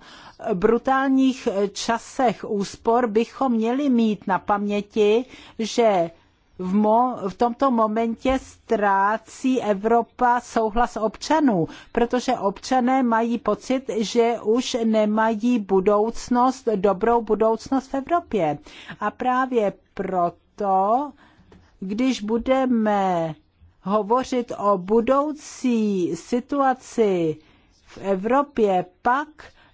Speaker 3: brutálních časech úspor bychom měli mít na paměti, že v, mo, v tomto momentě ztrácí Evropa souhlas občanů, protože občané mají pocit, že už nemají budoucnost, dobrou budoucnost v Evropě. A právě proto, když budeme hovořit o budoucí situaci v Evropě, pak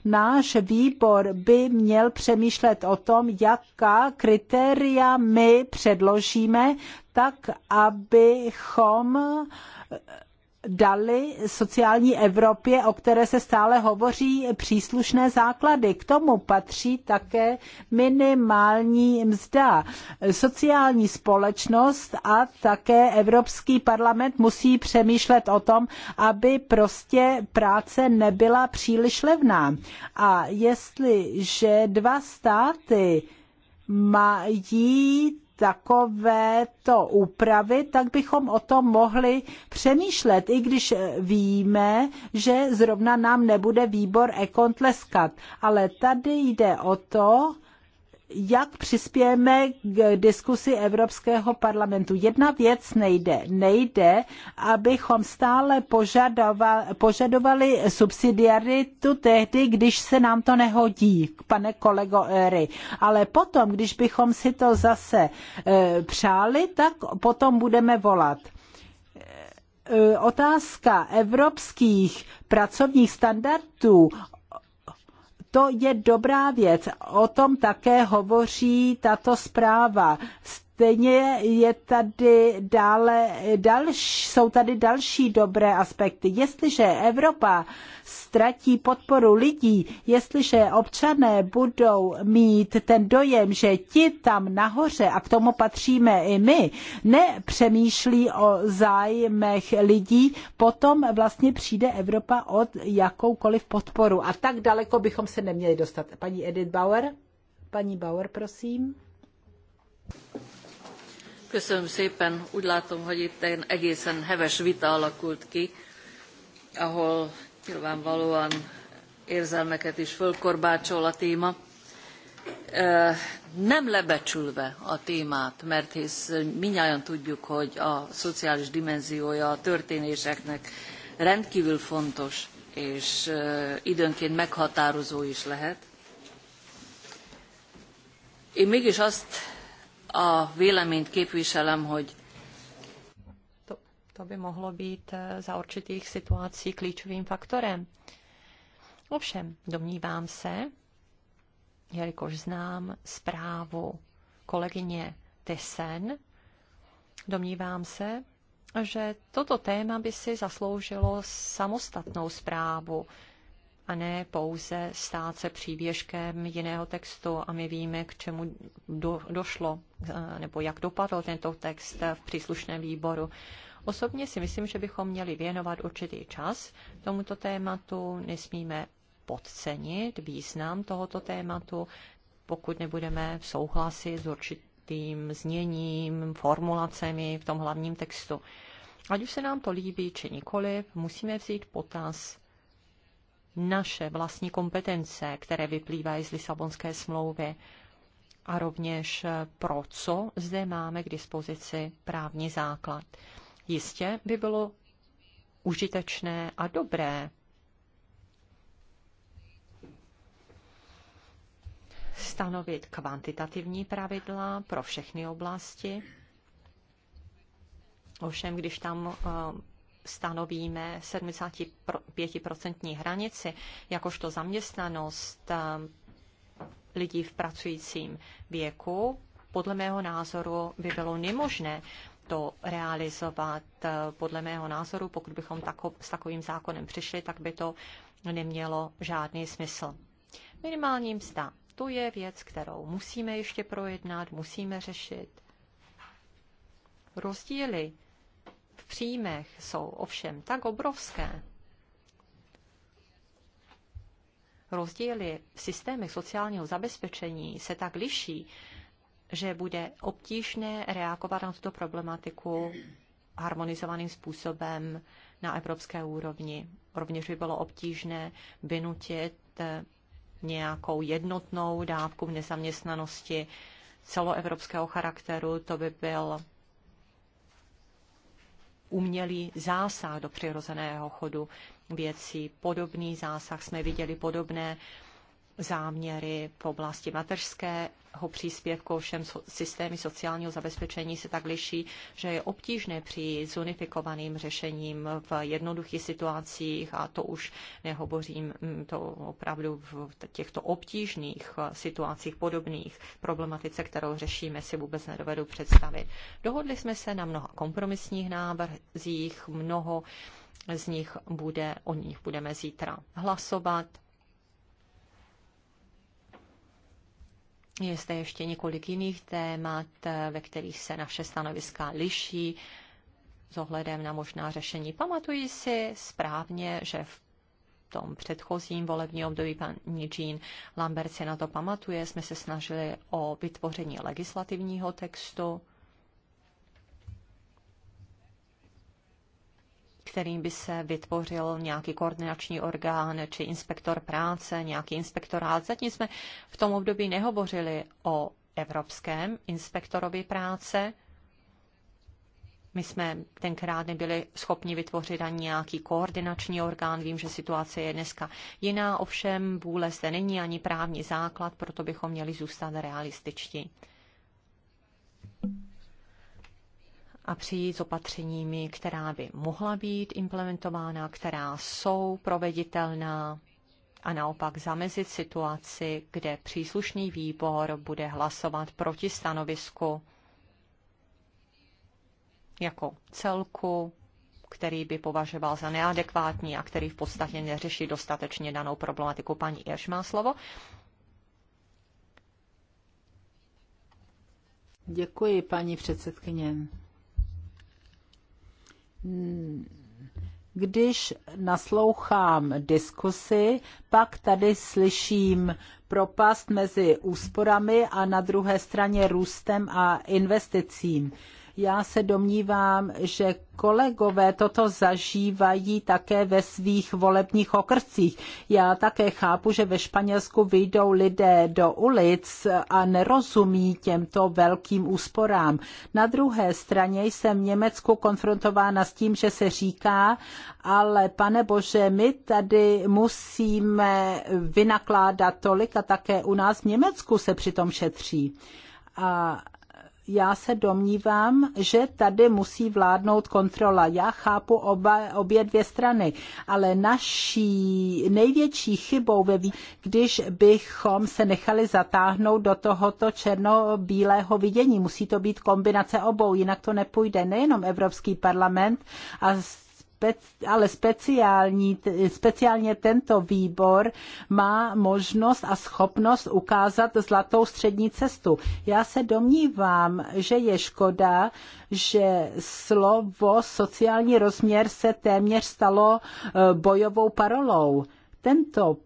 Speaker 3: náš výbor by měl přemýšlet o tom, jaká kritéria my předložíme, tak abychom dali sociální Evropě, o které se stále hovoří, příslušné základy. K tomu patří také minimální mzda. Sociální společnost a také Evropský parlament musí přemýšlet o tom, aby prostě práce nebyla příliš levná. A jestliže dva státy mají takovéto úpravy, tak bychom o tom mohli přemýšlet, i když víme, že zrovna nám nebude výbor ekontleskat, Ale tady jde o to, jak přispějeme k diskusi Evropského parlamentu. Jedna věc nejde. Nejde, abychom stále požadovali požadovali subsidiaritu tehdy, když se nám to nehodí, pane kolego Ery. Ale potom, když bychom si to zase e, přáli, tak potom budeme volat e, otázka evropských pracovních standardů, to je dobrá věc. O tom také hovoří tato zpráva. Z Stejně je tady dále, další, jsou tady další dobré aspekty. Jestliže Evropa ztratí podporu lidí, jestliže občané budou mít ten dojem, že ti tam nahoře, a k tomu patříme i my, nepřemýšlí o zájmech lidí, potom vlastně přijde Evropa od jakoukoliv podporu. A tak daleko bychom se neměli dostat. Paní Edith Bauer? Paní Bauer, prosím.
Speaker 2: Köszönöm szépen. Úgy látom, hogy itt egy egészen heves vita alakult
Speaker 1: ki, ahol nyilvánvalóan érzelmeket is fölkorbácsol a téma. Nem lebecsülve a
Speaker 2: témát, mert hisz minnyáján tudjuk, hogy a szociális dimenziója a történéseknek rendkívül fontos, és időnként meghatározó is lehet. Én mégis azt a véleményt képviselem, hogy to, to by mohlo být eh, za určitých situací klíčovým faktorem. Ovšem, domnívám se, jelikož znám zprávu kolegyně Tesen, domnívám se, že toto téma by si zasloužilo samostatnou zprávu, a ne pouze stát se příběžkem jiného textu a my víme, k čemu do, došlo eh, nebo jak dopadl tento text v příslušném výboru. Osobně si myslím, že bychom měli věnovat určitý čas tomuto tématu, nesmíme podcenit význam tohoto tématu, pokud nebudeme souhlasit s určitým zněním, formulacemi v tom hlavním textu. Ať už se nám to líbí či nikoliv, musíme vzít potaz naše vlastní kompetence, které vyplývají z Lisabonské smlouvy a rovněž eh, pro co zde máme k dispozici právní základ. Jistě by bylo užitečné a dobré stanovit kvantitativní pravidla pro všechny oblasti. Ovšem, když tam eh, stanovíme 75% hranici, jakožto zaměstnanost eh, lidí v pracujícím věku, podle mého názoru by bylo nemožné to realizovat. Podle mého názoru, pokud bychom tako, s takovým zákonem přišli, tak by to nemělo žádný smysl. Minimální mzda. To je věc, kterou musíme ještě projednat, musíme řešit. Rozdíly v příjmech jsou ovšem tak obrovské, rozdíly v systémech sociálního zabezpečení se tak liší, že bude obtížné reagovat na tuto problematiku harmonizovaným způsobem na evropské úrovni. Rovněž by bylo obtížné vynutit eh, nějakou jednotnou dávku v nezaměstnanosti celoevropského charakteru. To by byl umělý zásah do přirozeného chodu věcí. Podobný zásah jsme viděli, podobné záměry v oblasti mateřského příspěvku, všem systémy sociálního zabezpečení se tak liší, že je obtížné při s unifikovaným řešením v jednoduchých situacích a to už nehovořím mm, to opravdu v těchto obtížných situacích podobných problematice, kterou řešíme, si vůbec nedovedu představit. Dohodli jsme se na mnoha kompromisních návrzích, mnoho z nich bude, o nich budeme zítra hlasovat Je zde ještě několik jiných témat, ve kterých se naše stanoviska liší s ohledem na možná řešení. Pamatuji si správně, že v tom předchozím volebním období paní Jean Lambert se na to pamatuje, jsme se snažili o vytvoření legislativního textu, kterým by se vytvořil nějaký koordinační orgán či inspektor práce, nějaký inspektorát. Zatím jsme v tom období nehovořili o evropském inspektorovi práce. My jsme tenkrát nebyli schopni vytvořit ani nějaký koordinační orgán. Vím, že situace je dneska jiná, ovšem vůle zde není ani právní základ, proto bychom měli zůstat realističtí. a přijít s opatřeními, která by mohla být implementována, která jsou proveditelná a naopak zamezit situaci, kde příslušný výbor bude hlasovat proti stanovisku jako celku, který by považoval za neadekvátní a který v podstatě neřeší dostatečně danou problematiku. Paní Irš má slovo.
Speaker 3: Děkuji, paní předsedkyně když naslouchám diskusi, pak tady slyším propast mezi úsporami a na druhé straně růstem a investicím. Já se domnívám, že kolegové toto zažívají také ve svých volebních okrcích. Já také chápu, že ve Španělsku vyjdou lidé do ulic a nerozumí těmto velkým úsporám. Na druhé straně jsem v Německu konfrontována s tím, že se říká, ale pane bože, my tady musíme vynakládat tolik a také u nás v Německu se přitom šetří. A já se domnívám, že tady musí vládnout kontrola. Já chápu oba, obě dvě strany, ale naší největší chybou ve když bychom se nechali zatáhnout do tohoto černobílého vidění. Musí to být kombinace obou, jinak to nepůjde. Nejenom Evropský parlament a ale speciální, speciálně tento výbor má možnost a schopnost ukázat zlatou střední cestu. Já se domnívám, že je škoda, že slovo sociální rozměr se téměř stalo e, bojovou parolou. Tento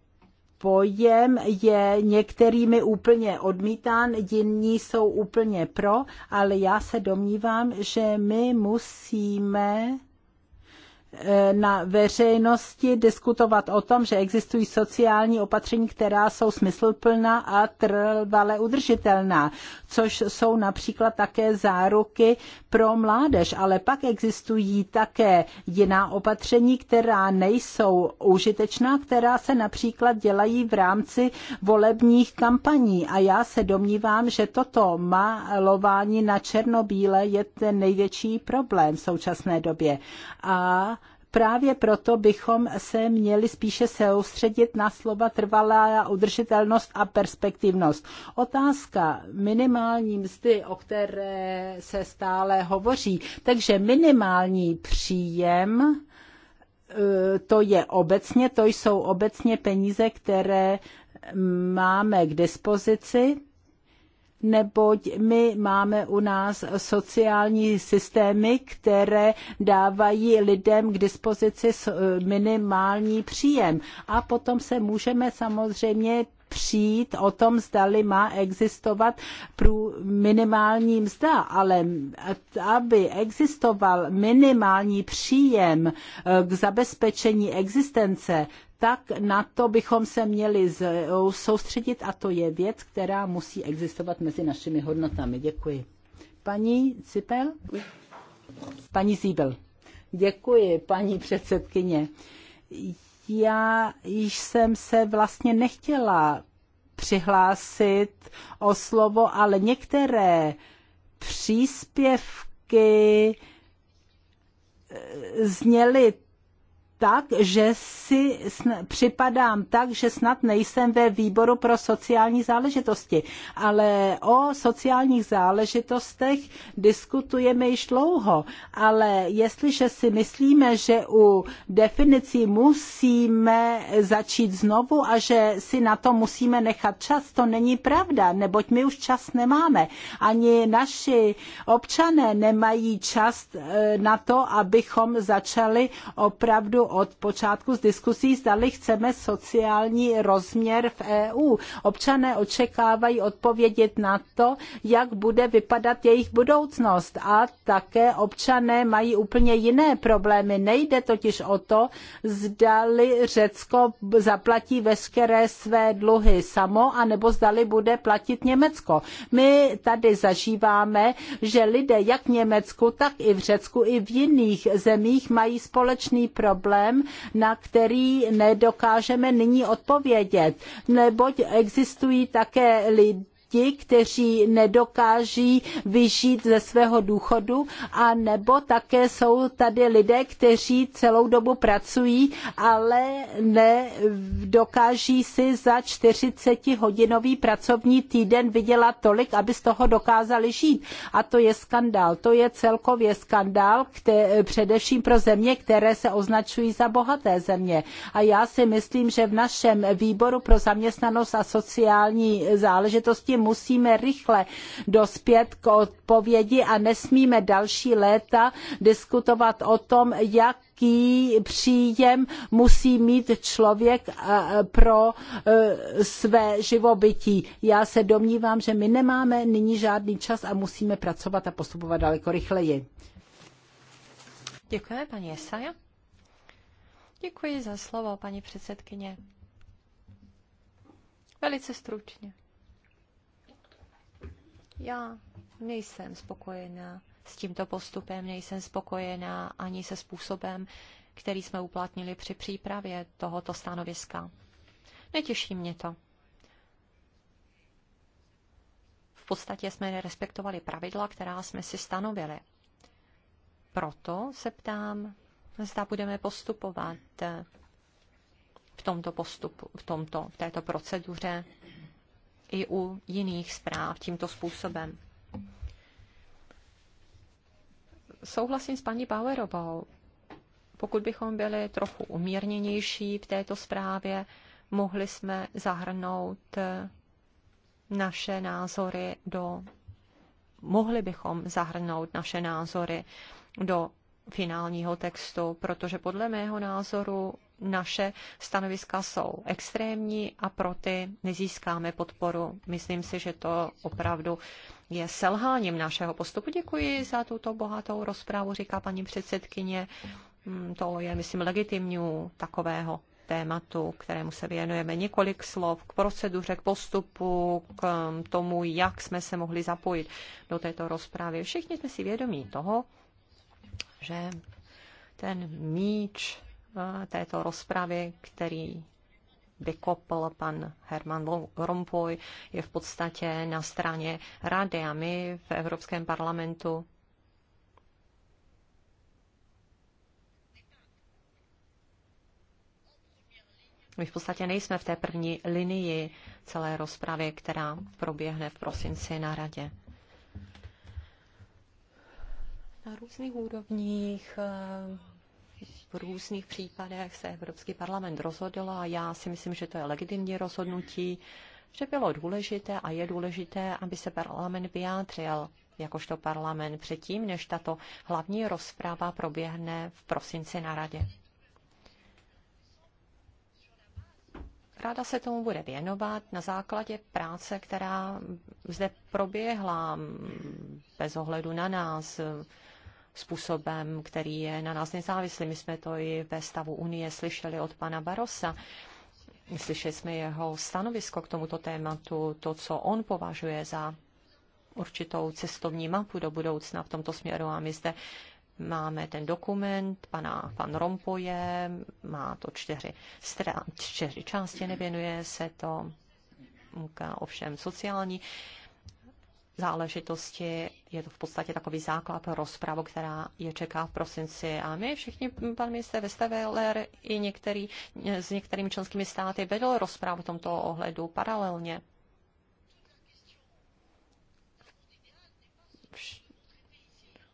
Speaker 3: pojem je některými úplně odmítán, jiní jsou úplně pro, ale já se domnívám, že my musíme na veřejnosti diskutovat o tom, že existují sociální opatření, která jsou smysluplná a trvale udržitelná, což jsou například také záruky pro mládež, ale pak existují také jiná opatření, která nejsou užitečná, která se například dělají v rámci volebních kampaní a já se domnívám, že toto malování na černobíle je ten největší problém v současné době. A právě proto bychom se měli spíše soustředit na slova trvalá udržitelnost a perspektivnost. Otázka minimální mzdy, o které se stále hovoří, takže minimální příjem e, to je obecně, to jsou obecně peníze, které máme k dispozici neboť my máme u nás sociální systémy, které dávají lidem k dispozici minimální příjem. A potom se můžeme samozřejmě přijít o tom, zdali má existovat prů minimální mzda, ale aby existoval minimální příjem eh, k zabezpečení existence, tak na to bychom se měli soustředit a to je věc, která musí existovat mezi našimi hodnotami. Děkuji. Paní Cipel? Paní Zíbel. Děkuji, paní předsedkyně. Já jsem se vlastně nechtěla přihlásit o slovo, ale některé příspěvky e, zněly tak, že si připadám tak, že snad nejsem ve výboru pro sociální záležitosti. Ale o sociálních záležitostech diskutujeme již dlouho. Ale jestliže si myslíme, že u definicí musíme začít znovu a že si na to musíme nechat čas, to není pravda, neboť my už čas nemáme. Ani naši občané nemají čas eh, na to, abychom začali opravdu od počátku z diskusí, zdali chceme sociální rozměr v EU. Občané očekávají odpovědět na to, jak bude vypadat jejich budoucnost a také občané mají úplně jiné problémy. Nejde totiž o to, zdali Řecko zaplatí veškeré své dluhy samo, anebo zdali bude platit Německo. My tady zažíváme, že lidé jak v Německu, tak i v Řecku, i v jiných zemích mají společný problém problém, na který nedokážeme nyní odpovědět, neboť existují také lidé, ti, kteří nedokáží vyžít ze svého důchodu, a nebo také jsou tady lidé, kteří celou dobu pracují, ale nedokáží si za 40-hodinový pracovní týden vydělat tolik, aby z toho dokázali žít. A to je skandál. To je celkově skandál, které, především pro země, které se označují za bohaté země. A já si myslím, že v našem výboru pro zaměstnanost a sociální záležitosti musíme rychle dospět k odpovědi a nesmíme další léta diskutovat o tom, jak jaký příjem musí mít člověk eh, pro eh, své živobytí. Já se domnívám, že my nemáme nyní žádný čas a musíme pracovat a postupovat daleko rychleji.
Speaker 2: Děkujeme, paní Esaja. Děkuji za slovo, paní předsedkyně. Velice stručně. Já nejsem spokojená s tímto postupem, nejsem spokojená ani se způsobem, který jsme uplatnili při přípravě tohoto stanoviska. Netěší mě to. V podstatě jsme nerespektovali pravidla, která jsme si stanovili. Proto se ptám, zda budeme postupovat v tomto postupu, v, tomto, v této proceduře i u jiných zpráv tímto způsobem. Souhlasím s paní Bauerovou. Pokud bychom byli trochu umírněnější v této zprávě, mohli jsme zahrnout eh, naše názory do mohli bychom zahrnout naše názory do finálního textu, protože podle mého názoru naše stanoviska jsou extrémní a pro ty nezískáme podporu. Myslím si, že to opravdu je selháním našeho postupu. Děkuji za tuto bohatou rozprávu, říká paní předsedkyně. Hmm, to je, myslím, legitimní takového tématu, kterému se věnujeme několik slov, k proceduře, k postupu, k hm, tomu, jak jsme se mohli zapojit do této rozprávy. Všichni jsme si vědomí toho, že ten míč Eh, této rozpravy, který vykopl pan Herman Rompuy, je v podstatě na straně rady a my v Evropském parlamentu My v podstatě nejsme v té první linii celé rozpravy, která proběhne v prosinci na radě. Na různých úrovních eh, v různých případech se Evropský parlament rozhodl a já si myslím, že to je legitimní rozhodnutí, že bylo důležité a je důležité, aby se parlament vyjádřil jakožto parlament předtím, než tato hlavní rozprava proběhne v prosinci na radě. Ráda se tomu bude věnovat na základě práce, která zde proběhla bez ohledu na nás, způsobem, který je na nás nezávislý. My jsme to i ve stavu Unie slyšeli od pana Barosa. Slyšeli jsme jeho stanovisko k tomuto tématu, to, co on považuje za určitou cestovní mapu do budoucna v tomto směru a my zde máme ten dokument pana pan Rompoje, má to čtyři, čtyři části, nevěnuje se to ovšem sociální záležitosti. Je to v podstatě takový základ pro rozpravu, která je čeká v prosinci. A my všichni, pan minister Vesteveler i některý, s některými členskými státy vedl rozpravu v tomto ohledu paralelně.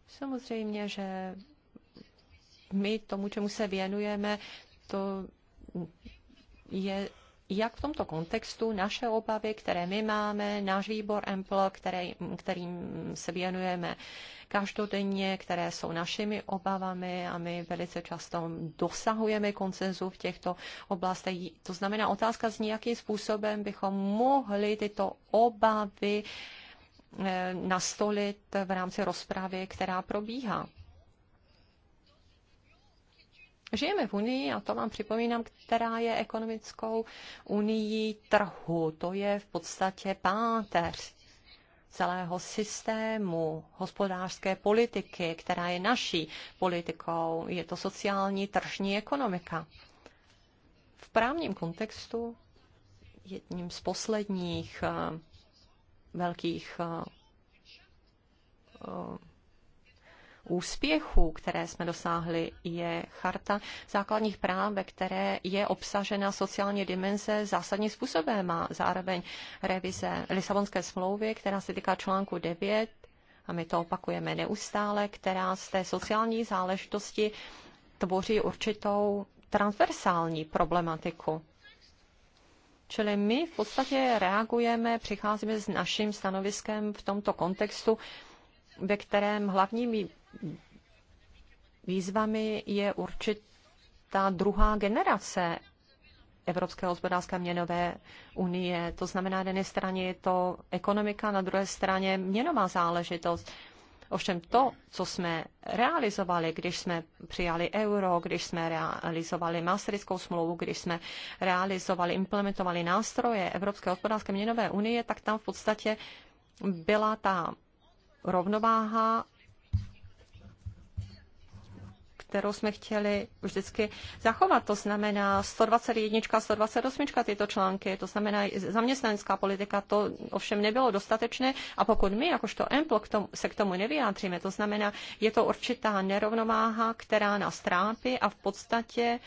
Speaker 2: Samozřejmě, že my tomu, čemu se věnujeme, to je jak v tomto kontextu naše obavy, které my máme, náš výbor EMPL, který, kterým se věnujeme každodenně, které jsou našimi obavami a my velice často dosahujeme koncenzu v těchto oblastech. To znamená, otázka zní, jakým způsobem bychom mohli tyto obavy eh, nastolit v rámci rozpravy, která probíhá. Žijeme v Unii, a to vám připomínám, která je ekonomickou unii trhu. To je v podstatě páteř celého systému hospodářské politiky, která je naší politikou. Je to sociální tržní ekonomika. V právním kontextu jedním z posledních eh, velkých eh, eh, úspěchů, které jsme dosáhli, je charta základních práv, ve které je obsažena sociální dimenze zásadním způsobem a zároveň revize Lisabonské smlouvy, která se týká článku 9, a my to opakujeme neustále, která z té sociální záležitosti tvoří určitou transversální problematiku. Čili my v podstatě reagujeme, přicházíme s naším stanoviskem v tomto kontextu, ve kterém hlavními výzvami je určitá druhá generace Evropské hospodářské měnové unie. To znamená, na jedné straně je to ekonomika, na druhé straně měnová záležitost. Ovšem to, co jsme realizovali, když jsme přijali euro, když jsme realizovali Maastrichtskou smlouvu, když jsme realizovali, implementovali nástroje Evropské hospodářské měnové unie, tak tam v podstatě byla ta rovnováha kterou jsme chtěli vždycky zachovat. To znamená 121, 128 tyto články, to znamená zaměstnanecká politika, to ovšem nebylo dostatečné a pokud my, jakožto EMPL, k tomu, se k tomu nevyjádříme, to znamená, je to určitá nerovnováha, která nás trápí a v podstatě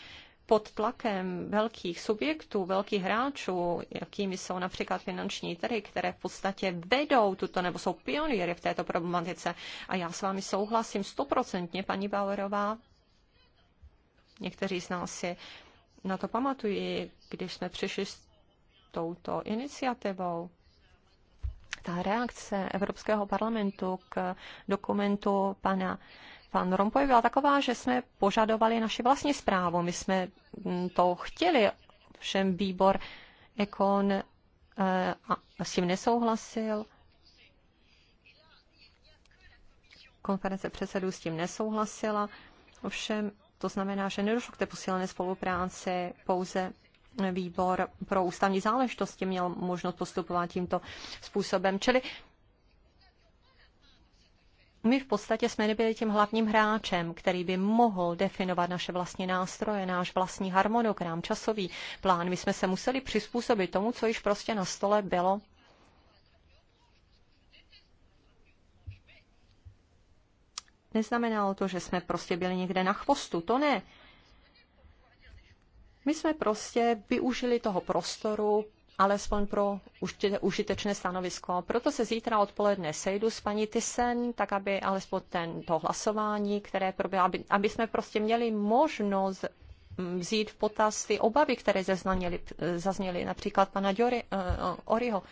Speaker 2: pod tlakem velkých subjektů, velkých hráčů, jakými jsou například finanční trhy, které v podstatě vedou tuto nebo jsou pionýry v této problematice. A já s vámi souhlasím stoprocentně, paní Bauerová, Někteří z nás si na to pamatují, když jsme přišli s touto iniciativou. Ta reakce Evropského parlamentu k dokumentu pana Van Rompuy byla taková, že jsme požadovali naši vlastní zprávu. My jsme mm, to chtěli, všem výbor Ekon eh, a s tím nesouhlasil. Konference předsedů s tím nesouhlasila. Ovšem to znamená, že nedošlo k té posílené spolupráci, pouze výbor pro ústavní záležitosti měl možnost postupovat tímto způsobem. Čili my v podstatě jsme nebyli tím hlavním hráčem, který by mohl definovat naše vlastní nástroje, náš vlastní harmonogram, časový plán. My jsme se museli přizpůsobit tomu, co již prostě na stole bylo neznamenalo to, že jsme prostě byli někde na chvostu. To ne. My jsme prostě využili toho prostoru alespoň pro užitečné stanovisko. Proto se zítra odpoledne sejdu s paní Tysen, tak aby alespoň to hlasování, které proběhlo, aby, aby jsme prostě měli možnost vzít v potaz ty obavy, které zazněly například pana Dory, uh, eh, Oriho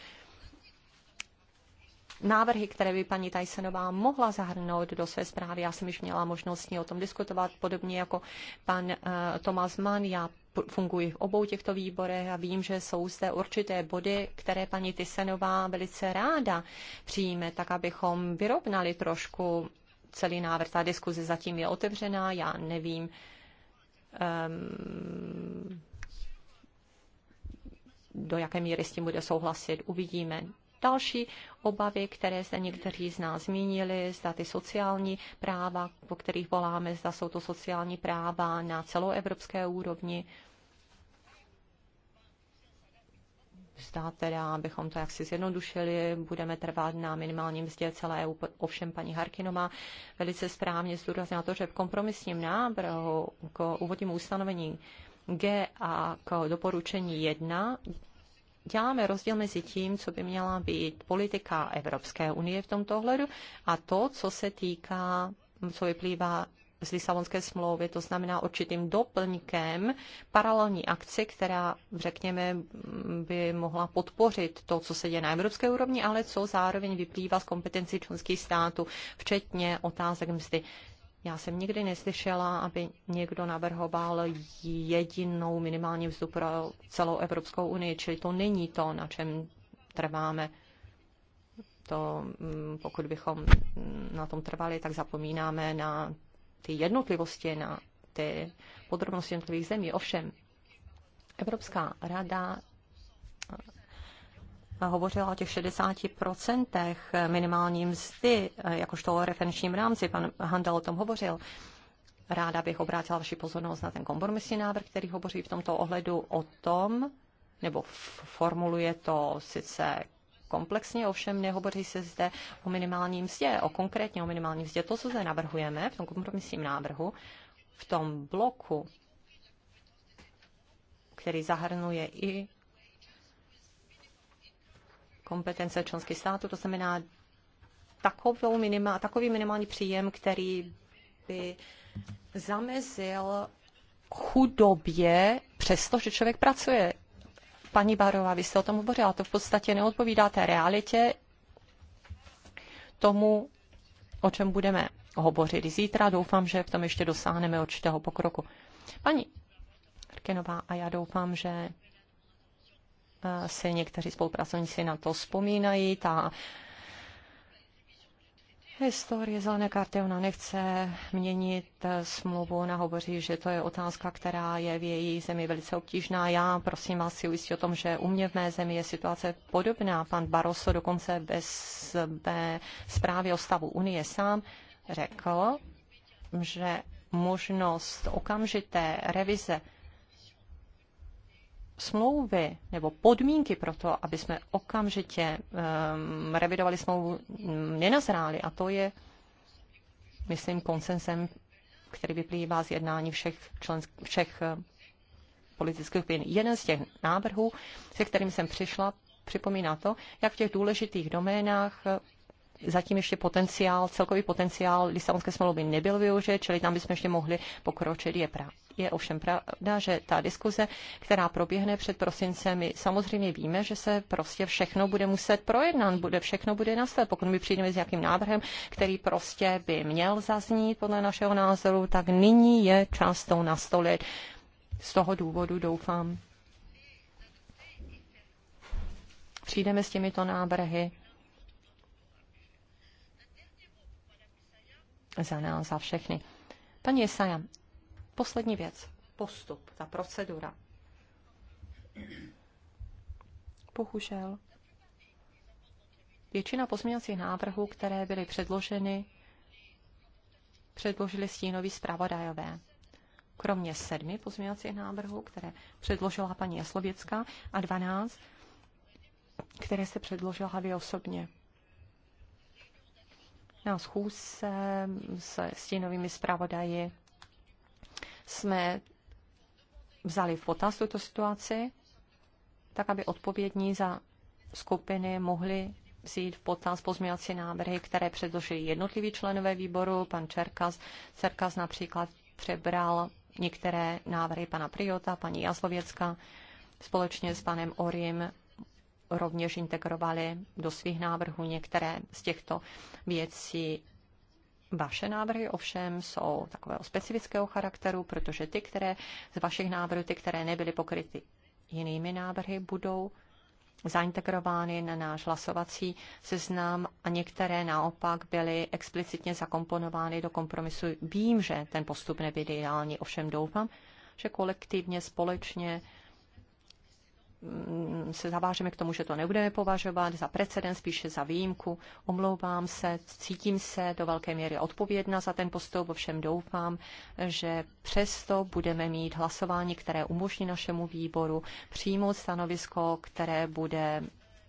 Speaker 2: návrhy, které by paní Tysonová mohla zahrnout do své zprávy. Já jsem již měla možnost s ní o tom diskutovat, podobně jako pan uh, eh, Tomas Mann. Já funguji v obou těchto výborech a vím, že jsou zde určité body, které paní Tysenová velice ráda přijme, tak abychom vyrovnali trošku celý návrh. Ta diskuze zatím je otevřená, já nevím. Um, do jaké míry s tím bude souhlasit, uvidíme další obavy, které se někteří z nás zmínili, zda ty sociální práva, po kterých voláme, zda jsou to sociální práva na celoevropské úrovni, zda teda, abychom to jaksi zjednodušili, budeme trvat na minimálním mzdě celé EU. Ovšem paní Harkinová velice správně zdůraznila to, že v kompromisním návrhu k úvodnímu ustanovení G a k doporučení 1 děláme rozdíl mezi tím, co by měla být politika Evropské unie v tomto ohledu a to, co se týká, co vyplývá z Lisabonské smlouvy, to znamená určitým doplňkem paralelní akce, která, řekněme, by mohla podpořit to, co se děje na evropské úrovni, ale co zároveň vyplývá z kompetenci členských států, včetně otázek mzdy. Já jsem nikdy neslyšela, aby někdo navrhoval jedinou minimální vzdu pro celou Evropskou unii, čili to není to, na čem trváme. To, mm, pokud bychom na tom trvali, tak zapomínáme na ty jednotlivosti, na ty podrobnosti jednotlivých zemí. Ovšem, Evropská rada hovořila o těch 60% minimální mzdy, eh, jakožto o referenčním rámci, pan Handel o tom hovořil. Ráda bych obrátila vaši pozornost na ten kompromisní návrh, který hovoří v tomto ohledu o tom, nebo formuluje to sice komplexně, ovšem nehovoří se zde o minimální mzdě, o konkrétně o minimální mzdě. To, co zde navrhujeme v tom kompromisním návrhu, v tom bloku, který zahrnuje i kompetence členských států, to znamená takovou minima, takový minimální příjem, který by zamezil chudobě, přestože člověk pracuje. Paní Barová, vy jste o tom hovořila, to v podstatě neodpovídá té realitě, tomu, o čem budeme hovořit zítra. Doufám, že v tom ještě dosáhneme určitého pokroku. Paní Rkenová, a já doufám, že si někteří spolupracovníci na to vzpomínají. Ta Historie zelené karty, ona nechce měnit smlouvu, ona hovoří, že to je otázka, která je v její zemi velice obtížná. Já prosím vás si ujistit o tom, že u mě v mé zemi je situace podobná. Pan Barroso dokonce bez své zprávy o stavu Unie sám řekl, že možnost okamžité revize smlouvy nebo podmínky pro to, aby jsme okamžitě um, revidovali smlouvu, mm, nenazráli. A to je, myslím, konsensem, který vyplývá z jednání všech, člensk- všech eh, politických skupin. Jeden z těch návrhů, se kterým jsem přišla, připomíná to, jak v těch důležitých doménách eh, zatím ještě potenciál, celkový potenciál Lisabonské smlouvy nebyl využit, čili tam bychom ještě mohli pokročit. Je, pra, je ovšem pravda, že ta diskuze, která proběhne před prosincem, my samozřejmě víme, že se prostě všechno bude muset projednat, bude, všechno bude své. Pokud my přijdeme s nějakým návrhem, který prostě by měl zaznít podle našeho názoru, tak nyní je čas to nastolit. Z toho důvodu doufám, přijdeme s těmito návrhy. Za nás, za všechny. Paní Jesaja, Poslední věc. Postup, ta procedura. Bohužel. Většina pozměňovacích návrhů, které byly předloženy, předložili stínoví zpravodajové. Kromě sedmi pozměňovacích návrhů, které předložila paní Jaslověcka, a dvanáct, které se předložila vy osobně. Na schůzce se stínovými zpravodaji jsme vzali v potaz tuto situaci, tak aby odpovědní za skupiny mohli vzít v potaz pozměňovací návrhy, které předložili jednotliví členové výboru. Pan Čerkas, Cerkas například přebral některé návrhy pana Priota, paní Jaslověcka, společně s panem Orim rovněž integrovali do svých návrhů některé z těchto věcí vaše návrhy ovšem jsou takového specifického charakteru, protože ty, které z vašich návrhů, ty, které nebyly pokryty jinými návrhy, budou zaintegrovány na náš hlasovací seznam a některé naopak byly explicitně zakomponovány do kompromisu. Vím, že ten postup nebyl ideální, ovšem doufám, že kolektivně, společně Mm, se zavážeme k tomu, že to nebudeme považovat za precedens, spíše za výjimku. Omlouvám se, cítím se do velké míry odpovědna za ten postup, ovšem doufám, že přesto budeme mít hlasování, které umožní našemu výboru přijmout stanovisko, které bude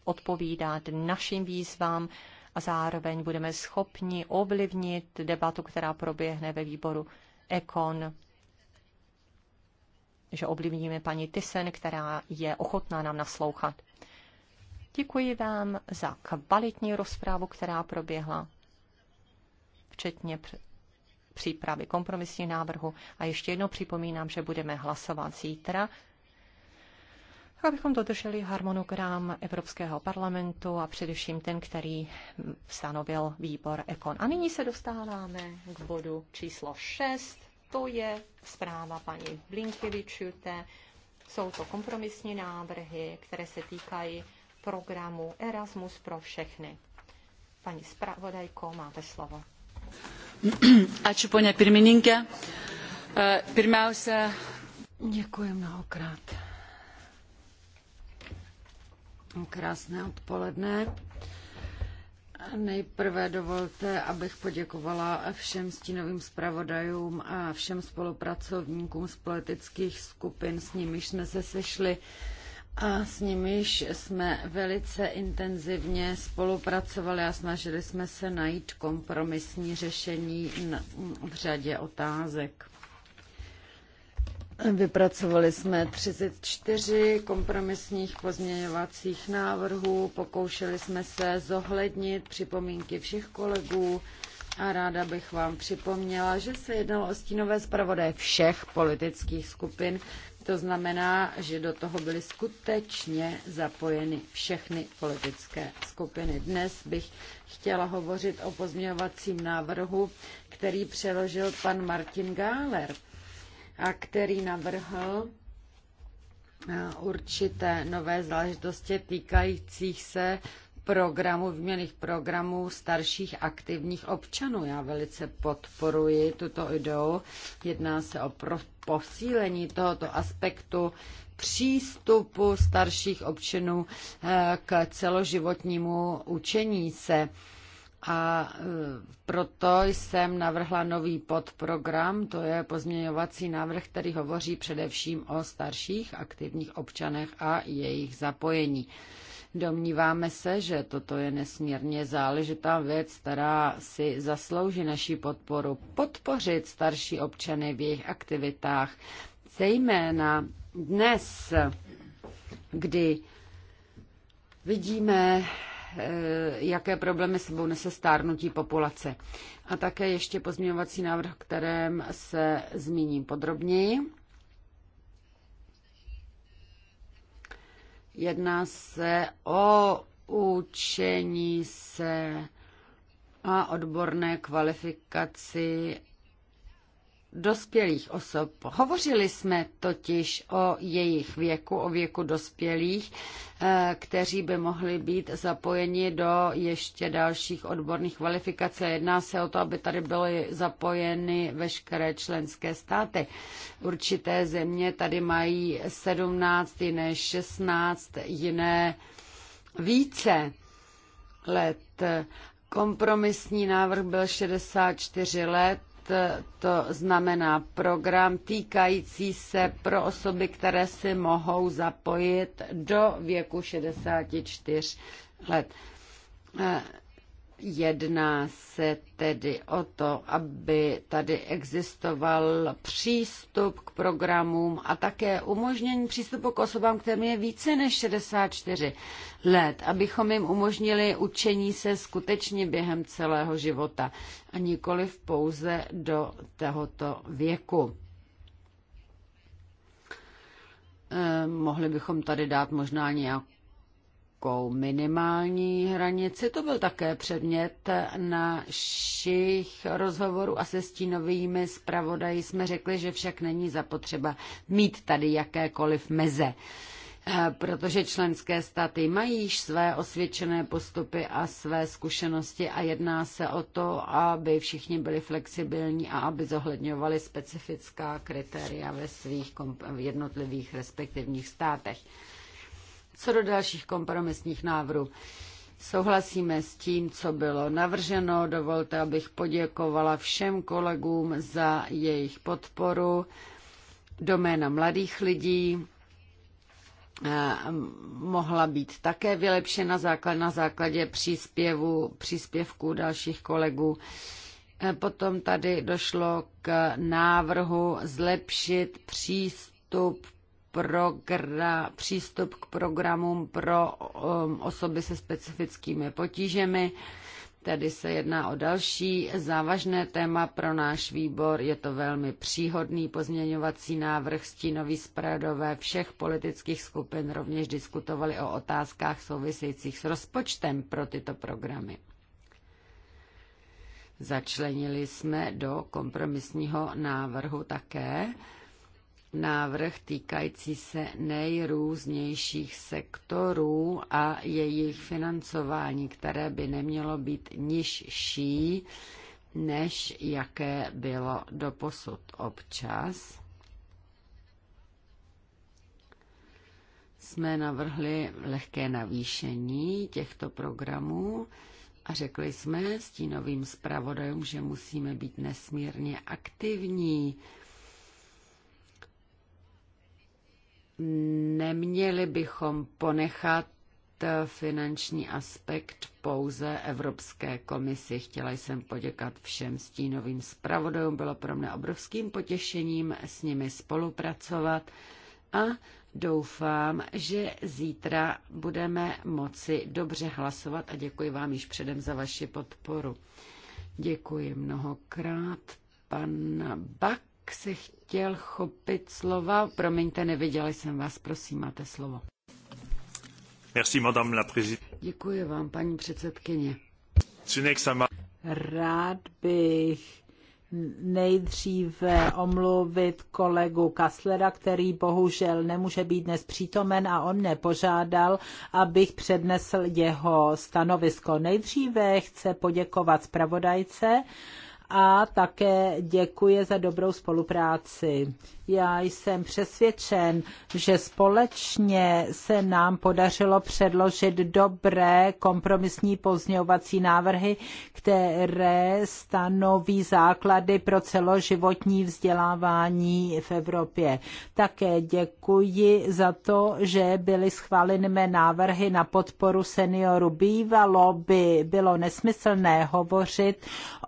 Speaker 2: odpovídat našim výzvám a zároveň budeme schopni ovlivnit debatu, která proběhne ve výboru Econ že oblivníme paní Tysen, která je ochotná nám naslouchat. Děkuji vám za kvalitní rozprávu, která proběhla, včetně přípravy kompromisní návrhu. A ještě jednou připomínám, že budeme hlasovat zítra, abychom dodrželi harmonogram Evropského parlamentu a především ten, který stanovil výbor Ekon. A nyní se dostáváme k bodu číslo 6 to je zpráva paní Blinkevičute. Jsou to kompromisní návrhy, které se týkají programu Erasmus pro všechny. Paní zpravodajko, máte slovo.
Speaker 1: Ačiū, ponia pirmininkė. E, pirmiausia. Děkuji mnohokrát. Krásné odpoledne. Nejprve dovolte, abych poděkovala všem stínovým zpravodajům a všem spolupracovníkům z politických skupin, s nimiž jsme se sešli a s nimiž jsme velice intenzivně spolupracovali a snažili jsme se najít kompromisní řešení v řadě otázek. Vypracovali jsme 34 kompromisních pozměňovacích návrhů, pokoušeli jsme se zohlednit připomínky všech kolegů a ráda bych vám připomněla, že se jednalo o stínové zpravodaje všech politických skupin, to znamená, že do toho byly skutečně zapojeny všechny politické skupiny. Dnes bych chtěla hovořit o pozměňovacím návrhu, který přeložil pan Martin Gáler a který navrhl eh, určité nové záležitosti týkajících se programů, výměných programů starších aktivních občanů. Já velice podporuji tuto ideu. Jedná se o posílení tohoto aspektu přístupu starších občanů eh, k celoživotnímu učení se a e, proto jsem navrhla nový podprogram, to je pozměňovací návrh, který hovoří především o starších aktivních občanech a jejich zapojení. Domníváme se, že toto je nesmírně záležitá věc, která si zaslouží naší podporu. Podpořit starší občany v jejich aktivitách, zejména dnes, kdy vidíme Eh, jaké problémy sebou nese stárnutí populace. A také ještě pozměňovací návrh, kterém se zmíním podrobněji. Jedná se o učení se a odborné kvalifikaci dospělých osob. Hovořili jsme totiž o jejich věku, o věku dospělých, eh, kteří by mohli být zapojeni do ještě dalších odborných kvalifikací. Jedná se o to, aby tady byly zapojeny veškeré členské státy. Určité země tady mají 17, jiné 16, jiné více let. Kompromisní návrh byl 64 let, to znamená program týkající se pro osoby, které si mohou zapojit do věku 64 let. Jedná se tedy o to, aby tady existoval přístup k programům a také umožnění přístupu k osobám, kterým je více než 64 let, abychom jim umožnili učení se skutečně během celého života a nikoliv pouze do tohoto věku. Eh, mohli bychom tady dát možná nějakou nějakou minimální hranici. To byl také předmět našich rozhovorů a se stínovými zpravodaji jsme řekli, že však není zapotřeba mít tady jakékoliv meze protože členské státy mají již své osvědčené postupy a své zkušenosti a jedná se o to, aby všichni byli flexibilní a aby zohledňovali specifická kritéria ve svých jednotlivých respektivních státech. Co do dalších kompromisních návrhů? Souhlasíme s tím, co bylo navrženo. Dovolte, abych poděkovala všem kolegům za jejich podporu. Doména mladých lidí eh, mohla být také vylepšena základ, na základě příspěvu, příspěvků dalších kolegů. Eh, potom tady došlo k návrhu zlepšit přístup progra, přístup k programům pro um, osoby se specifickými potížemi. Tady se jedná o další závažné téma pro náš výbor. Je to velmi příhodný pozměňovací návrh. Stínový zpravodové všech politických skupin rovněž diskutovali o otázkách souvisejících s rozpočtem pro tyto programy. Začlenili jsme do kompromisního návrhu také návrh týkající se nejrůznějších sektorů a jejich financování, které by nemělo být nižší, než jaké bylo doposud občas. Jsme navrhli lehké navýšení těchto programů a řekli jsme stínovým zpravodajům, že musíme být nesmírně aktivní neměli bychom ponechat finanční aspekt pouze Evropské komisi. Chtěla jsem poděkat všem stínovým zpravodajům. Bylo pro mě obrovským potěšením s nimi spolupracovat a doufám, že zítra budeme moci dobře hlasovat a děkuji vám již předem za vaši podporu. Děkuji mnohokrát. Pan Bak se chtěl chopit slova. Promiňte, neviděla jsem vás, prosím, máte slovo.
Speaker 2: Merci, madame la
Speaker 3: Děkuji vám, paní předsedkyně. Rád bych nejdříve omluvit kolegu Kaslera, který bohužel nemůže být dnes přítomen a on mě požádal, abych přednesl jeho stanovisko. Nejdříve chce poděkovat zpravodajce a také děkuje za dobrou spolupráci. Já jsem přesvědčen, že společně se nám podařilo předložit dobré kompromisní pozměňovací návrhy, které stanoví základy pro celoživotní vzdělávání v Evropě. Také děkuji za to, že byly schváleny mé návrhy na podporu seniorů. Bývalo by bylo nesmyslné hovořit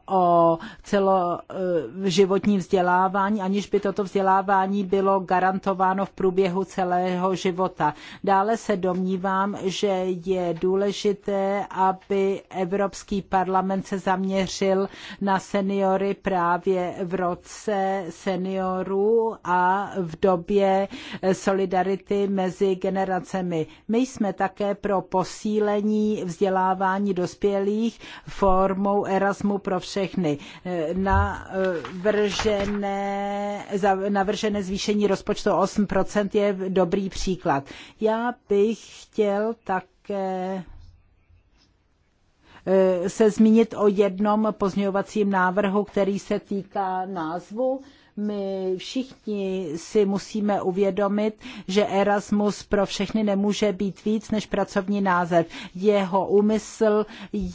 Speaker 3: o celoživotní eh, vzdělávání, aniž by toto vzdělávání bylo garantováno v průběhu celého života. Dále se domnívám, že je důležité, aby Evropský parlament se zaměřil na seniory právě v roce seniorů a v době solidarity mezi generacemi. My jsme také pro posílení vzdělávání dospělých formou Erasmu pro všechny všechny. Eh, navržené, navržené zvýšení rozpočtu o 8% je dobrý příklad. Já bych chtěl také eh, se zmínit o jednom pozměňovacím návrhu, který se týká názvu my všichni si musíme uvědomit, že Erasmus pro všechny nemůže být víc než pracovní název. Jeho úmysl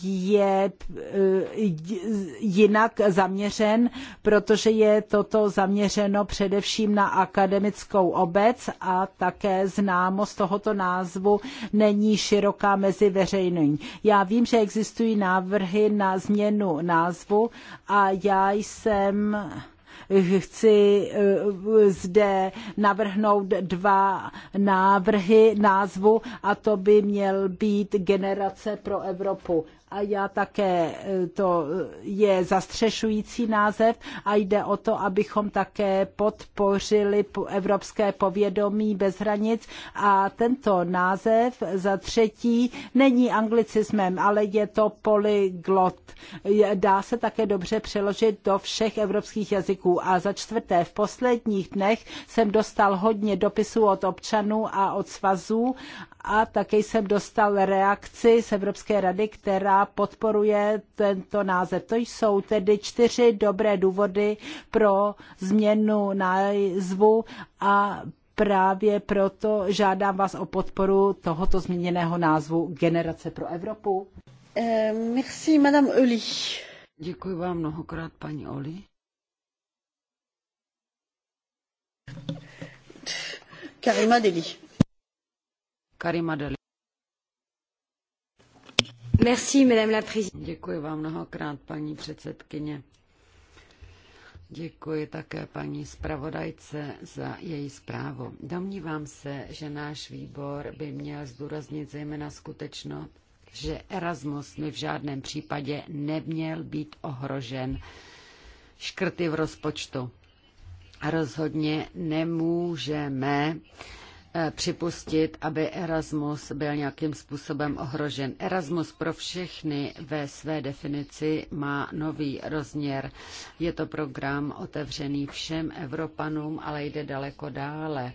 Speaker 3: je eh, jinak zaměřen, protože je toto zaměřeno především na akademickou obec a také známost tohoto názvu není široká mezi veřejným. Já vím, že existují návrhy na změnu názvu a já jsem Chci eh, zde navrhnout dva návrhy názvu a to by měl být Generace pro Evropu a já také, e, to e, je zastřešující název a jde o to, abychom také podpořili evropské povědomí bez hranic a tento název za třetí není anglicismem, ale je to polyglot. Dá se také dobře přeložit do všech evropských jazyků a za čtvrté, v posledních dnech jsem dostal hodně dopisů od občanů a od svazů a také jsem dostal reakci z Evropské rady, která podporuje tento název. To jsou tedy čtyři dobré důvody pro změnu názvu a právě proto žádám vás o podporu tohoto změněného názvu Generace pro Evropu.
Speaker 1: Eh, merci, Madame Oli. Děkuji vám mnohokrát, paní Oli. Karima Deli. Karima Deli. Merci, madame la présidente. Děkuji vám mnohokrát, paní předsedkyně. Děkuji také paní zpravodajce za její zprávu. Domnívám se, že náš výbor by měl zdůraznit zejména skutečnost, že Erasmus by v žádném případě neměl být ohrožen škrty v rozpočtu. Rozhodně nemůžeme uh, Eh, připustit, aby Erasmus byl nějakým způsobem ohrožen. Erasmus pro všechny ve své definici má nový rozměr. Je to program otevřený všem Evropanům, ale jde daleko dále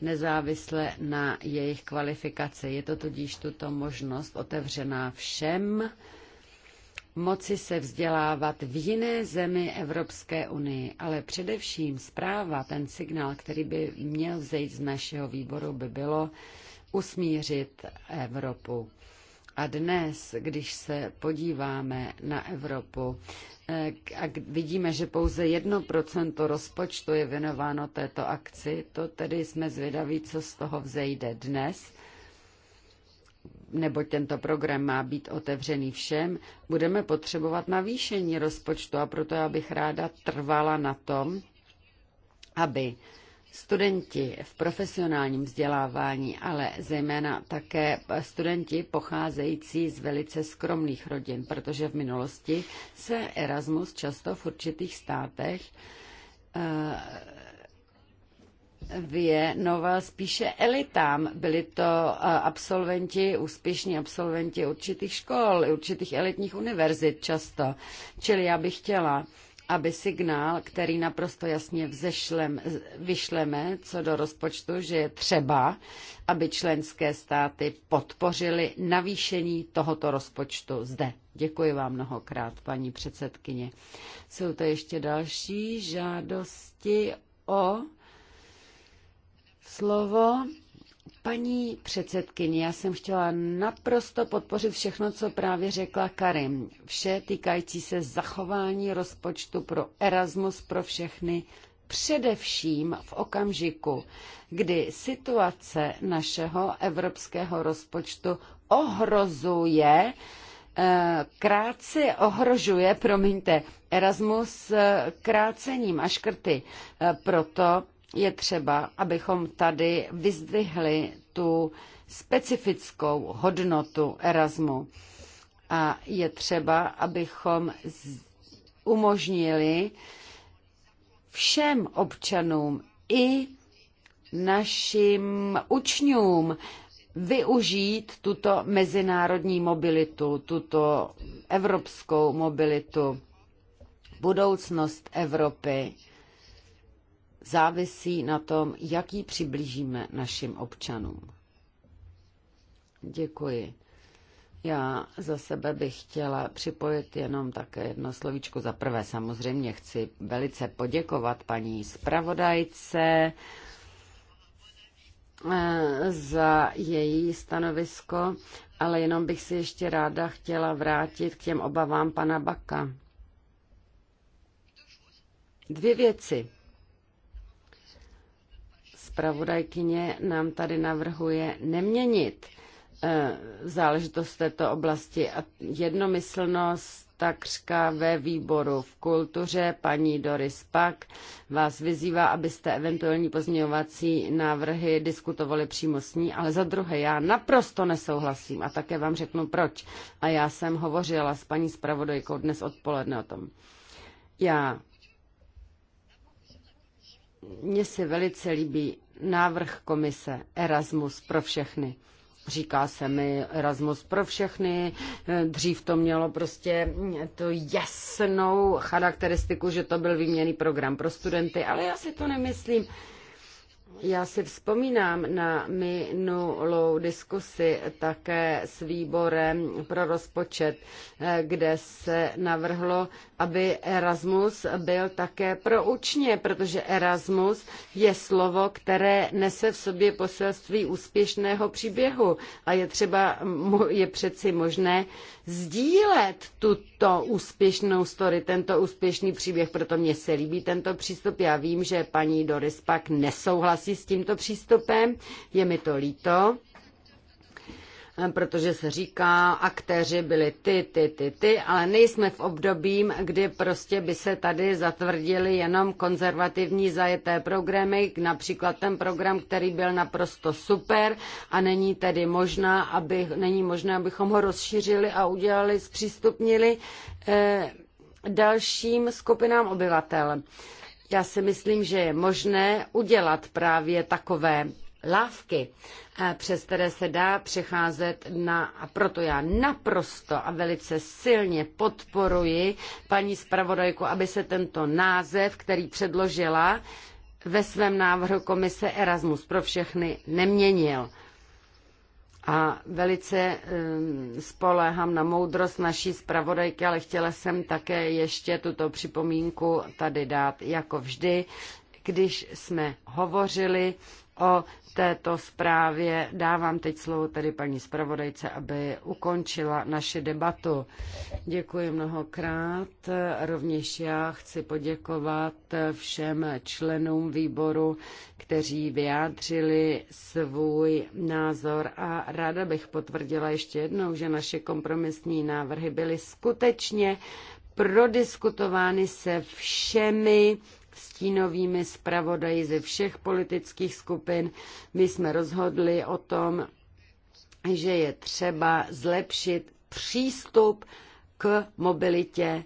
Speaker 1: nezávisle na jejich kvalifikaci. Je to tudíž tuto možnost otevřená všem moci se vzdělávat v jiné zemi Evropské unie, ale především zpráva, ten signál, který by měl vzejít z našeho výboru, by bylo usmířit Evropu. A dnes, když se podíváme na Evropu eh, a vidíme, že pouze 1% rozpočtu je věnováno této akci, to tedy jsme zvědaví, co z toho vzejde dnes neboť tento program má být otevřený všem, budeme potřebovat navýšení rozpočtu a proto já bych ráda trvala na tom, aby studenti v profesionálním vzdělávání, ale zejména také studenti pocházející z velice skromných rodin, protože v minulosti se Erasmus často v určitých státech eh, věnoval spíše elitám. Byli to eh, absolventi, úspěšní absolventi určitých škol, určitých elitních univerzit často. Čili já bych chtěla, aby signál, který naprosto jasně vzešlem, vyšleme co do rozpočtu, že je třeba, aby členské státy podpořily navýšení tohoto rozpočtu zde. Děkuji vám mnohokrát, paní předsedkyně. Jsou to ještě další žádosti o slovo. Paní předsedkyně, já jsem chtěla naprosto podpořit všechno, co právě řekla Karim. Vše týkající se zachování rozpočtu pro Erasmus pro všechny, především v okamžiku, kdy situace našeho evropského rozpočtu ohrozuje eh, krátce ohrožuje, promiňte, Erasmus eh, krácením a škrty. Eh, proto je třeba, abychom tady vyzdvihli tu specifickou hodnotu Erasmu. A je třeba, abychom umožnili všem občanům i našim učňům využít tuto mezinárodní mobilitu, tuto evropskou mobilitu, budoucnost Evropy závisí na tom, jaký přiblížíme našim občanům. Děkuji. Já za sebe bych chtěla připojit jenom také jedno slovíčko. Za prvé samozřejmě chci velice poděkovat paní zpravodajce eh, za její stanovisko, ale jenom bych si ještě ráda chtěla vrátit k těm obavám pana Baka. Dvě věci zpravodajkyně nám tady navrhuje neměnit eh, záležitost této oblasti a jednomyslnost takřka ve výboru v kultuře paní Doris Pak vás vyzývá, abyste eventuální pozměňovací návrhy diskutovali přímo s ní, ale za druhé já naprosto nesouhlasím a také vám řeknu proč. A já jsem hovořila s paní zpravodajkou dnes odpoledne o tom. Já mně se velice líbí návrh komise Erasmus pro všechny. Říká se mi Erasmus pro všechny, dřív to mělo prostě to jasnou charakteristiku, že to byl výměný program pro studenty, ale já si to nemyslím. Já si vzpomínám na minulou diskusi také s výborem pro rozpočet, eh, kde se navrhlo, aby Erasmus byl také pro učně, protože Erasmus je slovo, které nese v sobě poselství úspěšného příběhu a je třeba, je přeci možné sdílet tuto úspěšnou story, tento úspěšný příběh, proto mě se líbí tento přístup. Já vím, že paní Doris pak nesouhlasí souhlasí s tímto přístupem. Je mi to líto, protože se říká, aktéři byli ty, ty, ty, ty, ale nejsme v období, kdy prostě by se tady zatvrdili jenom konzervativní zajeté programy, například ten program, který byl naprosto super a není tedy možná, aby, není možné, abychom ho rozšířili a udělali, zpřístupnili eh, dalším skupinám obyvatel. Eh, já si myslím, že je možné udělat právě takové lávky, eh, přes které se dá přecházet na, a proto já naprosto a velice silně podporuji paní zpravodajku, aby se tento název, který předložila ve svém návrhu komise Erasmus pro všechny, neměnil. A velice ehm, spoléhám na moudrost naší zpravodajky, ale chtěla jsem také ještě tuto připomínku tady dát jako vždy, když jsme hovořili o této zprávě. Dávám teď slovo tedy paní zpravodajce, aby ukončila naši debatu. Děkuji mnohokrát. Rovněž já chci poděkovat všem členům výboru, kteří vyjádřili svůj názor a ráda bych potvrdila ještě jednou, že naše kompromisní návrhy byly skutečně prodiskutovány se všemi stínovými zpravodaji ze všech politických skupin. My jsme rozhodli o tom, že je třeba zlepšit přístup k mobilitě.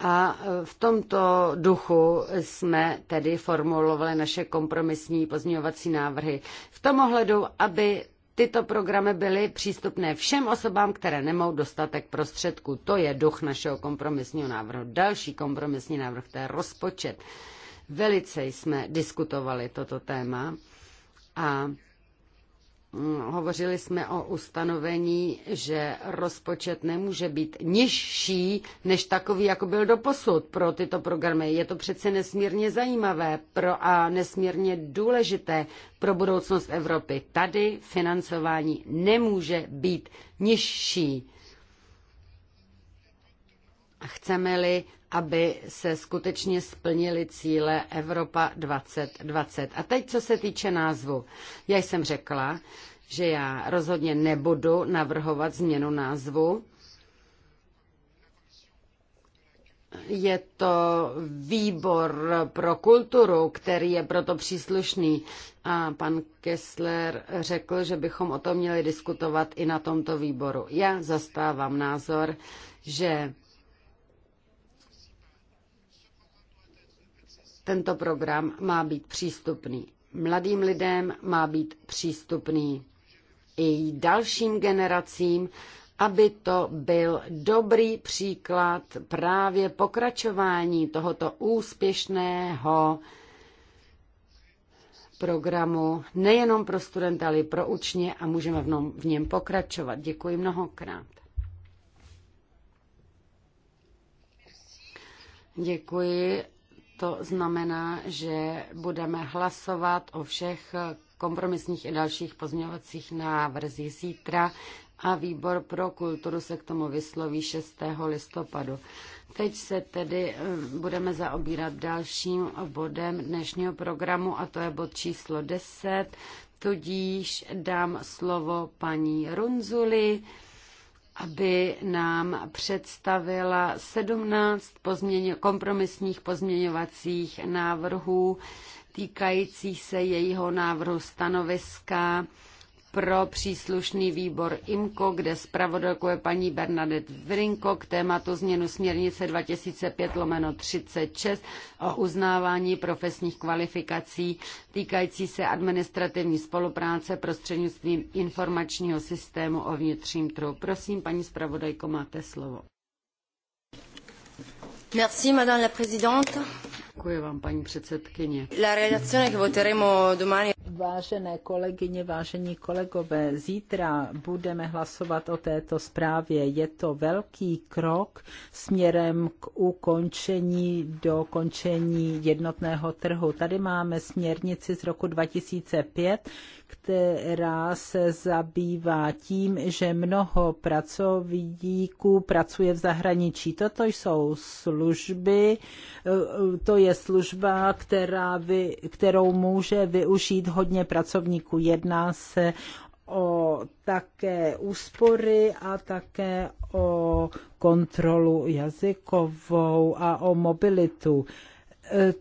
Speaker 1: A v tomto duchu jsme tedy formulovali naše kompromisní pozměňovací návrhy. V tom ohledu, aby tyto programy byly přístupné všem osobám, které nemou dostatek prostředků. To je duch našeho kompromisního návrhu. Další kompromisní návrh, to je rozpočet. Velice jsme diskutovali toto téma a hovořili jsme o ustanovení, že rozpočet nemůže být nižší než takový, jako byl doposud pro tyto programy. Je to přece nesmírně zajímavé pro a nesmírně důležité pro budoucnost Evropy. Tady financování nemůže být nižší. Chceme-li aby se skutečně splnily cíle Evropa 2020. A teď, co se týče názvu. Já jsem řekla, že já rozhodně nebudu navrhovat změnu názvu. Je to výbor pro kulturu, který je proto příslušný. A pan Kessler řekl, že bychom o tom měli diskutovat i na tomto výboru. Já zastávám názor, že Tento program má být přístupný mladým lidem, má být přístupný i dalším generacím, aby to byl dobrý příklad právě pokračování tohoto úspěšného programu nejenom pro studenty, ale i pro učně a můžeme v, v něm pokračovat. Děkuji mnohokrát. Děkuji to znamená, že budeme hlasovat o všech kompromisních i dalších pozměňovacích návrzích zítra a výbor pro kulturu se k tomu vysloví 6. listopadu. Teď se tedy eh, budeme zaobírat dalším bodem dnešního programu a to je bod číslo 10, tudíž dám slovo paní Runzuli aby nám představila 17 pozměň, kompromisních pozměňovacích návrhů týkajících se jejího návrhu stanoviska pro příslušný výbor IMCO, kde zpravodajkuje paní Bernadette Vrinko k tématu změnu směrnice 2005 lomeno 36 o uznávání profesních kvalifikací týkající se administrativní spolupráce prostřednictvím informačního systému o vnitřním trhu. Prosím, paní zpravodajko, máte slovo. Merci, madame la présidente. Děkuji vám, paní
Speaker 3: předsedkyně. La relazione che voteremo domani Vážené kolegyně, vážení kolegové, zítra budeme hlasovat o této zprávě. Je to velký krok směrem k ukončení do končení jednotného trhu. Tady máme směrnici z roku 2005, která se zabývá tím, že mnoho pracovníků pracuje v zahraničí. Toto jsou služby, to je služba, která vy, kterou může využít hodně pracovníků. Jedná se o také úspory a také o kontrolu jazykovou a o mobilitu.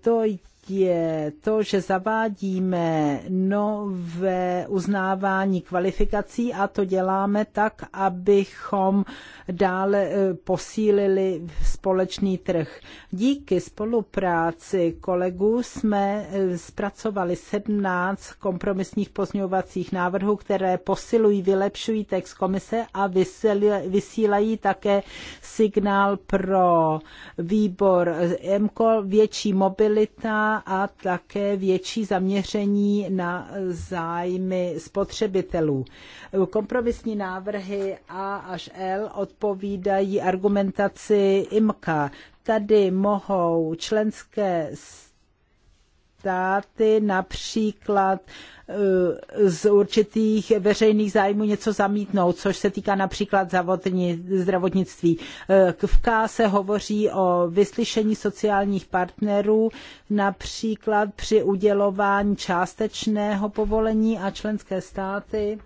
Speaker 3: To je to, že zavádíme nové uznávání kvalifikací a to děláme tak, abychom dále eh, posílili společný trh. Díky spolupráci kolegů jsme eh, zpracovali 17 kompromisních pozměňovacích návrhů, které posilují, vylepšují text komise a vysílají také signál pro výbor eh, MKO větší mobilita a také větší zaměření na zájmy spotřebitelů. Kompromisní návrhy A až L odpovídají argumentaci IMKA. Tady mohou členské státy například eh, z určitých veřejných zájmů něco zamítnout, což se týká například zdravotnictví. Eh, v K se hovoří o vyslyšení sociálních partnerů, například při udělování částečného povolení a členské státy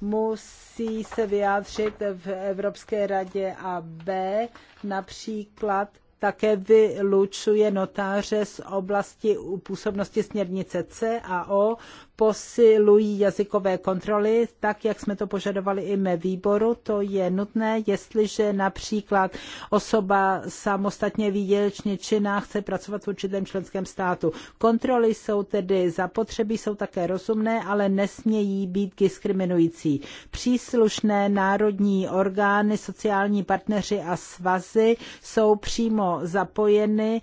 Speaker 3: musí se vyjádřit v Evropské radě a B, například také vylučuje notáře z oblasti působnosti směrnice C a O, posilují jazykové kontroly, tak jak jsme to požadovali i mé výboru. To je nutné, jestliže například osoba samostatně výdělečně činná chce pracovat v určitém členském státu. Kontroly jsou tedy zapotřebí, jsou také rozumné, ale nesmějí být diskriminující. Příslušné národní orgány, sociální partneři a svazy jsou přímo zapojeny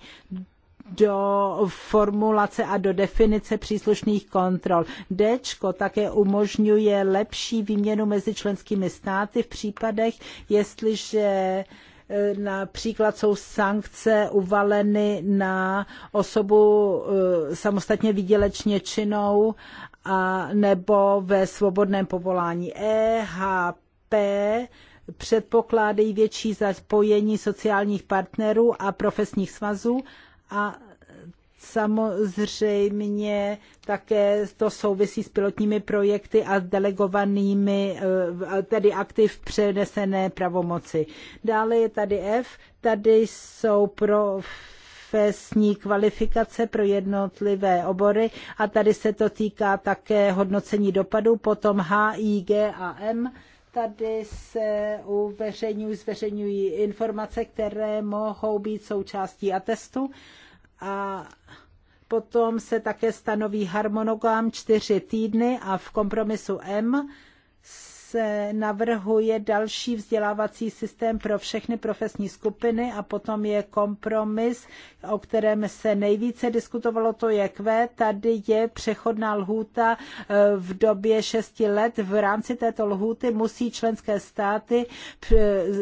Speaker 3: do formulace a do definice příslušných kontrol. D také umožňuje lepší výměnu mezi členskými státy v případech, jestliže eh, například jsou sankce uvaleny na osobu eh, samostatně výdělečně činnou a nebo ve svobodném povolání EHP předpokládají větší zapojení sociálních partnerů a profesních svazů a samozřejmě také to souvisí s pilotními projekty a delegovanými, eh, tedy aktiv přenesené pravomoci. Dále je tady F, tady jsou pro profesní kvalifikace pro jednotlivé obory a tady se to týká také hodnocení dopadů, potom H, I, G a M Tady se uveřejňují, zveřejňují informace, které mohou být součástí atestu a potom se také stanoví harmonogram čtyři týdny a v kompromisu M se navrhuje další vzdělávací systém pro všechny profesní skupiny a potom je kompromis, o kterém se nejvíce diskutovalo, to je Q. Tady je přechodná lhůta e, v době šesti let. V rámci této lhůty musí členské státy e,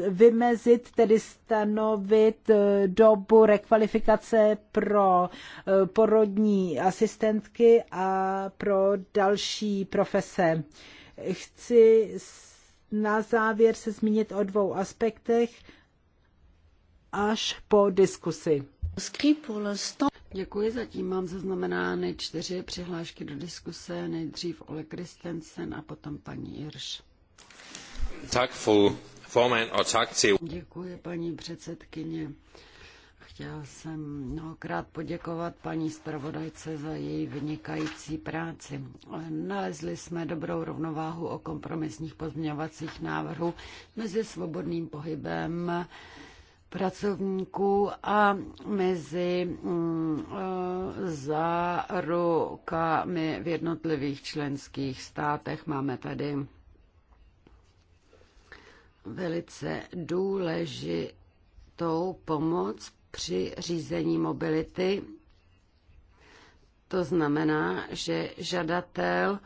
Speaker 3: vymezit, tedy stanovit e, dobu rekvalifikace pro porodní asistentky a pro další profese. Chci na závěr se zmínit o dvou aspektech až po diskusi. Děkuji, zatím mám zaznamenány čtyři
Speaker 1: přihlášky do diskuse, nejdřív Ole Kristensen a potom paní Irš. Tak, fru Děkuji, paní předsedkyně. Chtěl jsem mnohokrát poděkovat paní zpravodajce za její vynikající práci. Nalezli jsme dobrou rovnováhu o kompromisních pozměňovacích návrhů mezi svobodným pohybem pracovníků a mezi mm, e, zárukami v jednotlivých členských státech. Máme tady velice důležitou pomoc při řízení mobility. To znamená, že žadatel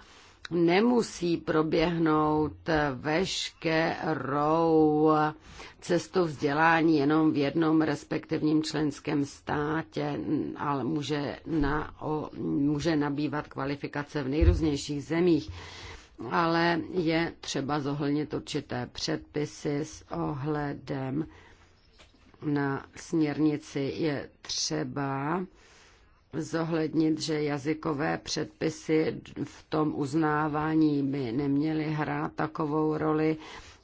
Speaker 1: nemusí proběhnout veškerou cestu vzdělání jenom v jednom respektivním členském státě, ale může, na, o, může nabývat kvalifikace v nejrůznějších zemích. Ale je třeba zohlednit určité předpisy s ohledem na směrnici je třeba zohlednit, že jazykové předpisy v tom uznávání by neměly hrát takovou roli.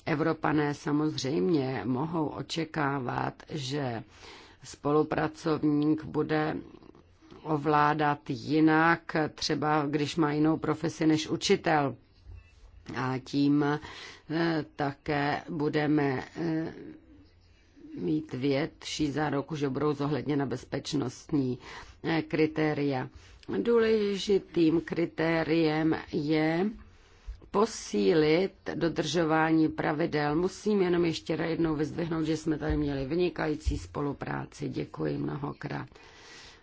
Speaker 1: Evropané samozřejmě mohou očekávat, že spolupracovník bude ovládat jinak, třeba když má jinou profesi než učitel. A tím eh, také budeme eh, mít větší záruku, že budou zohledněna bezpečnostní eh, kritéria. Důležitým kritériem je posílit dodržování pravidel. Musím jenom ještě jednou vyzdvihnout, že jsme tady měli vynikající spolupráci. Děkuji mnohokrát.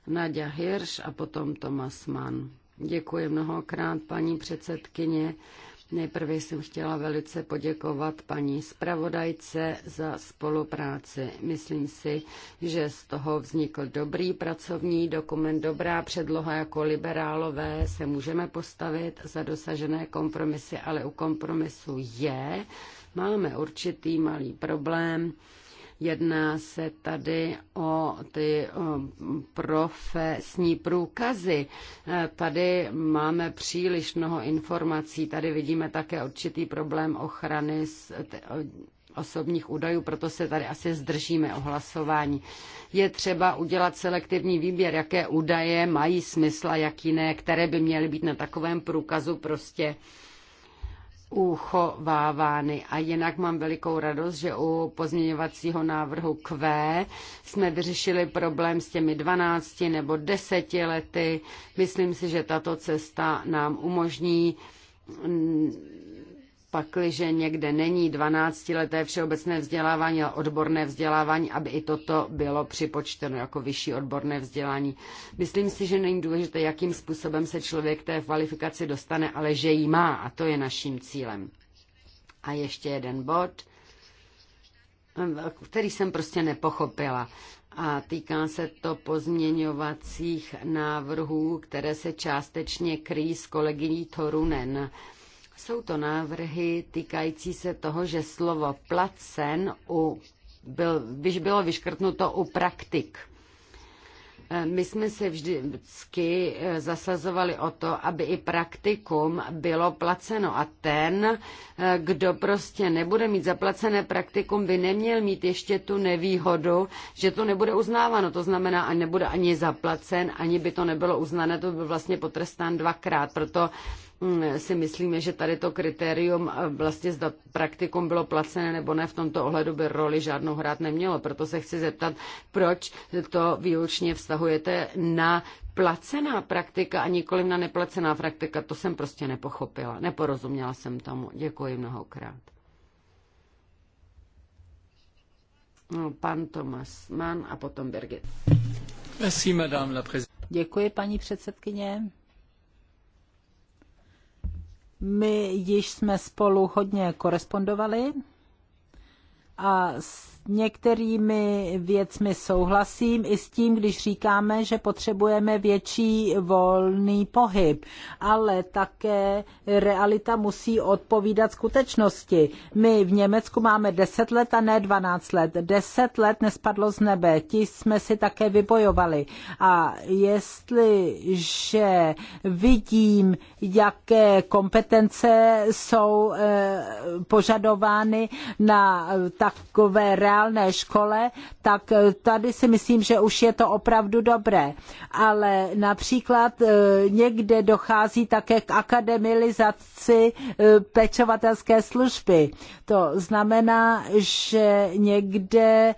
Speaker 1: Nadia Hirš a potom Tomas Mann. Děkuji mnohokrát, paní předsedkyně. Nejprve jsem chtěla velice poděkovat paní zpravodajce za spolupráci. Myslím si, že z toho vznikl dobrý pracovní dokument, dobrá předloha jako liberálové. Se můžeme postavit za dosažené kompromisy, ale u kompromisu je. Máme určitý malý problém Jedná se tady o ty profesní průkazy. E, tady máme příliš mnoho informací. Tady vidíme také určitý problém ochrany osobních údajů, proto se tady asi zdržíme o hlasování. Je třeba udělat selektivní výběr, jaké údaje mají smysl a jaký ne, které by měly být na takovém průkazu prostě uchovávány. A jinak mám velikou radost, že u pozměňovacího návrhu Q jsme vyřešili problém s těmi 12 nebo 10 lety. Myslím si, že tato cesta nám umožní pakliže někde není 12-leté všeobecné vzdělávání, ale odborné vzdělávání, aby i toto bylo připočteno jako vyšší odborné vzdělání. Myslím si, že není důležité, jakým způsobem se člověk té kvalifikaci dostane, ale že ji má a to je naším cílem. A ještě jeden bod, který jsem prostě nepochopila a týká se to pozměňovacích návrhů, které se částečně kryjí s kolegyní Torunen. Jsou to návrhy týkající se toho, že slovo placen u, byl, bylo vyškrtnuto u praktik. E, my jsme se vždycky e, zasazovali o to, aby i praktikum bylo placeno. A ten, e, kdo prostě nebude mít zaplacené praktikum, by neměl mít ještě tu nevýhodu, že to nebude uznáváno. To znamená, ani nebude ani zaplacen, ani by to nebylo uznáno, to by byl vlastně potrestán dvakrát. Proto si myslíme, že tady to kritérium eh, vlastně zda praktikum bylo placené nebo ne v tomto ohledu by roli žádnou hrát nemělo. Proto se chci zeptat, proč to výlučně vztahujete na placená praktika a nikoli na neplacená praktika. To jsem prostě nepochopila. Neporozuměla jsem tomu. Děkuji mnohokrát. No, pan Tomas Mann a potom
Speaker 3: Birgit. Děkuji, paní předsedkyně. My již jsme spolu hodně korespondovali a některými věcmi souhlasím i s tím, když říkáme, že potřebujeme větší volný pohyb, ale také realita musí odpovídat skutečnosti. My v Německu máme 10 let a ne 12 let. 10 let nespadlo z nebe, ti jsme si také vybojovali. A jestliže vidím, jaké kompetence jsou eh, požadovány na takové realizace, reálné škole, tak eh, tady si myslím, že už je to opravdu dobré. Ale například eh, někde dochází také k akademizaci eh, pečovatelské služby. To znamená, že někde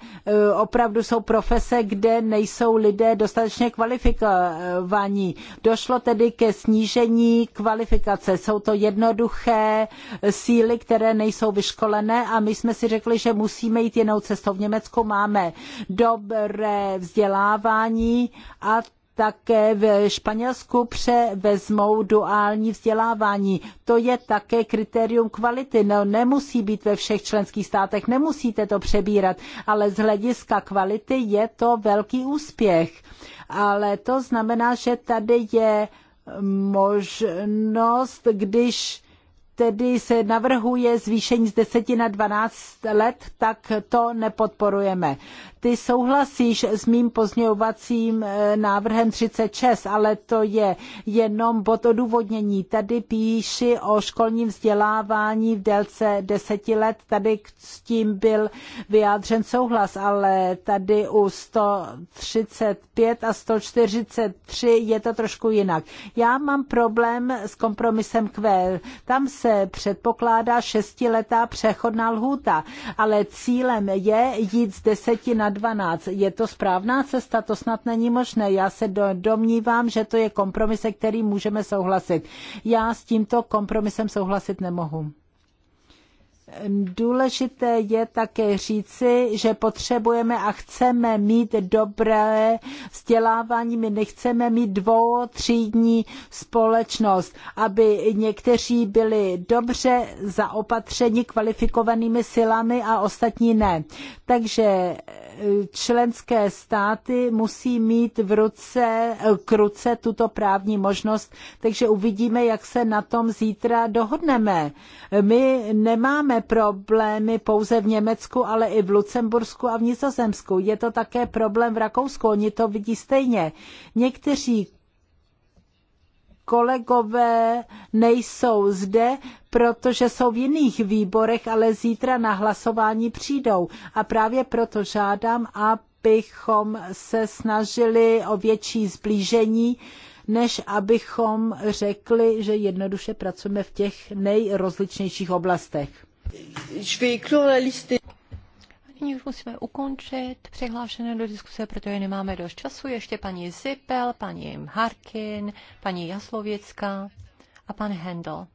Speaker 3: opravdu jsou profese, kde nejsou lidé dostatečně kvalifikovaní. Došlo tedy ke snížení kvalifikace. Jsou to jednoduché síly, které nejsou vyškolené a my jsme si řekli, že musíme jít jinou cestou. V Německu máme dobré vzdělávání a také v Španělsku převezmou duální vzdělávání. To je také kritérium kvality. No, nemusí být ve všech členských státech, nemusíte to přebírat, ale z hlediska kvality je to velký úspěch. Ale to znamená, že tady je možnost, když tedy se navrhuje zvýšení z deseti na dvanáct let, tak to nepodporujeme. Ty souhlasíš s mým pozměňovacím eh, návrhem 36, ale to je jenom bod odůvodnění. Tady píši o školním vzdělávání v délce deseti let, tady s tím byl vyjádřen souhlas, ale tady u 135 a 143 je to trošku jinak. Já mám problém s kompromisem Q. Tam se se předpokládá šestiletá přechodná lhůta, ale cílem je jít z deseti na dvanáct. Je to správná cesta? To snad není možné. Já se domnívám, že to je kompromis, se kterým můžeme souhlasit. Já s tímto kompromisem souhlasit nemohu. Důležité je také říci, že potřebujeme a chceme mít dobré vzdělávání. My nechceme mít dvou, třídní společnost, aby někteří byli dobře zaopatřeni kvalifikovanými silami a ostatní ne. Takže eh, členské státy musí mít v ruce, eh, k ruce tuto právní možnost, takže uvidíme, jak se na tom zítra dohodneme. My nemáme nemáme problémy pouze v Německu, ale i v Lucembursku a v Nizozemsku. Je to také problém v Rakousku, oni to vidí stejně. Někteří kolegové nejsou zde, protože jsou v jiných výborech, ale zítra na hlasování přijdou. A právě proto žádám, abychom se snažili o větší zblížení, než abychom řekli, že jednoduše pracujeme v těch nejrozličnějších oblastech. Nyní už musíme ukončit přihlášené do diskuse,
Speaker 2: protože nemáme dost času. Ještě paní Zipel, paní Harkin, paní Jaslověcka a pan Hendel.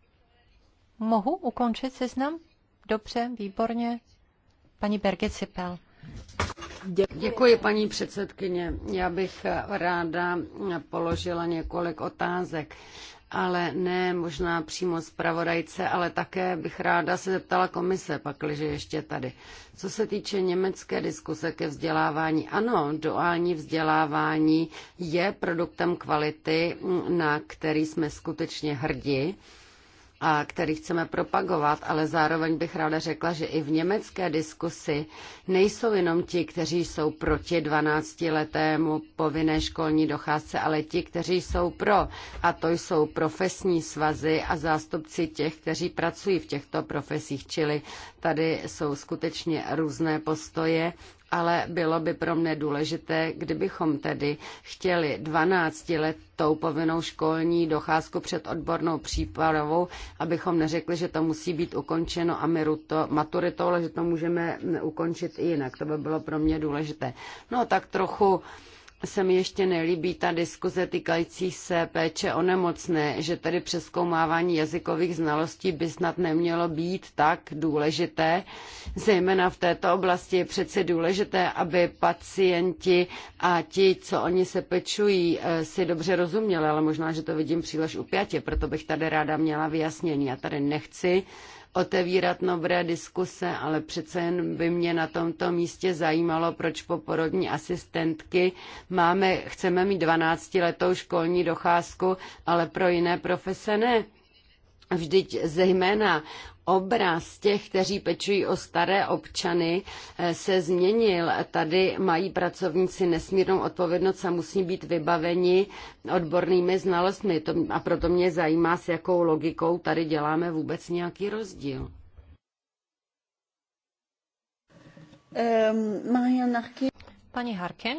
Speaker 2: Mohu ukončit seznam? Dobře, výborně. Paní Berget Zipel.
Speaker 1: Děkuji. Děkuji, paní předsedkyně. Já bych ráda položila několik otázek ale ne možná přímo zpravodajce, ale také bych ráda se zeptala komise, pakliže ještě tady. Co se týče německé diskuse ke vzdělávání, ano, duální vzdělávání je produktem kvality, na který jsme skutečně hrdí a který chceme propagovat, ale zároveň bych ráda řekla, že i v německé diskusi nejsou jenom ti, kteří jsou proti 12-letému povinné školní docházce, ale ti, kteří jsou pro. A to jsou profesní svazy a zástupci těch, kteří pracují v těchto profesích. Čili tady jsou skutečně různé postoje ale bylo by pro mě důležité, kdybychom tedy chtěli 12 tou povinnou školní docházku před odbornou přípravou, abychom neřekli, že to musí být ukončeno a to maturitou, ale že to můžeme ukončit i jinak. To by bylo pro mě důležité. No tak trochu uh, se mi ještě nelíbí ta diskuze týkající se péče o nemocné, že tedy přeskoumávání jazykových znalostí by snad nemělo být tak důležité. Zejména v této oblasti je přece důležité, aby pacienti a ti, co oni se pečují, eh, si dobře rozuměli, ale možná, že to vidím příliš upjatě, proto bych tady ráda měla vyjasnění. Já tady nechci otevírat nové diskuse, ale přece jen by mě na tomto místě zajímalo, proč poporodní asistentky máme, chceme mít 12 letou školní docházku, ale pro jiné profese ne Vždyť zejména obraz těch, kteří pečují o staré občany, eh, se změnil. Tady mají pracovníci nesmírnou odpovědnost a musí být vybaveni odbornými znalostmi. a proto mě zajímá, s jakou logikou tady děláme vůbec nějaký rozdíl. Paní ehm,
Speaker 2: Harkin?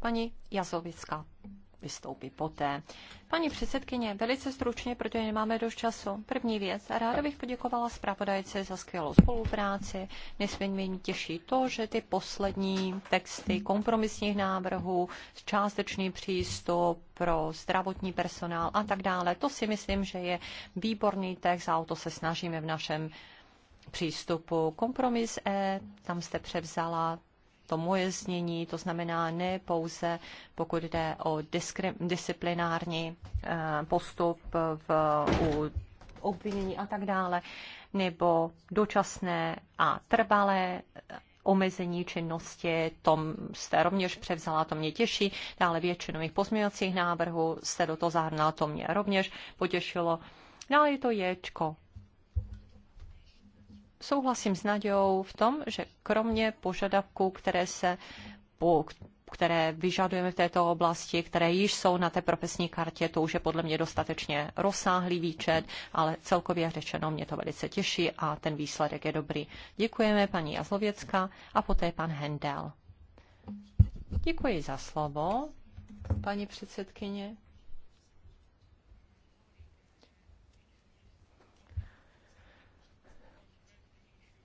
Speaker 2: Paní Jazovická vystoupí poté. Paní předsedkyně, velice stručně, protože nemáme dost času. První věc. Ráda bych poděkovala zpravodajce za skvělou spolupráci. Nesmírně mě těší to, že ty poslední texty kompromisních návrhů, částečný přístup pro zdravotní personál a tak dále. To si myslím, že je výborný text a o to se snažíme v našem přístupu. Kompromis E, tam jste převzala to moje znění, to znamená ne pouze pokud jde o disciplinární eh, postup v, u obvinění a tak dále, nebo dočasné a trvalé eh, omezení činnosti, tom jste rovněž převzala, to mě těší. Dále většinu mých pozměňovacích návrhů jste do toho zahrnula, to mě rovněž potěšilo. Dále je to ječko, souhlasím s Nadějou v tom, že kromě požadavků, které se po, které vyžadujeme v této oblasti, které již jsou na té profesní kartě, to už je podle mě dostatečně rozsáhlý výčet, ale celkově řečeno mě to velice těší a ten výsledek je dobrý. Děkujeme paní Jazlověcka a poté pan Hendel. Děkuji za slovo, paní předsedkyně.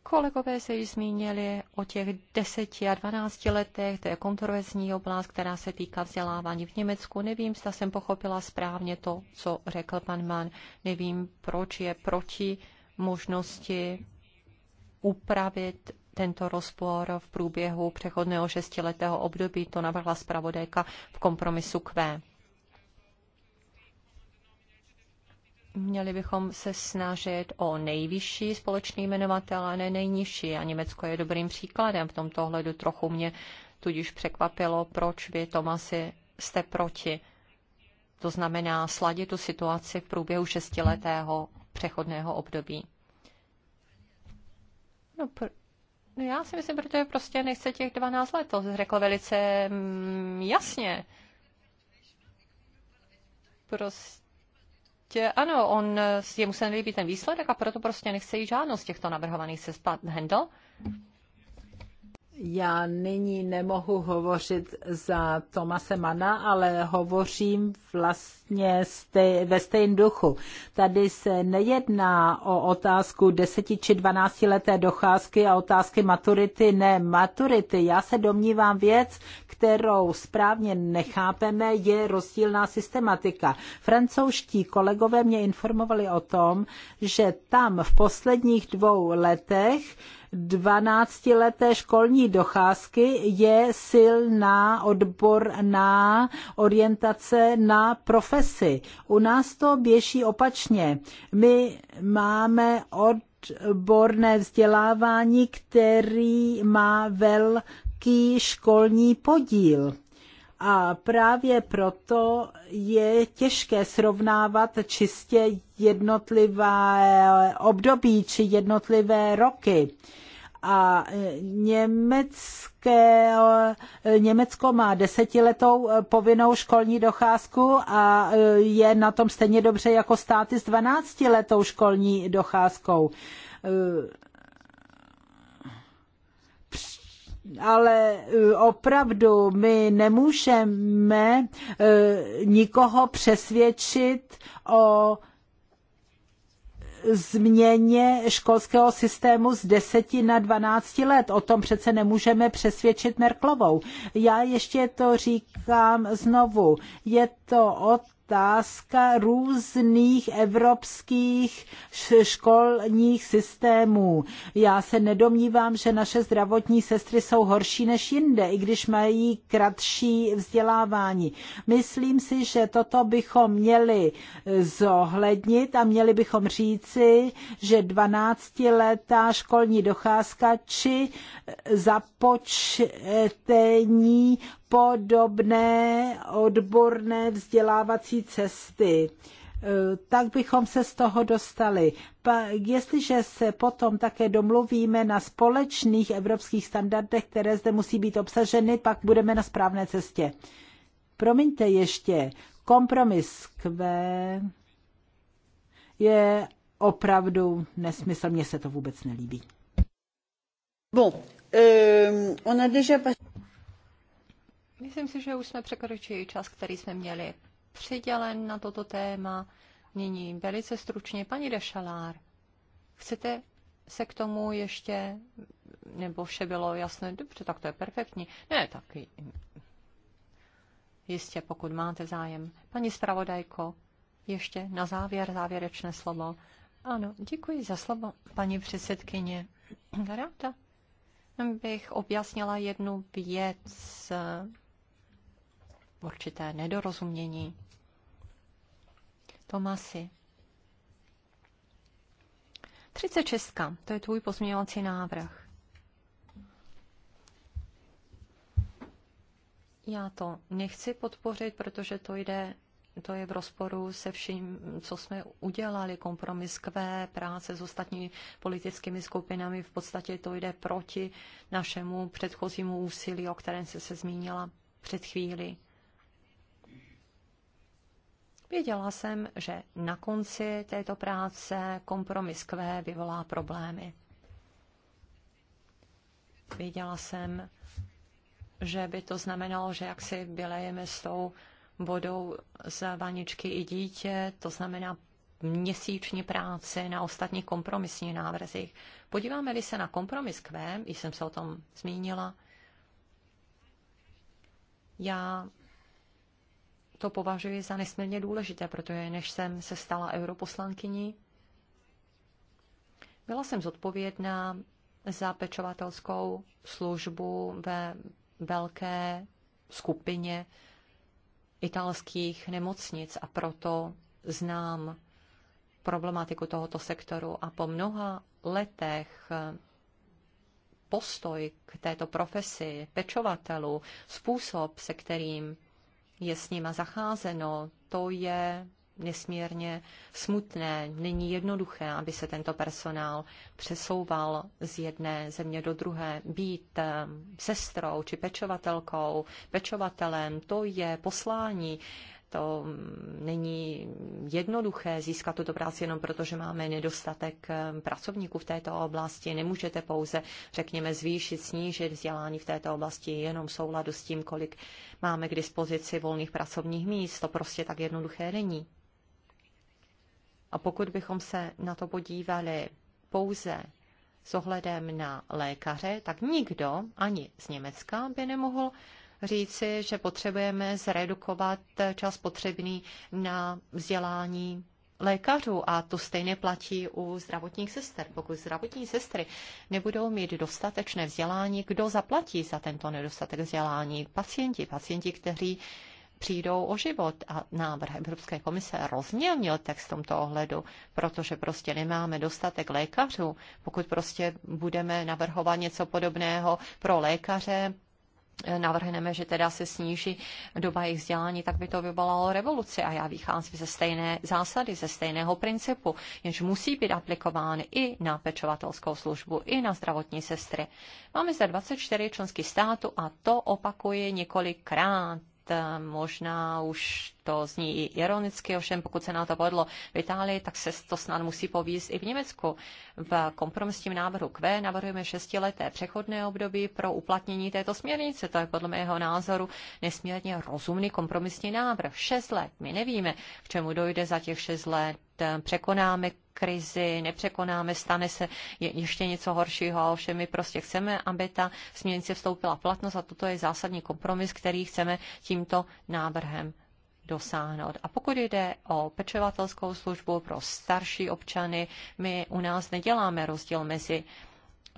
Speaker 2: Kolegové se již zmínili o těch 10 a 12 letech, to je kontroverzní oblast, která se týká vzdělávání v Německu. Nevím, zda jsem pochopila správně to, co řekl pan Mann. Nevím, proč je proti možnosti upravit tento rozpor v průběhu přechodného šestiletého období. To navrhla zpravodajka v kompromisu Q. Měli bychom se snažit o nejvyšší společný jmenovatel a ne nejnižší. A Německo je dobrým příkladem v tomto ohledu. Trochu mě tudíž překvapilo, proč vy, Tomasi, jste proti. To znamená sladit tu situaci v průběhu šestiletého přechodného období. No, pr- no já si myslím, protože prostě nechce těch 12 let. To řekl velice mm, jasně. Prostě prostě, ano, on eh, je musel se nelíbí ten výsledek a proto prostě nechce jít žádnou z těchto
Speaker 3: navrhovaných cest. Hendel? Já nyní nemohu hovořit za Tomase Mana, ale hovořím vlastně stej, ve stejném duchu. Tady se nejedná o otázku 10 či 12 leté docházky a otázky maturity, ne maturity. Já se domnívám věc, kterou správně nechápeme, je rozdílná systematika. Francouzští kolegové mě informovali o tom, že tam v posledních dvou letech 12-leté školní docházky je silná odborná orientace na profesi. U nás to běží opačně. My máme od odborné vzdělávání, který má vel velký školní podíl. A právě proto je těžké srovnávat čistě jednotlivá období či jednotlivé roky. A německé, Německo má desetiletou povinnou školní docházku a je na tom stejně dobře jako státy s dvanáctiletou školní docházkou ale e, opravdu my nemůžeme e, nikoho přesvědčit o změně školského systému z 10 na 12 let. O tom přece nemůžeme přesvědčit Merklovou. Já ještě to říkám znovu. Je to o otázka různých evropských školních systémů. Já se nedomnívám, že naše zdravotní sestry jsou horší než jinde, i když mají kratší vzdělávání. Myslím si, že toto bychom měli zohlednit a měli bychom říci, že 12-letá školní docházka či započtení podobné odborné vzdělávací cesty e, tak bychom se z toho dostali. Pa, jestliže se potom také domluvíme na společných evropských standardech, které zde musí být obsaženy, pak budeme na správné cestě. Promiňte ještě, kompromis Q je opravdu nesmysl, mně se to vůbec nelíbí. Bon, euh, on a déjà
Speaker 2: Myslím si, že už jsme překročili čas, který jsme měli přidělen na toto téma. Nyní velice stručně, paní Dešalár, chcete se k tomu ještě, nebo vše bylo jasné, dobře, tak to je perfektní. Ne, tak jistě, pokud máte zájem. Paní zpravodajko, ještě na závěr závěrečné slovo. Ano, děkuji za slovo, paní předsedkyně. Ráda bych objasnila jednu věc určité nedorozumění. Tomasi. 36. To je tvůj pozměňovací návrh. Já to nechci podpořit, protože to jde to je v rozporu se vším, co jsme udělali, kompromis kvé, práce s ostatními politickými skupinami. V podstatě to jde proti našemu předchozímu úsilí, o kterém se se zmínila před chvíli. Věděla jsem, že na konci této práce kompromis Q vyvolá problémy. Věděla jsem, že by to znamenalo, že jak si vylejeme s tou vodou z vaničky i dítě, to znamená měsíční práci na ostatních kompromisních návrzích. Podíváme-li se na kompromis Q, jsem se o tom zmínila, já to považuji za nesmírně důležité, protože než jsem se stala europoslankyní, byla jsem zodpovědná za pečovatelskou službu ve velké skupině italských nemocnic a proto znám problematiku tohoto sektoru a po mnoha letech eh, postoj k této profesi pečovatelů, způsob, se kterým je s nima zacházeno, to je nesmírně smutné. Není jednoduché, aby se tento personál přesouval z jedné země do druhé. Být eh, sestrou či pečovatelkou, pečovatelem, to je poslání to není jednoduché získat tuto práci jenom proto, že máme nedostatek eh, pracovníků v této oblasti. Nemůžete pouze, řekněme, zvýšit, snížit vzdělání v této oblasti jenom v souladu s tím, kolik máme k dispozici volných pracovních míst. To prostě tak jednoduché není. A pokud bychom se na to podívali pouze s ohledem na lékaře, tak nikdo ani z Německa by nemohl říci, že potřebujeme zredukovat čas potřebný na vzdělání lékařů a to stejně platí u zdravotních sester. Pokud zdravotní sestry nebudou mít dostatečné vzdělání, kdo zaplatí za tento nedostatek vzdělání? Pacienti, pacienti, kteří přijdou o život a návrh Evropské komise rozmělnil text v tomto ohledu, protože prostě nemáme dostatek lékařů. Pokud prostě budeme navrhovat něco podobného pro lékaře, navrhneme, že teda se sníží doba jejich vzdělání, tak by to vyvolalo revoluci. A já vycházím ze stejné zásady, ze stejného principu, jenž musí být aplikovány i na pečovatelskou službu, i na zdravotní sestry. Máme zde 24 členských států a to opakuje několikrát možná už to zní i ironicky, ovšem pokud se nám to povedlo v Itálii, tak se to snad musí povíst i v Německu. V kompromisním návrhu Q navrhujeme šestileté přechodné období pro uplatnění této směrnice. To je podle mého názoru nesmírně rozumný kompromisní návrh. Šest let. My nevíme, k čemu dojde za těch šest let. Překonáme krizi, nepřekonáme, stane se ještě něco horšího, ovšem my prostě chceme, aby ta směrnice vstoupila v platnost a toto je zásadní kompromis, který chceme tímto návrhem dosáhnout. A pokud jde o pečovatelskou službu pro starší občany, my u nás neděláme rozdíl mezi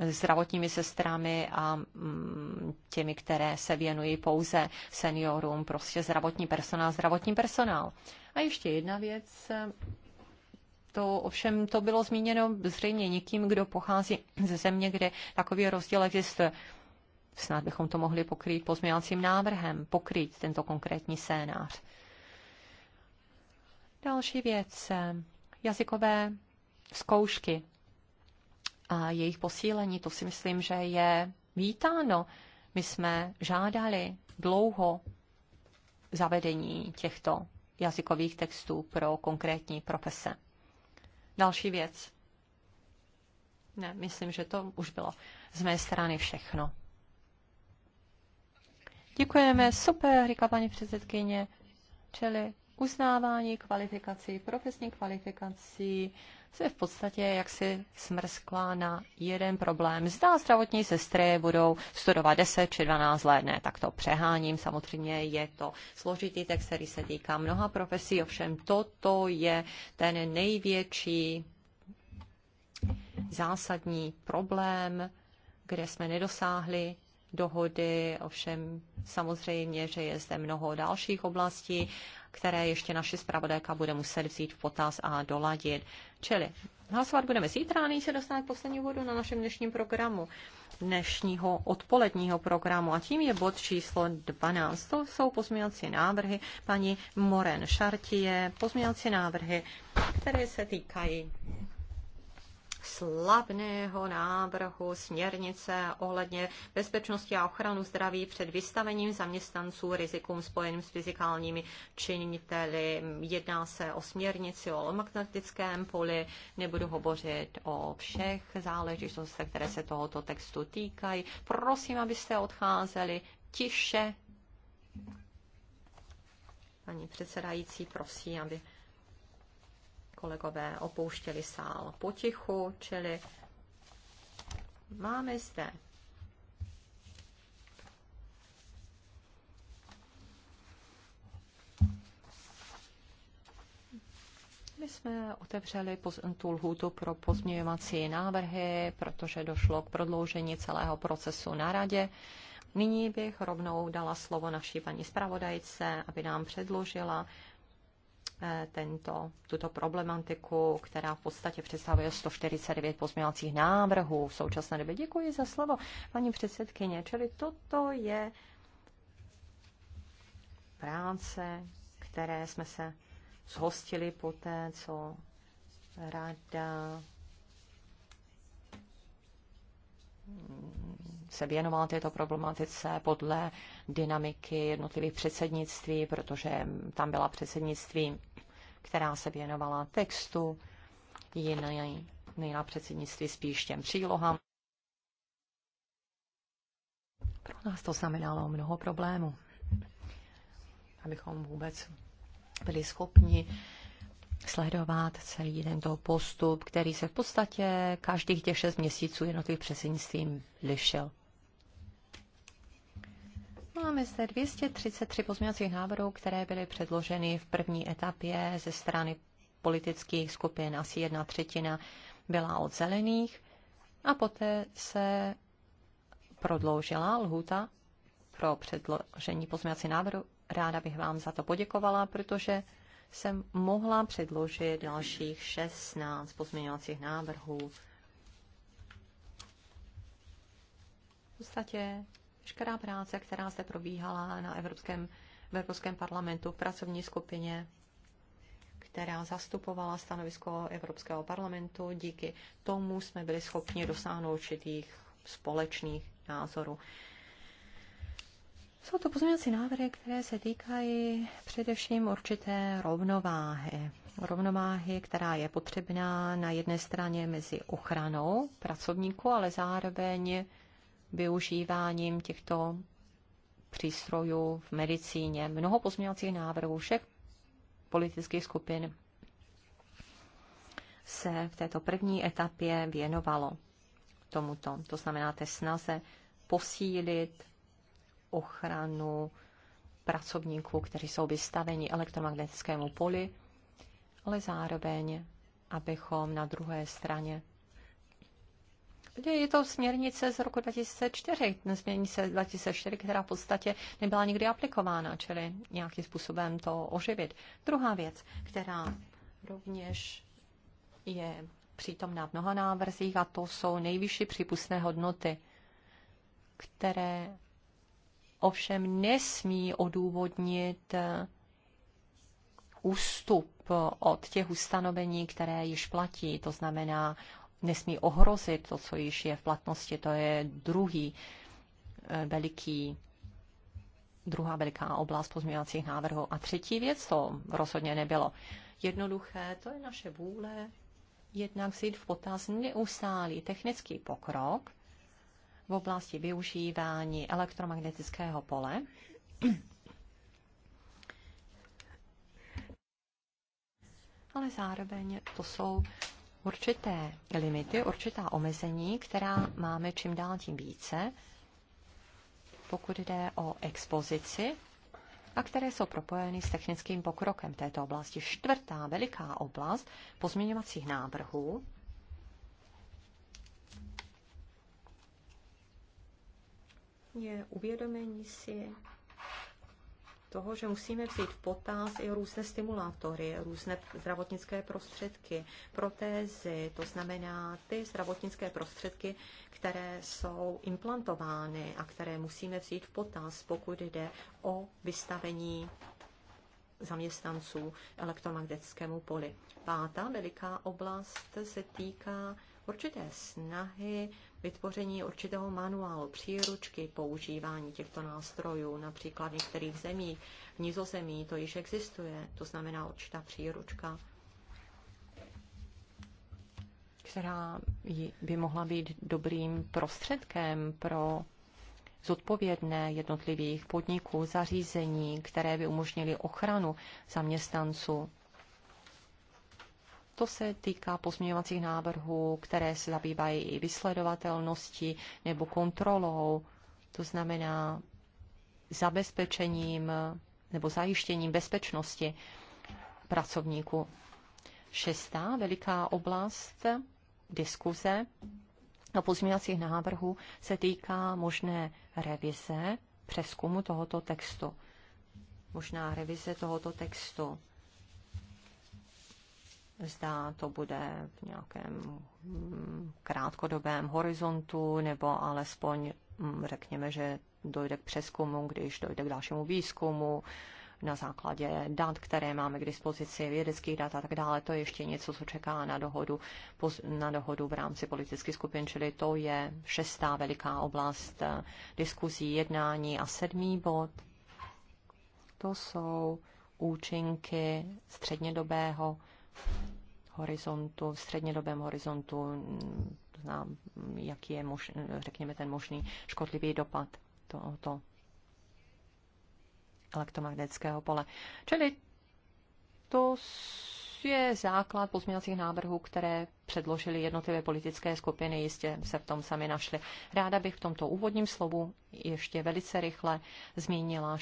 Speaker 2: zdravotními sestrami a mm, těmi, které se věnují pouze seniorům, prostě zdravotní personál, zdravotní personál. A ještě jedna věc, to ovšem to bylo zmíněno zřejmě někým, kdo pochází ze země, kde takový rozdíl existuje. Snad bychom to mohli pokrýt pozměňovacím návrhem, pokrýt tento konkrétní scénář. Další věc, eh, jazykové zkoušky a jejich posílení, to si myslím, že je vítáno. My jsme žádali dlouho zavedení těchto jazykových textů pro konkrétní profese. Další věc. Ne, myslím, že to už bylo z mé strany všechno. Děkujeme, super, říká paní předsedkyně. Čili uznávání kvalifikací, profesní kvalifikací se v podstatě jaksi smrskla na jeden problém. zda zdravotní sestry budou studovat 10 či 12 let, ne, tak to přeháním. Samozřejmě je to složitý text, který se týká mnoha profesí, ovšem toto je ten největší zásadní problém, kde jsme nedosáhli dohody, ovšem samozřejmě, že je zde mnoho dalších oblastí které ještě naše zpravodajka bude muset vzít v potaz a doladit. Čili hlasovat budeme zítra než se dostane k poslední bodu na našem dnešním programu dnešního odpoledního programu a tím je bod číslo 12. To jsou pozměňovací návrhy paní Moren Šartie, pozměňovací návrhy, které se týkají slavného návrhu směrnice ohledně bezpečnosti a ochranu zdraví před vystavením zaměstnanců rizikům spojeným s fyzikálními činiteli. Jedná se o směrnici o magnetickém poli. Nebudu hovořit o všech záležitostech, které se tohoto textu týkají. Prosím, abyste odcházeli tiše. Paní předsedající prosím, aby Kolegové opouštěli sál potichu, čili máme zde My jsme otevřeli tu lhůtu pro pozměňovací návrhy, protože došlo k prodloužení celého procesu na radě. Nyní bych rovnou dala slovo naší paní zpravodajce, aby nám předložila Eh, tento, tuto problematiku, která v podstatě představuje 149 pozměňovacích návrhů v současné době. Děkuji za slovo, paní předsedkyně. Čili toto je práce, které jsme se zhostili po té, co rada se věnoval této problematice podle dynamiky jednotlivých předsednictví, protože tam byla předsednictví která se věnovala textu, jiné na předsednictví spíš těm přílohám. Pro nás to znamenalo mnoho problémů, abychom vůbec byli schopni sledovat celý tento postup, který se v podstatě každých těch šest měsíců jednotlivých předsednictvím lišil. Máme zde 233 pozměňovacích návrhů, které byly předloženy v první etapě ze strany politických skupin. Asi jedna třetina byla od zelených a poté se prodloužila lhuta pro předložení pozměňovací návrhu. Ráda bych vám za to poděkovala, protože jsem mohla předložit dalších 16 pozměňovacích návrhů. V podstatě veškerá práce, která se probíhala na Evropském, v Evropském parlamentu v pracovní skupině, která zastupovala stanovisko Evropského parlamentu. Díky tomu jsme byli schopni dosáhnout určitých společných názorů. Jsou to pozměňovací návrhy, které se týkají především určité rovnováhy. Rovnováhy, která je potřebná na jedné straně mezi ochranou pracovníků, ale zároveň využíváním těchto přístrojů v medicíně. Mnoho pozměňovacích návrhů všech politických skupin se v této první etapě věnovalo tomuto. To znamená té snaze posílit ochranu pracovníků, kteří jsou vystaveni elektromagnetickému poli, ale zároveň, abychom na druhé straně je to směrnice z roku 2004, směrnice 2004, která v podstatě nebyla nikdy aplikována, čili nějakým způsobem to oživit. Druhá věc, která rovněž je přítomná v mnoha návrzích, a to jsou nejvyšší přípustné hodnoty, které ovšem nesmí odůvodnit eh, ústup od těch ustanovení, které již platí, to znamená nesmí ohrozit to, co již je v platnosti. To je druhý eh, veliký druhá veliká oblast pozměňovacích návrhů. A třetí věc co rozhodně nebylo. Jednoduché, to je naše vůle jednak vzít v potaz neustálý technický pokrok v oblasti využívání elektromagnetického pole. Ale zároveň to jsou určité limity, určitá omezení, která máme čím dál tím více, pokud jde o expozici a které jsou propojeny s technickým pokrokem této oblasti. Čtvrtá veliká oblast pozměňovacích návrhů je uvědomení si toho, že musíme vzít v potaz i různé stimulátory, různé zdravotnické prostředky, protézy, to znamená ty zdravotnické prostředky, které jsou implantovány a které musíme vzít v potaz, pokud jde o vystavení zaměstnanců elektromagnetickému poli. Pátá veliká oblast se týká určité snahy vytvoření určitého manuálu, příručky používání těchto nástrojů, například v některých zemích, v nizozemí to již existuje, to znamená určitá příručka, která by mohla být dobrým prostředkem pro zodpovědné jednotlivých podniků, zařízení, které by umožnily ochranu zaměstnanců to se týká pozměňovacích návrhů, které se zabývají i vysledovatelnosti nebo kontrolou, to znamená zabezpečením nebo zajištěním bezpečnosti pracovníků. Šestá veliká oblast diskuze a pozměňovacích návrhů se týká možné revize přeskumu tohoto textu. Možná revize tohoto textu zda to bude v nějakém mm, krátkodobém horizontu, nebo alespoň mm, řekněme, že dojde k přeskumu, když dojde k dalšímu výzkumu, na základě dat, které máme k dispozici, vědeckých dat a tak dále. To je ještě něco, co čeká na dohodu, na dohodu v rámci politických skupin, čili to je šestá veliká oblast eh, diskuzí, jednání a sedmý bod. To jsou účinky střednědobého horizontu, v střednědobém horizontu, mm, znám, jaký je, mož, řekněme, ten možný škodlivý dopad tohoto elektromagnetického pole. Čili to je základ pozměňovacích návrhů, které předložily jednotlivé politické skupiny, jistě se v tom sami našli. Ráda bych v tomto úvodním slovu ještě velice rychle zmínila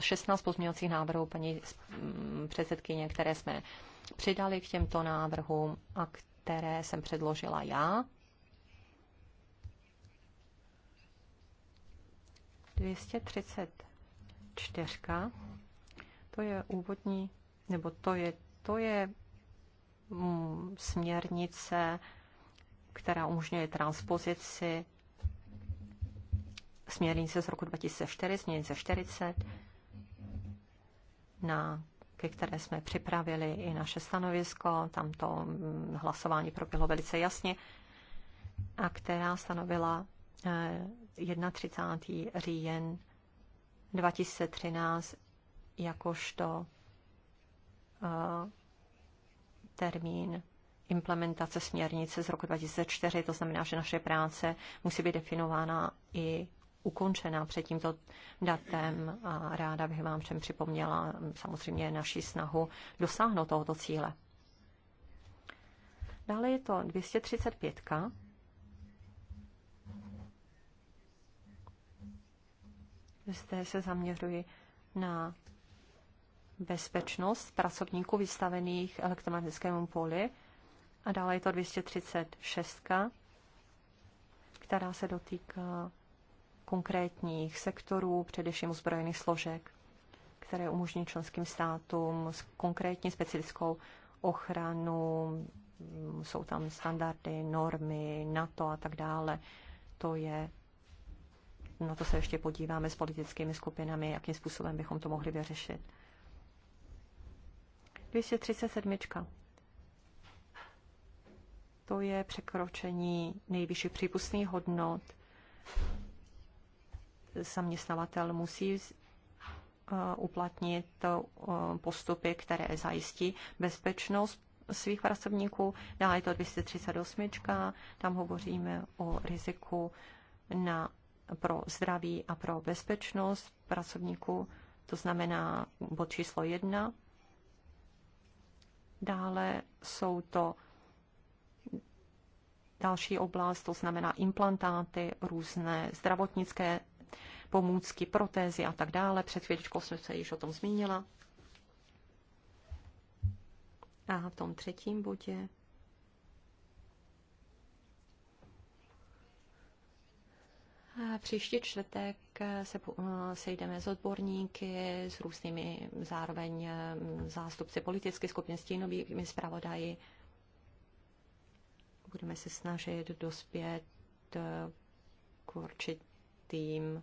Speaker 2: 16 pozměňovacích návrhů paní předsedkyně, které jsme přidali k těmto návrhům a které jsem předložila já. 234. To je úvodní, nebo to je, to je mm, směrnice, která umožňuje transpozici směrnice z roku 2004, směrnice 40 na ke které jsme připravili i naše stanovisko, tam to mm, hlasování proběhlo velice jasně, a která stanovila 31. Eh, říjen 2013 jakožto eh, termín implementace směrnice z roku 2004, to znamená, že naše práce musí být definována i ukončena před tímto datem a ráda bych vám všem připomněla samozřejmě naši snahu dosáhnout tohoto cíle. Dále je to 235. Zde se zaměřuji na bezpečnost pracovníků vystavených elektromagnetickému poli. A dále je to 236, která se dotýká konkrétních sektorů, především uzbrojených složek, které umožní členským státům s konkrétní specifickou ochranu, jsou tam standardy, normy, NATO a tak dále. To je, na to se ještě podíváme s politickými skupinami, jakým způsobem bychom to mohli vyřešit. 237. To je překročení nejvyšších přípustných hodnot zaměstnavatel musí uh, uplatnit uh, postupy, které zajistí bezpečnost svých pracovníků. Dále je to 238, tam hovoříme o riziku na, pro zdraví a pro bezpečnost pracovníků, to znamená bod číslo jedna. Dále jsou to další oblast, to znamená implantáty, různé zdravotnické pomůcky, protézy a tak dále. Před chvíličkou jsme se již o tom zmínila. A v tom třetím bodě Příští čtvrtek se sejdeme s odborníky, s různými zároveň zástupci politické skupiny stínovými zpravodaji. Budeme se snažit dospět e, k určitým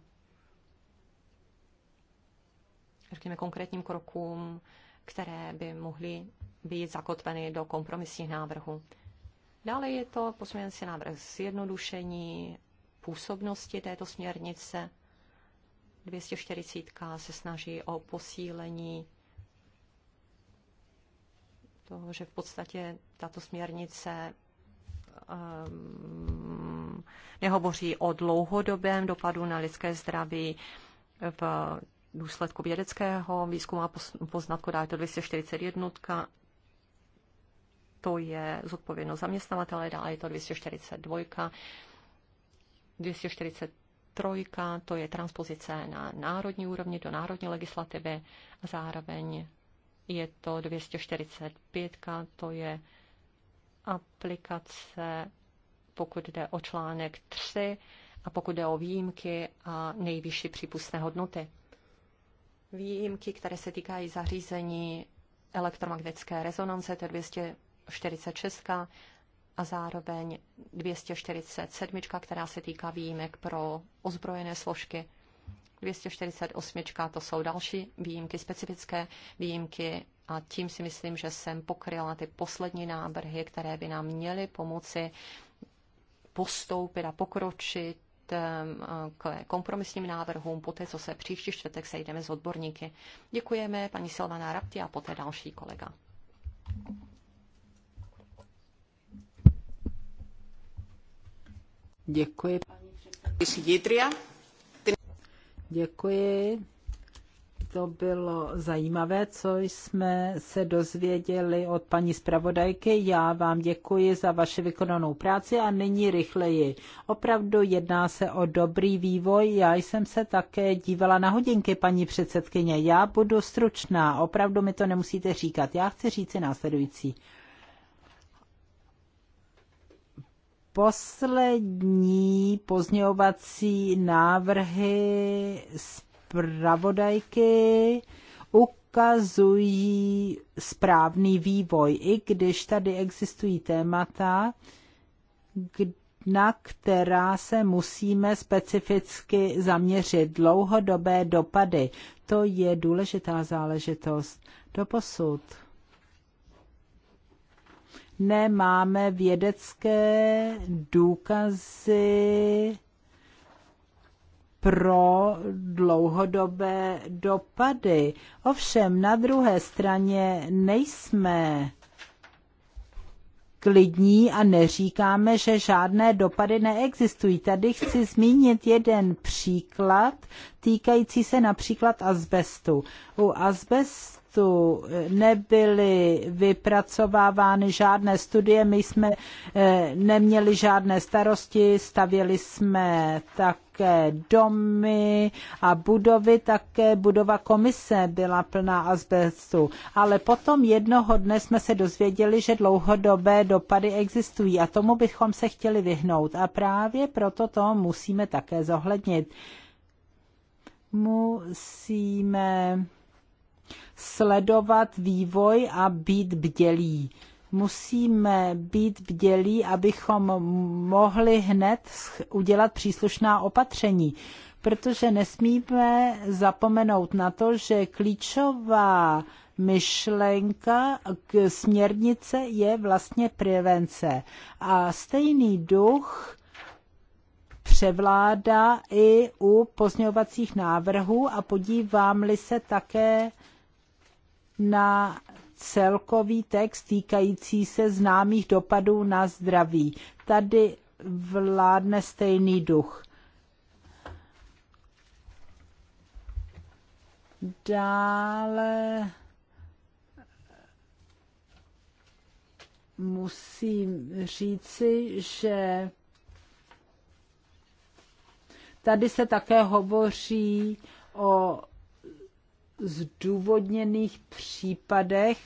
Speaker 2: řekněme, konkrétním krokům, které by mohly být zakotveny do kompromisních návrhů. Dále je to pozměňovací návrh zjednodušení působnosti této směrnice. 240 se snaží o posílení toho, že v podstatě tato směrnice um, nehovoří o dlouhodobém dopadu na lidské zdraví v důsledku vědeckého výzkumu a poznatku to 241, to je zodpovědnost zaměstnavatele, dále je to 242, 243, to je transpozice na národní úrovni do národní legislativy a zároveň je to 245, to je aplikace, pokud jde o článek 3 a pokud jde o výjimky a nejvyšší přípustné hodnoty výjimky, které se týkají zařízení elektromagnetické rezonance, to je 246 a zároveň 247, která se týká výjimek pro ozbrojené složky. 248, to jsou další výjimky, specifické výjimky a tím si myslím, že jsem pokryla ty poslední nábrhy, které by nám měly pomoci postoupit a pokročit Um, k kompromisním návrhům, poté co se příští čtvrtek sejdeme s odborníky. Děkujeme paní Silvana Rapti a poté další kolega.
Speaker 3: Děkuji. Děkuji to bylo zajímavé, co jsme se dozvěděli od paní zpravodajky. Já vám děkuji za vaši vykonanou práci a nyní rychleji. Opravdu jedná se o dobrý vývoj. Já jsem se také dívala na hodinky, paní předsedkyně. Já budu stručná, opravdu mi to nemusíte říkat. Já chci říci následující. Poslední pozměňovací návrhy z zpravodajky ukazují správný vývoj, i když tady existují témata, na která se musíme specificky zaměřit. Dlouhodobé dopady, to je důležitá záležitost. Doposud nemáme vědecké důkazy pro dlouhodobé dopady. Ovšem na druhé straně nejsme klidní a neříkáme, že žádné dopady neexistují. Tady chci zmínit jeden příklad týkající se například azbestu u azbestu nebyly vypracovávány žádné studie, my jsme eh, neměli žádné starosti, stavěli jsme také domy a budovy, také budova komise byla plná azbestu. Ale potom jednoho dne jsme se dozvěděli, že dlouhodobé dopady existují a tomu bychom se chtěli vyhnout a právě proto to musíme také zohlednit musíme sledovat vývoj a být bdělí. Musíme být bdělí, abychom mohli hned udělat příslušná opatření, protože nesmíme zapomenout na to, že klíčová myšlenka k směrnice je vlastně prevence. A stejný duch převládá i u pozměňovacích návrhů a podívám-li se také na celkový text týkající se známých dopadů na zdraví. Tady vládne stejný duch. Dále musím říci, že tady se také hovoří o zdůvodněných případech,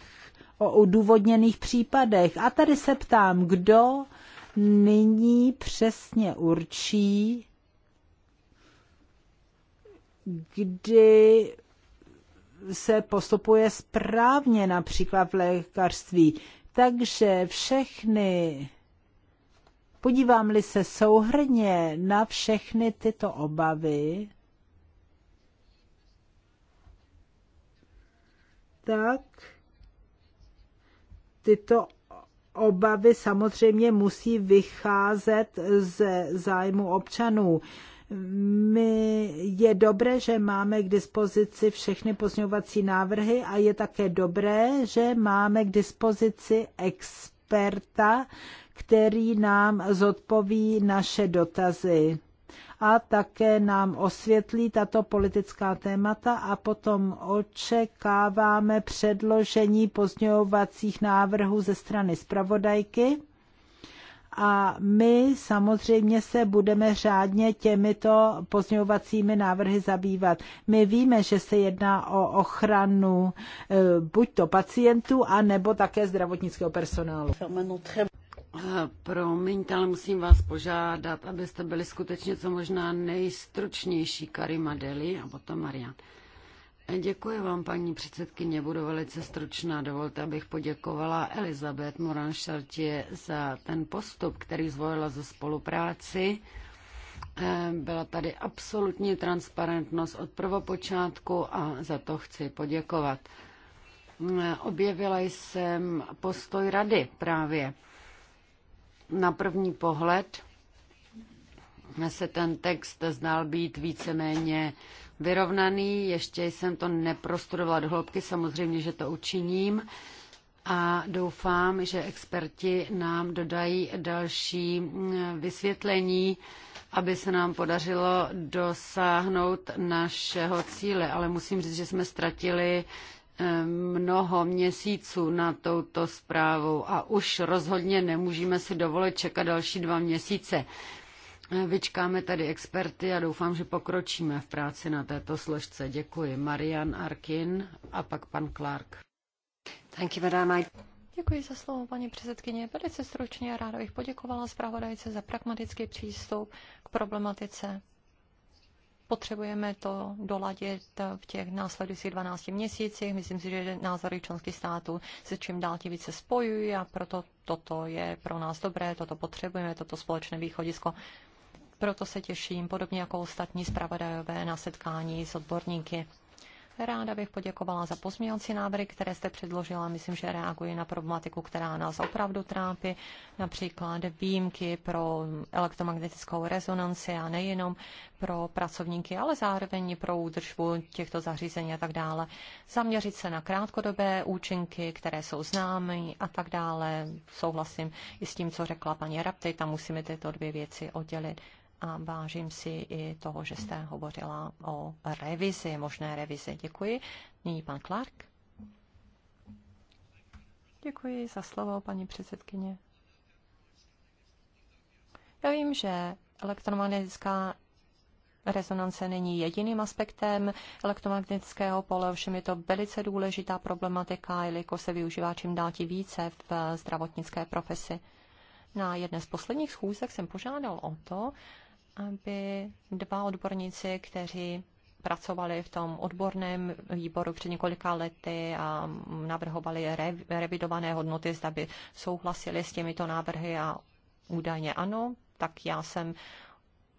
Speaker 3: o odůvodněných případech. A tady se ptám, kdo nyní přesně určí, kdy se postupuje správně například v lékařství. Takže všechny, podívám-li se souhrně na všechny tyto obavy, tak tyto obavy samozřejmě musí vycházet ze zájmu občanů. My, je dobré, že máme k dispozici všechny pozňovací návrhy a je také dobré, že máme k dispozici experta, který nám zodpoví naše dotazy a také nám osvětlí tato politická témata a potom očekáváme předložení pozňovacích návrhů ze strany zpravodajky a my samozřejmě se budeme řádně těmito pozňovacími návrhy zabývat. My víme, že se jedná o ochranu eh, buď to pacientů, a nebo také zdravotnického personálu.
Speaker 1: Promiňte, ale musím vás požádat, abyste byli skutečně co možná nejstručnější Karima Deli a potom Marian. Děkuji vám, paní předsedkyně, budu velice stručná. Dovolte, abych poděkovala Elizabeth moran za ten postup, který zvolila ze spolupráci. Eh, byla tady absolutní transparentnost od prvopočátku a za to chci poděkovat. Eh, objevila jsem postoj rady právě na první pohled se ten text znal být víceméně vyrovnaný. Ještě jsem to neprostudovala do hloubky, samozřejmě, že to učiním. A doufám, že experti nám dodají další mm, vysvětlení, aby se nám podařilo dosáhnout našeho cíle. Ale musím říct, že jsme ztratili mnoho měsíců na touto zprávu a už rozhodně nemůžeme si dovolit čekat další dva měsíce. Vyčkáme tady experty a doufám, že pokročíme v práci na této složce. Děkuji. Marian Arkin a pak pan Clark. Thank you, madame.
Speaker 2: Děkuji za slovo, paní předsedkyně. Velice stručně a ráda bych poděkovala zpravodajce za pragmatický přístup k problematice Potřebujeme to doladit v těch následujících 12 měsících. Myslím si, že názory členských států se čím dál tím více spojují a proto toto je pro nás dobré, toto potřebujeme, toto společné východisko. Proto se těším, podobně jako ostatní zpravodajové, na setkání s odborníky. Ráda bych poděkovala za pozměňovací návrhy, které jste předložila. Myslím, že reagují na problematiku, která nás opravdu trápí, například výjimky pro elektromagnetickou rezonanci a nejenom pro pracovníky, ale zároveň pro údržbu těchto zařízení a tak dále. Zaměřit se na krátkodobé účinky, které jsou známy a tak dále. Souhlasím i s tím, co řekla paní Rapty, tam musíme tyto dvě věci oddělit a vážím si i toho, že jste hovořila o revizi, možné revizi. Děkuji. Nyní pan Clark. Děkuji za slovo, paní předsedkyně. Já vím, že elektromagnetická rezonance není jediným aspektem elektromagnetického pole, ovšem je to velice důležitá problematika, jelikož se využívá čím dál tím více v zdravotnické profesi. Na jedné z posledních schůzek jsem požádal o to, aby dva odborníci, kteří pracovali v tom odborném výboru před několika lety a navrhovali revidované hodnoty, zda by souhlasili s těmito návrhy a údajně ano, tak já jsem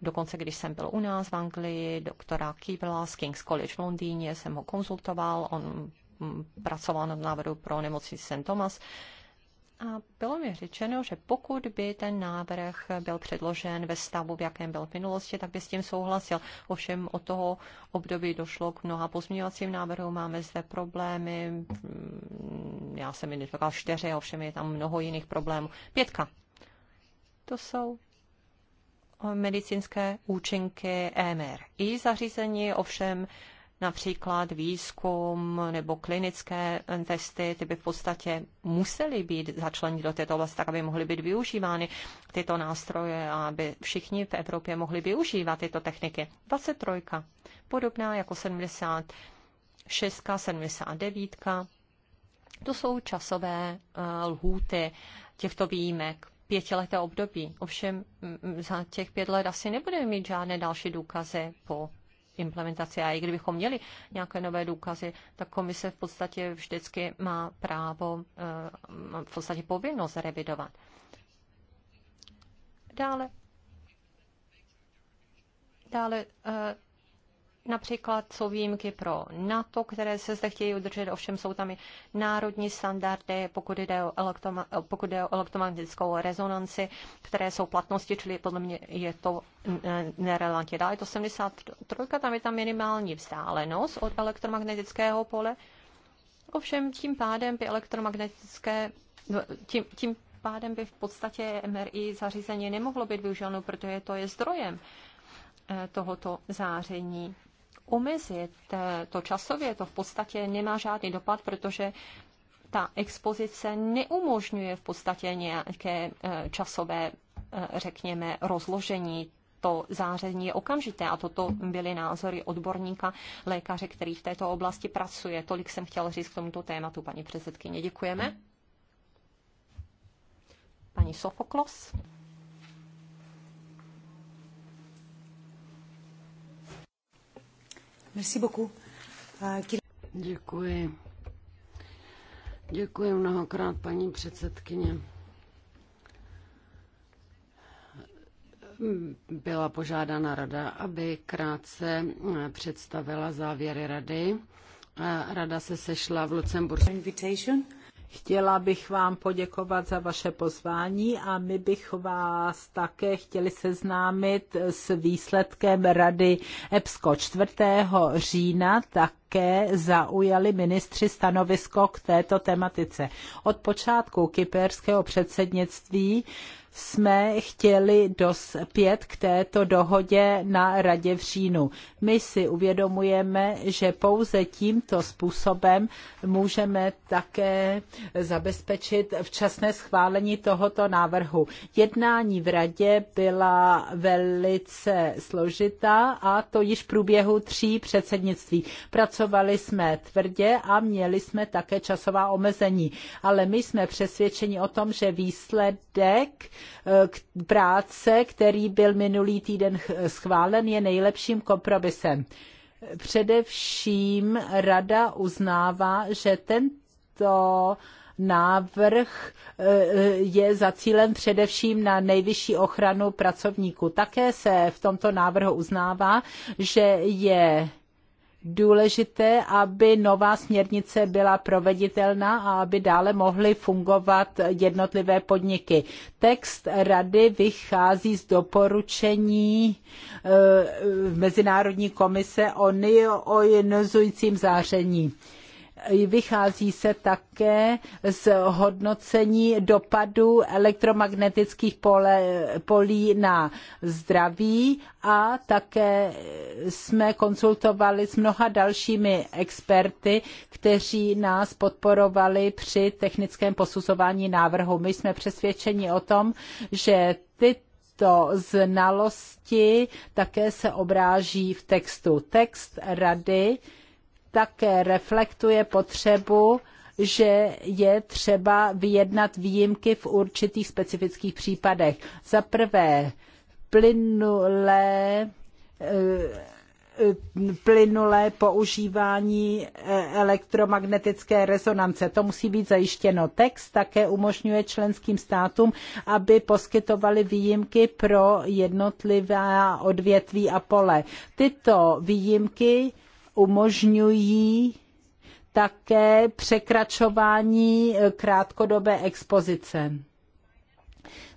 Speaker 2: Dokonce, když jsem byl u nás v Anglii, doktora Kýbla z King's College v Londýně, jsem ho konzultoval, on mm, pracoval na návrhu pro nemocnici St. Thomas a bylo mi řečeno, že pokud by ten návrh byl předložen ve stavu, v jakém byl v minulosti, tak by s tím souhlasil. Ovšem od toho období došlo k mnoha pozměňovacím návrhům, máme zde problémy, mm, já jsem identifikoval čtyři, ovšem je tam mnoho jiných problémů. Pětka. To jsou medicínské účinky EMR. I zařízení ovšem například výzkum nebo klinické testy, ty by v podstatě musely být začleněny do této oblasti, tak aby mohly být využívány tyto nástroje a aby všichni v Evropě mohli využívat tyto techniky. 23. Podobná jako 76. 79. To jsou časové eh, lhůty těchto výjimek pětileté období. Ovšem za těch pět let asi nebudeme mít žádné další důkazy po implementaci. A i kdybychom měli nějaké nové důkazy, tak komise v podstatě vždycky má právo, eh, v podstatě povinnost revidovat. Dále, dále eh, Například jsou výjimky pro NATO, které se zde chtějí udržet, ovšem jsou tam i národní standardy, pokud jde o, elektroma, pokud jde o elektromagnetickou rezonanci, které jsou platnosti, čili podle mě je to mm, eh, nerelevantně. Dále je to 73, tam je ta minimální vzdálenost od elektromagnetického pole. Ovšem tím pádem by elektromagnetické, tím, tím pádem by v podstatě MRI zařízení nemohlo být využíváno, protože to je zdrojem eh, tohoto záření omezit eh, to časově, to v podstatě nemá žádný dopad, protože ta expozice neumožňuje v podstatě nějaké eh, časové, eh, řekněme, rozložení to záření je okamžité a toto byly názory odborníka, lékaře, který v této oblasti pracuje. Tolik jsem chtěl říct k tomuto tématu, paní předsedkyně. Děkujeme. Paní Sofoklos.
Speaker 1: Merci beaucoup. Děkuji. Děkuji mnohokrát, paní předsedkyně. Byla požádána rada, aby krátce představila závěry rady.
Speaker 3: Rada se sešla v Lucembursku. Chtěla bych vám poděkovat za vaše pozvání a my bych vás také chtěli seznámit s výsledkem Rady EPSCO 4. října, tak také zaujali ministři stanovisko k této tematice. Od počátku kyperského předsednictví jsme chtěli dospět k této dohodě na Radě v říjnu. My si uvědomujeme, že pouze tímto způsobem můžeme také zabezpečit včasné schválení tohoto návrhu. Jednání v Radě byla velice složitá a to již v průběhu tří předsednictví. Pracovali jsme tvrdě a měli jsme také časová omezení, ale my jsme přesvědčeni o tom, že výsledek Eh, práce, který byl minulý týden schválen, je nejlepším kompromisem. Především rada uznává, že tento návrh eh, je zacílen především na nejvyšší ochranu pracovníků. Také se v tomto návrhu uznává, že je důležité, aby nová směrnice byla proveditelná a aby dále mohly fungovat jednotlivé podniky. Text rady vychází z doporučení eh, Mezinárodní komise o neonizujícím záření. Vychází se také z hodnocení dopadu elektromagnetických pole, polí na zdraví a také jsme konzultovali s mnoha dalšími experty, kteří nás podporovali při technickém posuzování návrhu. My jsme přesvědčeni o tom, že ty tyto znalosti také se obráží v textu. Text rady také reflektuje potřebu, že je třeba vyjednat výjimky v určitých specifických případech. Za prvé, plynulé eh, plynulé používání eh, elektromagnetické rezonance. To musí být zajištěno. Text také umožňuje členským státům, aby poskytovali výjimky pro jednotlivá odvětví a pole. Tyto výjimky umožňují také překračování eh, krátkodobé expozice.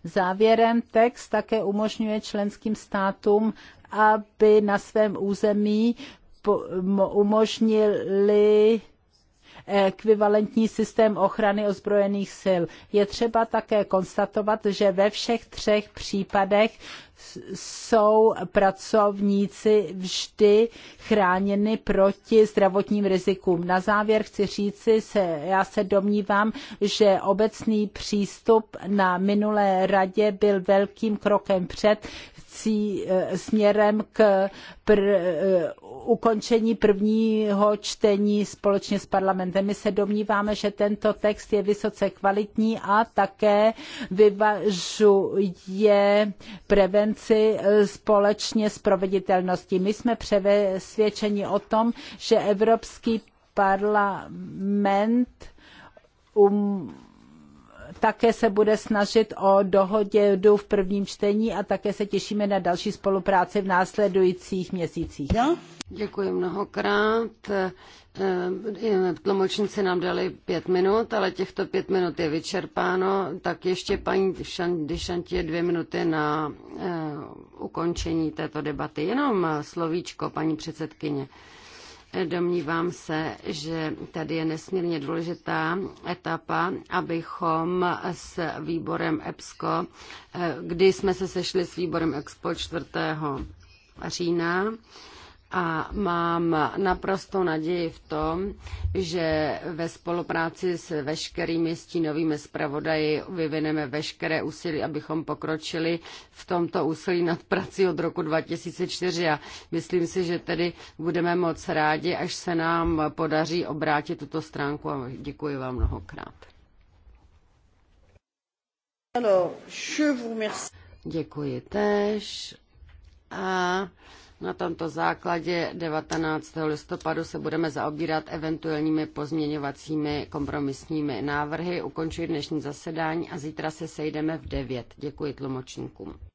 Speaker 3: Závěrem text také umožňuje členským státům, aby na svém území umožnili ekvivalentní systém ochrany ozbrojených sil. Je třeba také konstatovat, že ve všech třech případech jsou pracovníci vždy chráněni proti zdravotním rizikům. Na závěr chci říci, se, já se domnívám, že obecný přístup na minulé radě byl velkým krokem před prací eh, směrem k pr, eh, ukončení prvního čtení společně s parlamentem. My se domníváme, že tento text je vysoce kvalitní a také vyvažuje prevenci eh, společně s proveditelností. My jsme přesvědčeni o tom, že Evropský parlament um, také se bude snažit o dohodu v prvním čtení a také se těšíme na další spolupráci v následujících měsících. Jo? Děkuji mnohokrát. Eh,
Speaker 1: eh, tlumočníci nám dali pět minut, ale těchto pět minut je vyčerpáno. Tak ještě paní Dešantě dvě minuty na eh, ukončení této debaty. Jenom slovíčko, paní předsedkyně. Domnívám se, že tady je nesmírně důležitá etapa, abychom s výborem EPSCO, eh, kdy jsme se sešli s výborem EXPO 4. října, a mám naprosto naději v tom, že ve spolupráci s veškerými stínovými zpravodaji vyvineme veškeré úsilí, abychom pokročili v tomto úsilí nad prací od roku 2004 a myslím si, že tedy budeme moc rádi, až se nám podaří obrátit tuto stránku a děkuji vám mnohokrát. Děkuji tež a na tomto základě 19. listopadu se budeme zaobírat eventuálními pozměňovacími kompromisními návrhy. Ukončuji dnešní zasedání a zítra se sejdeme v 9. Děkuji tlumočníkům.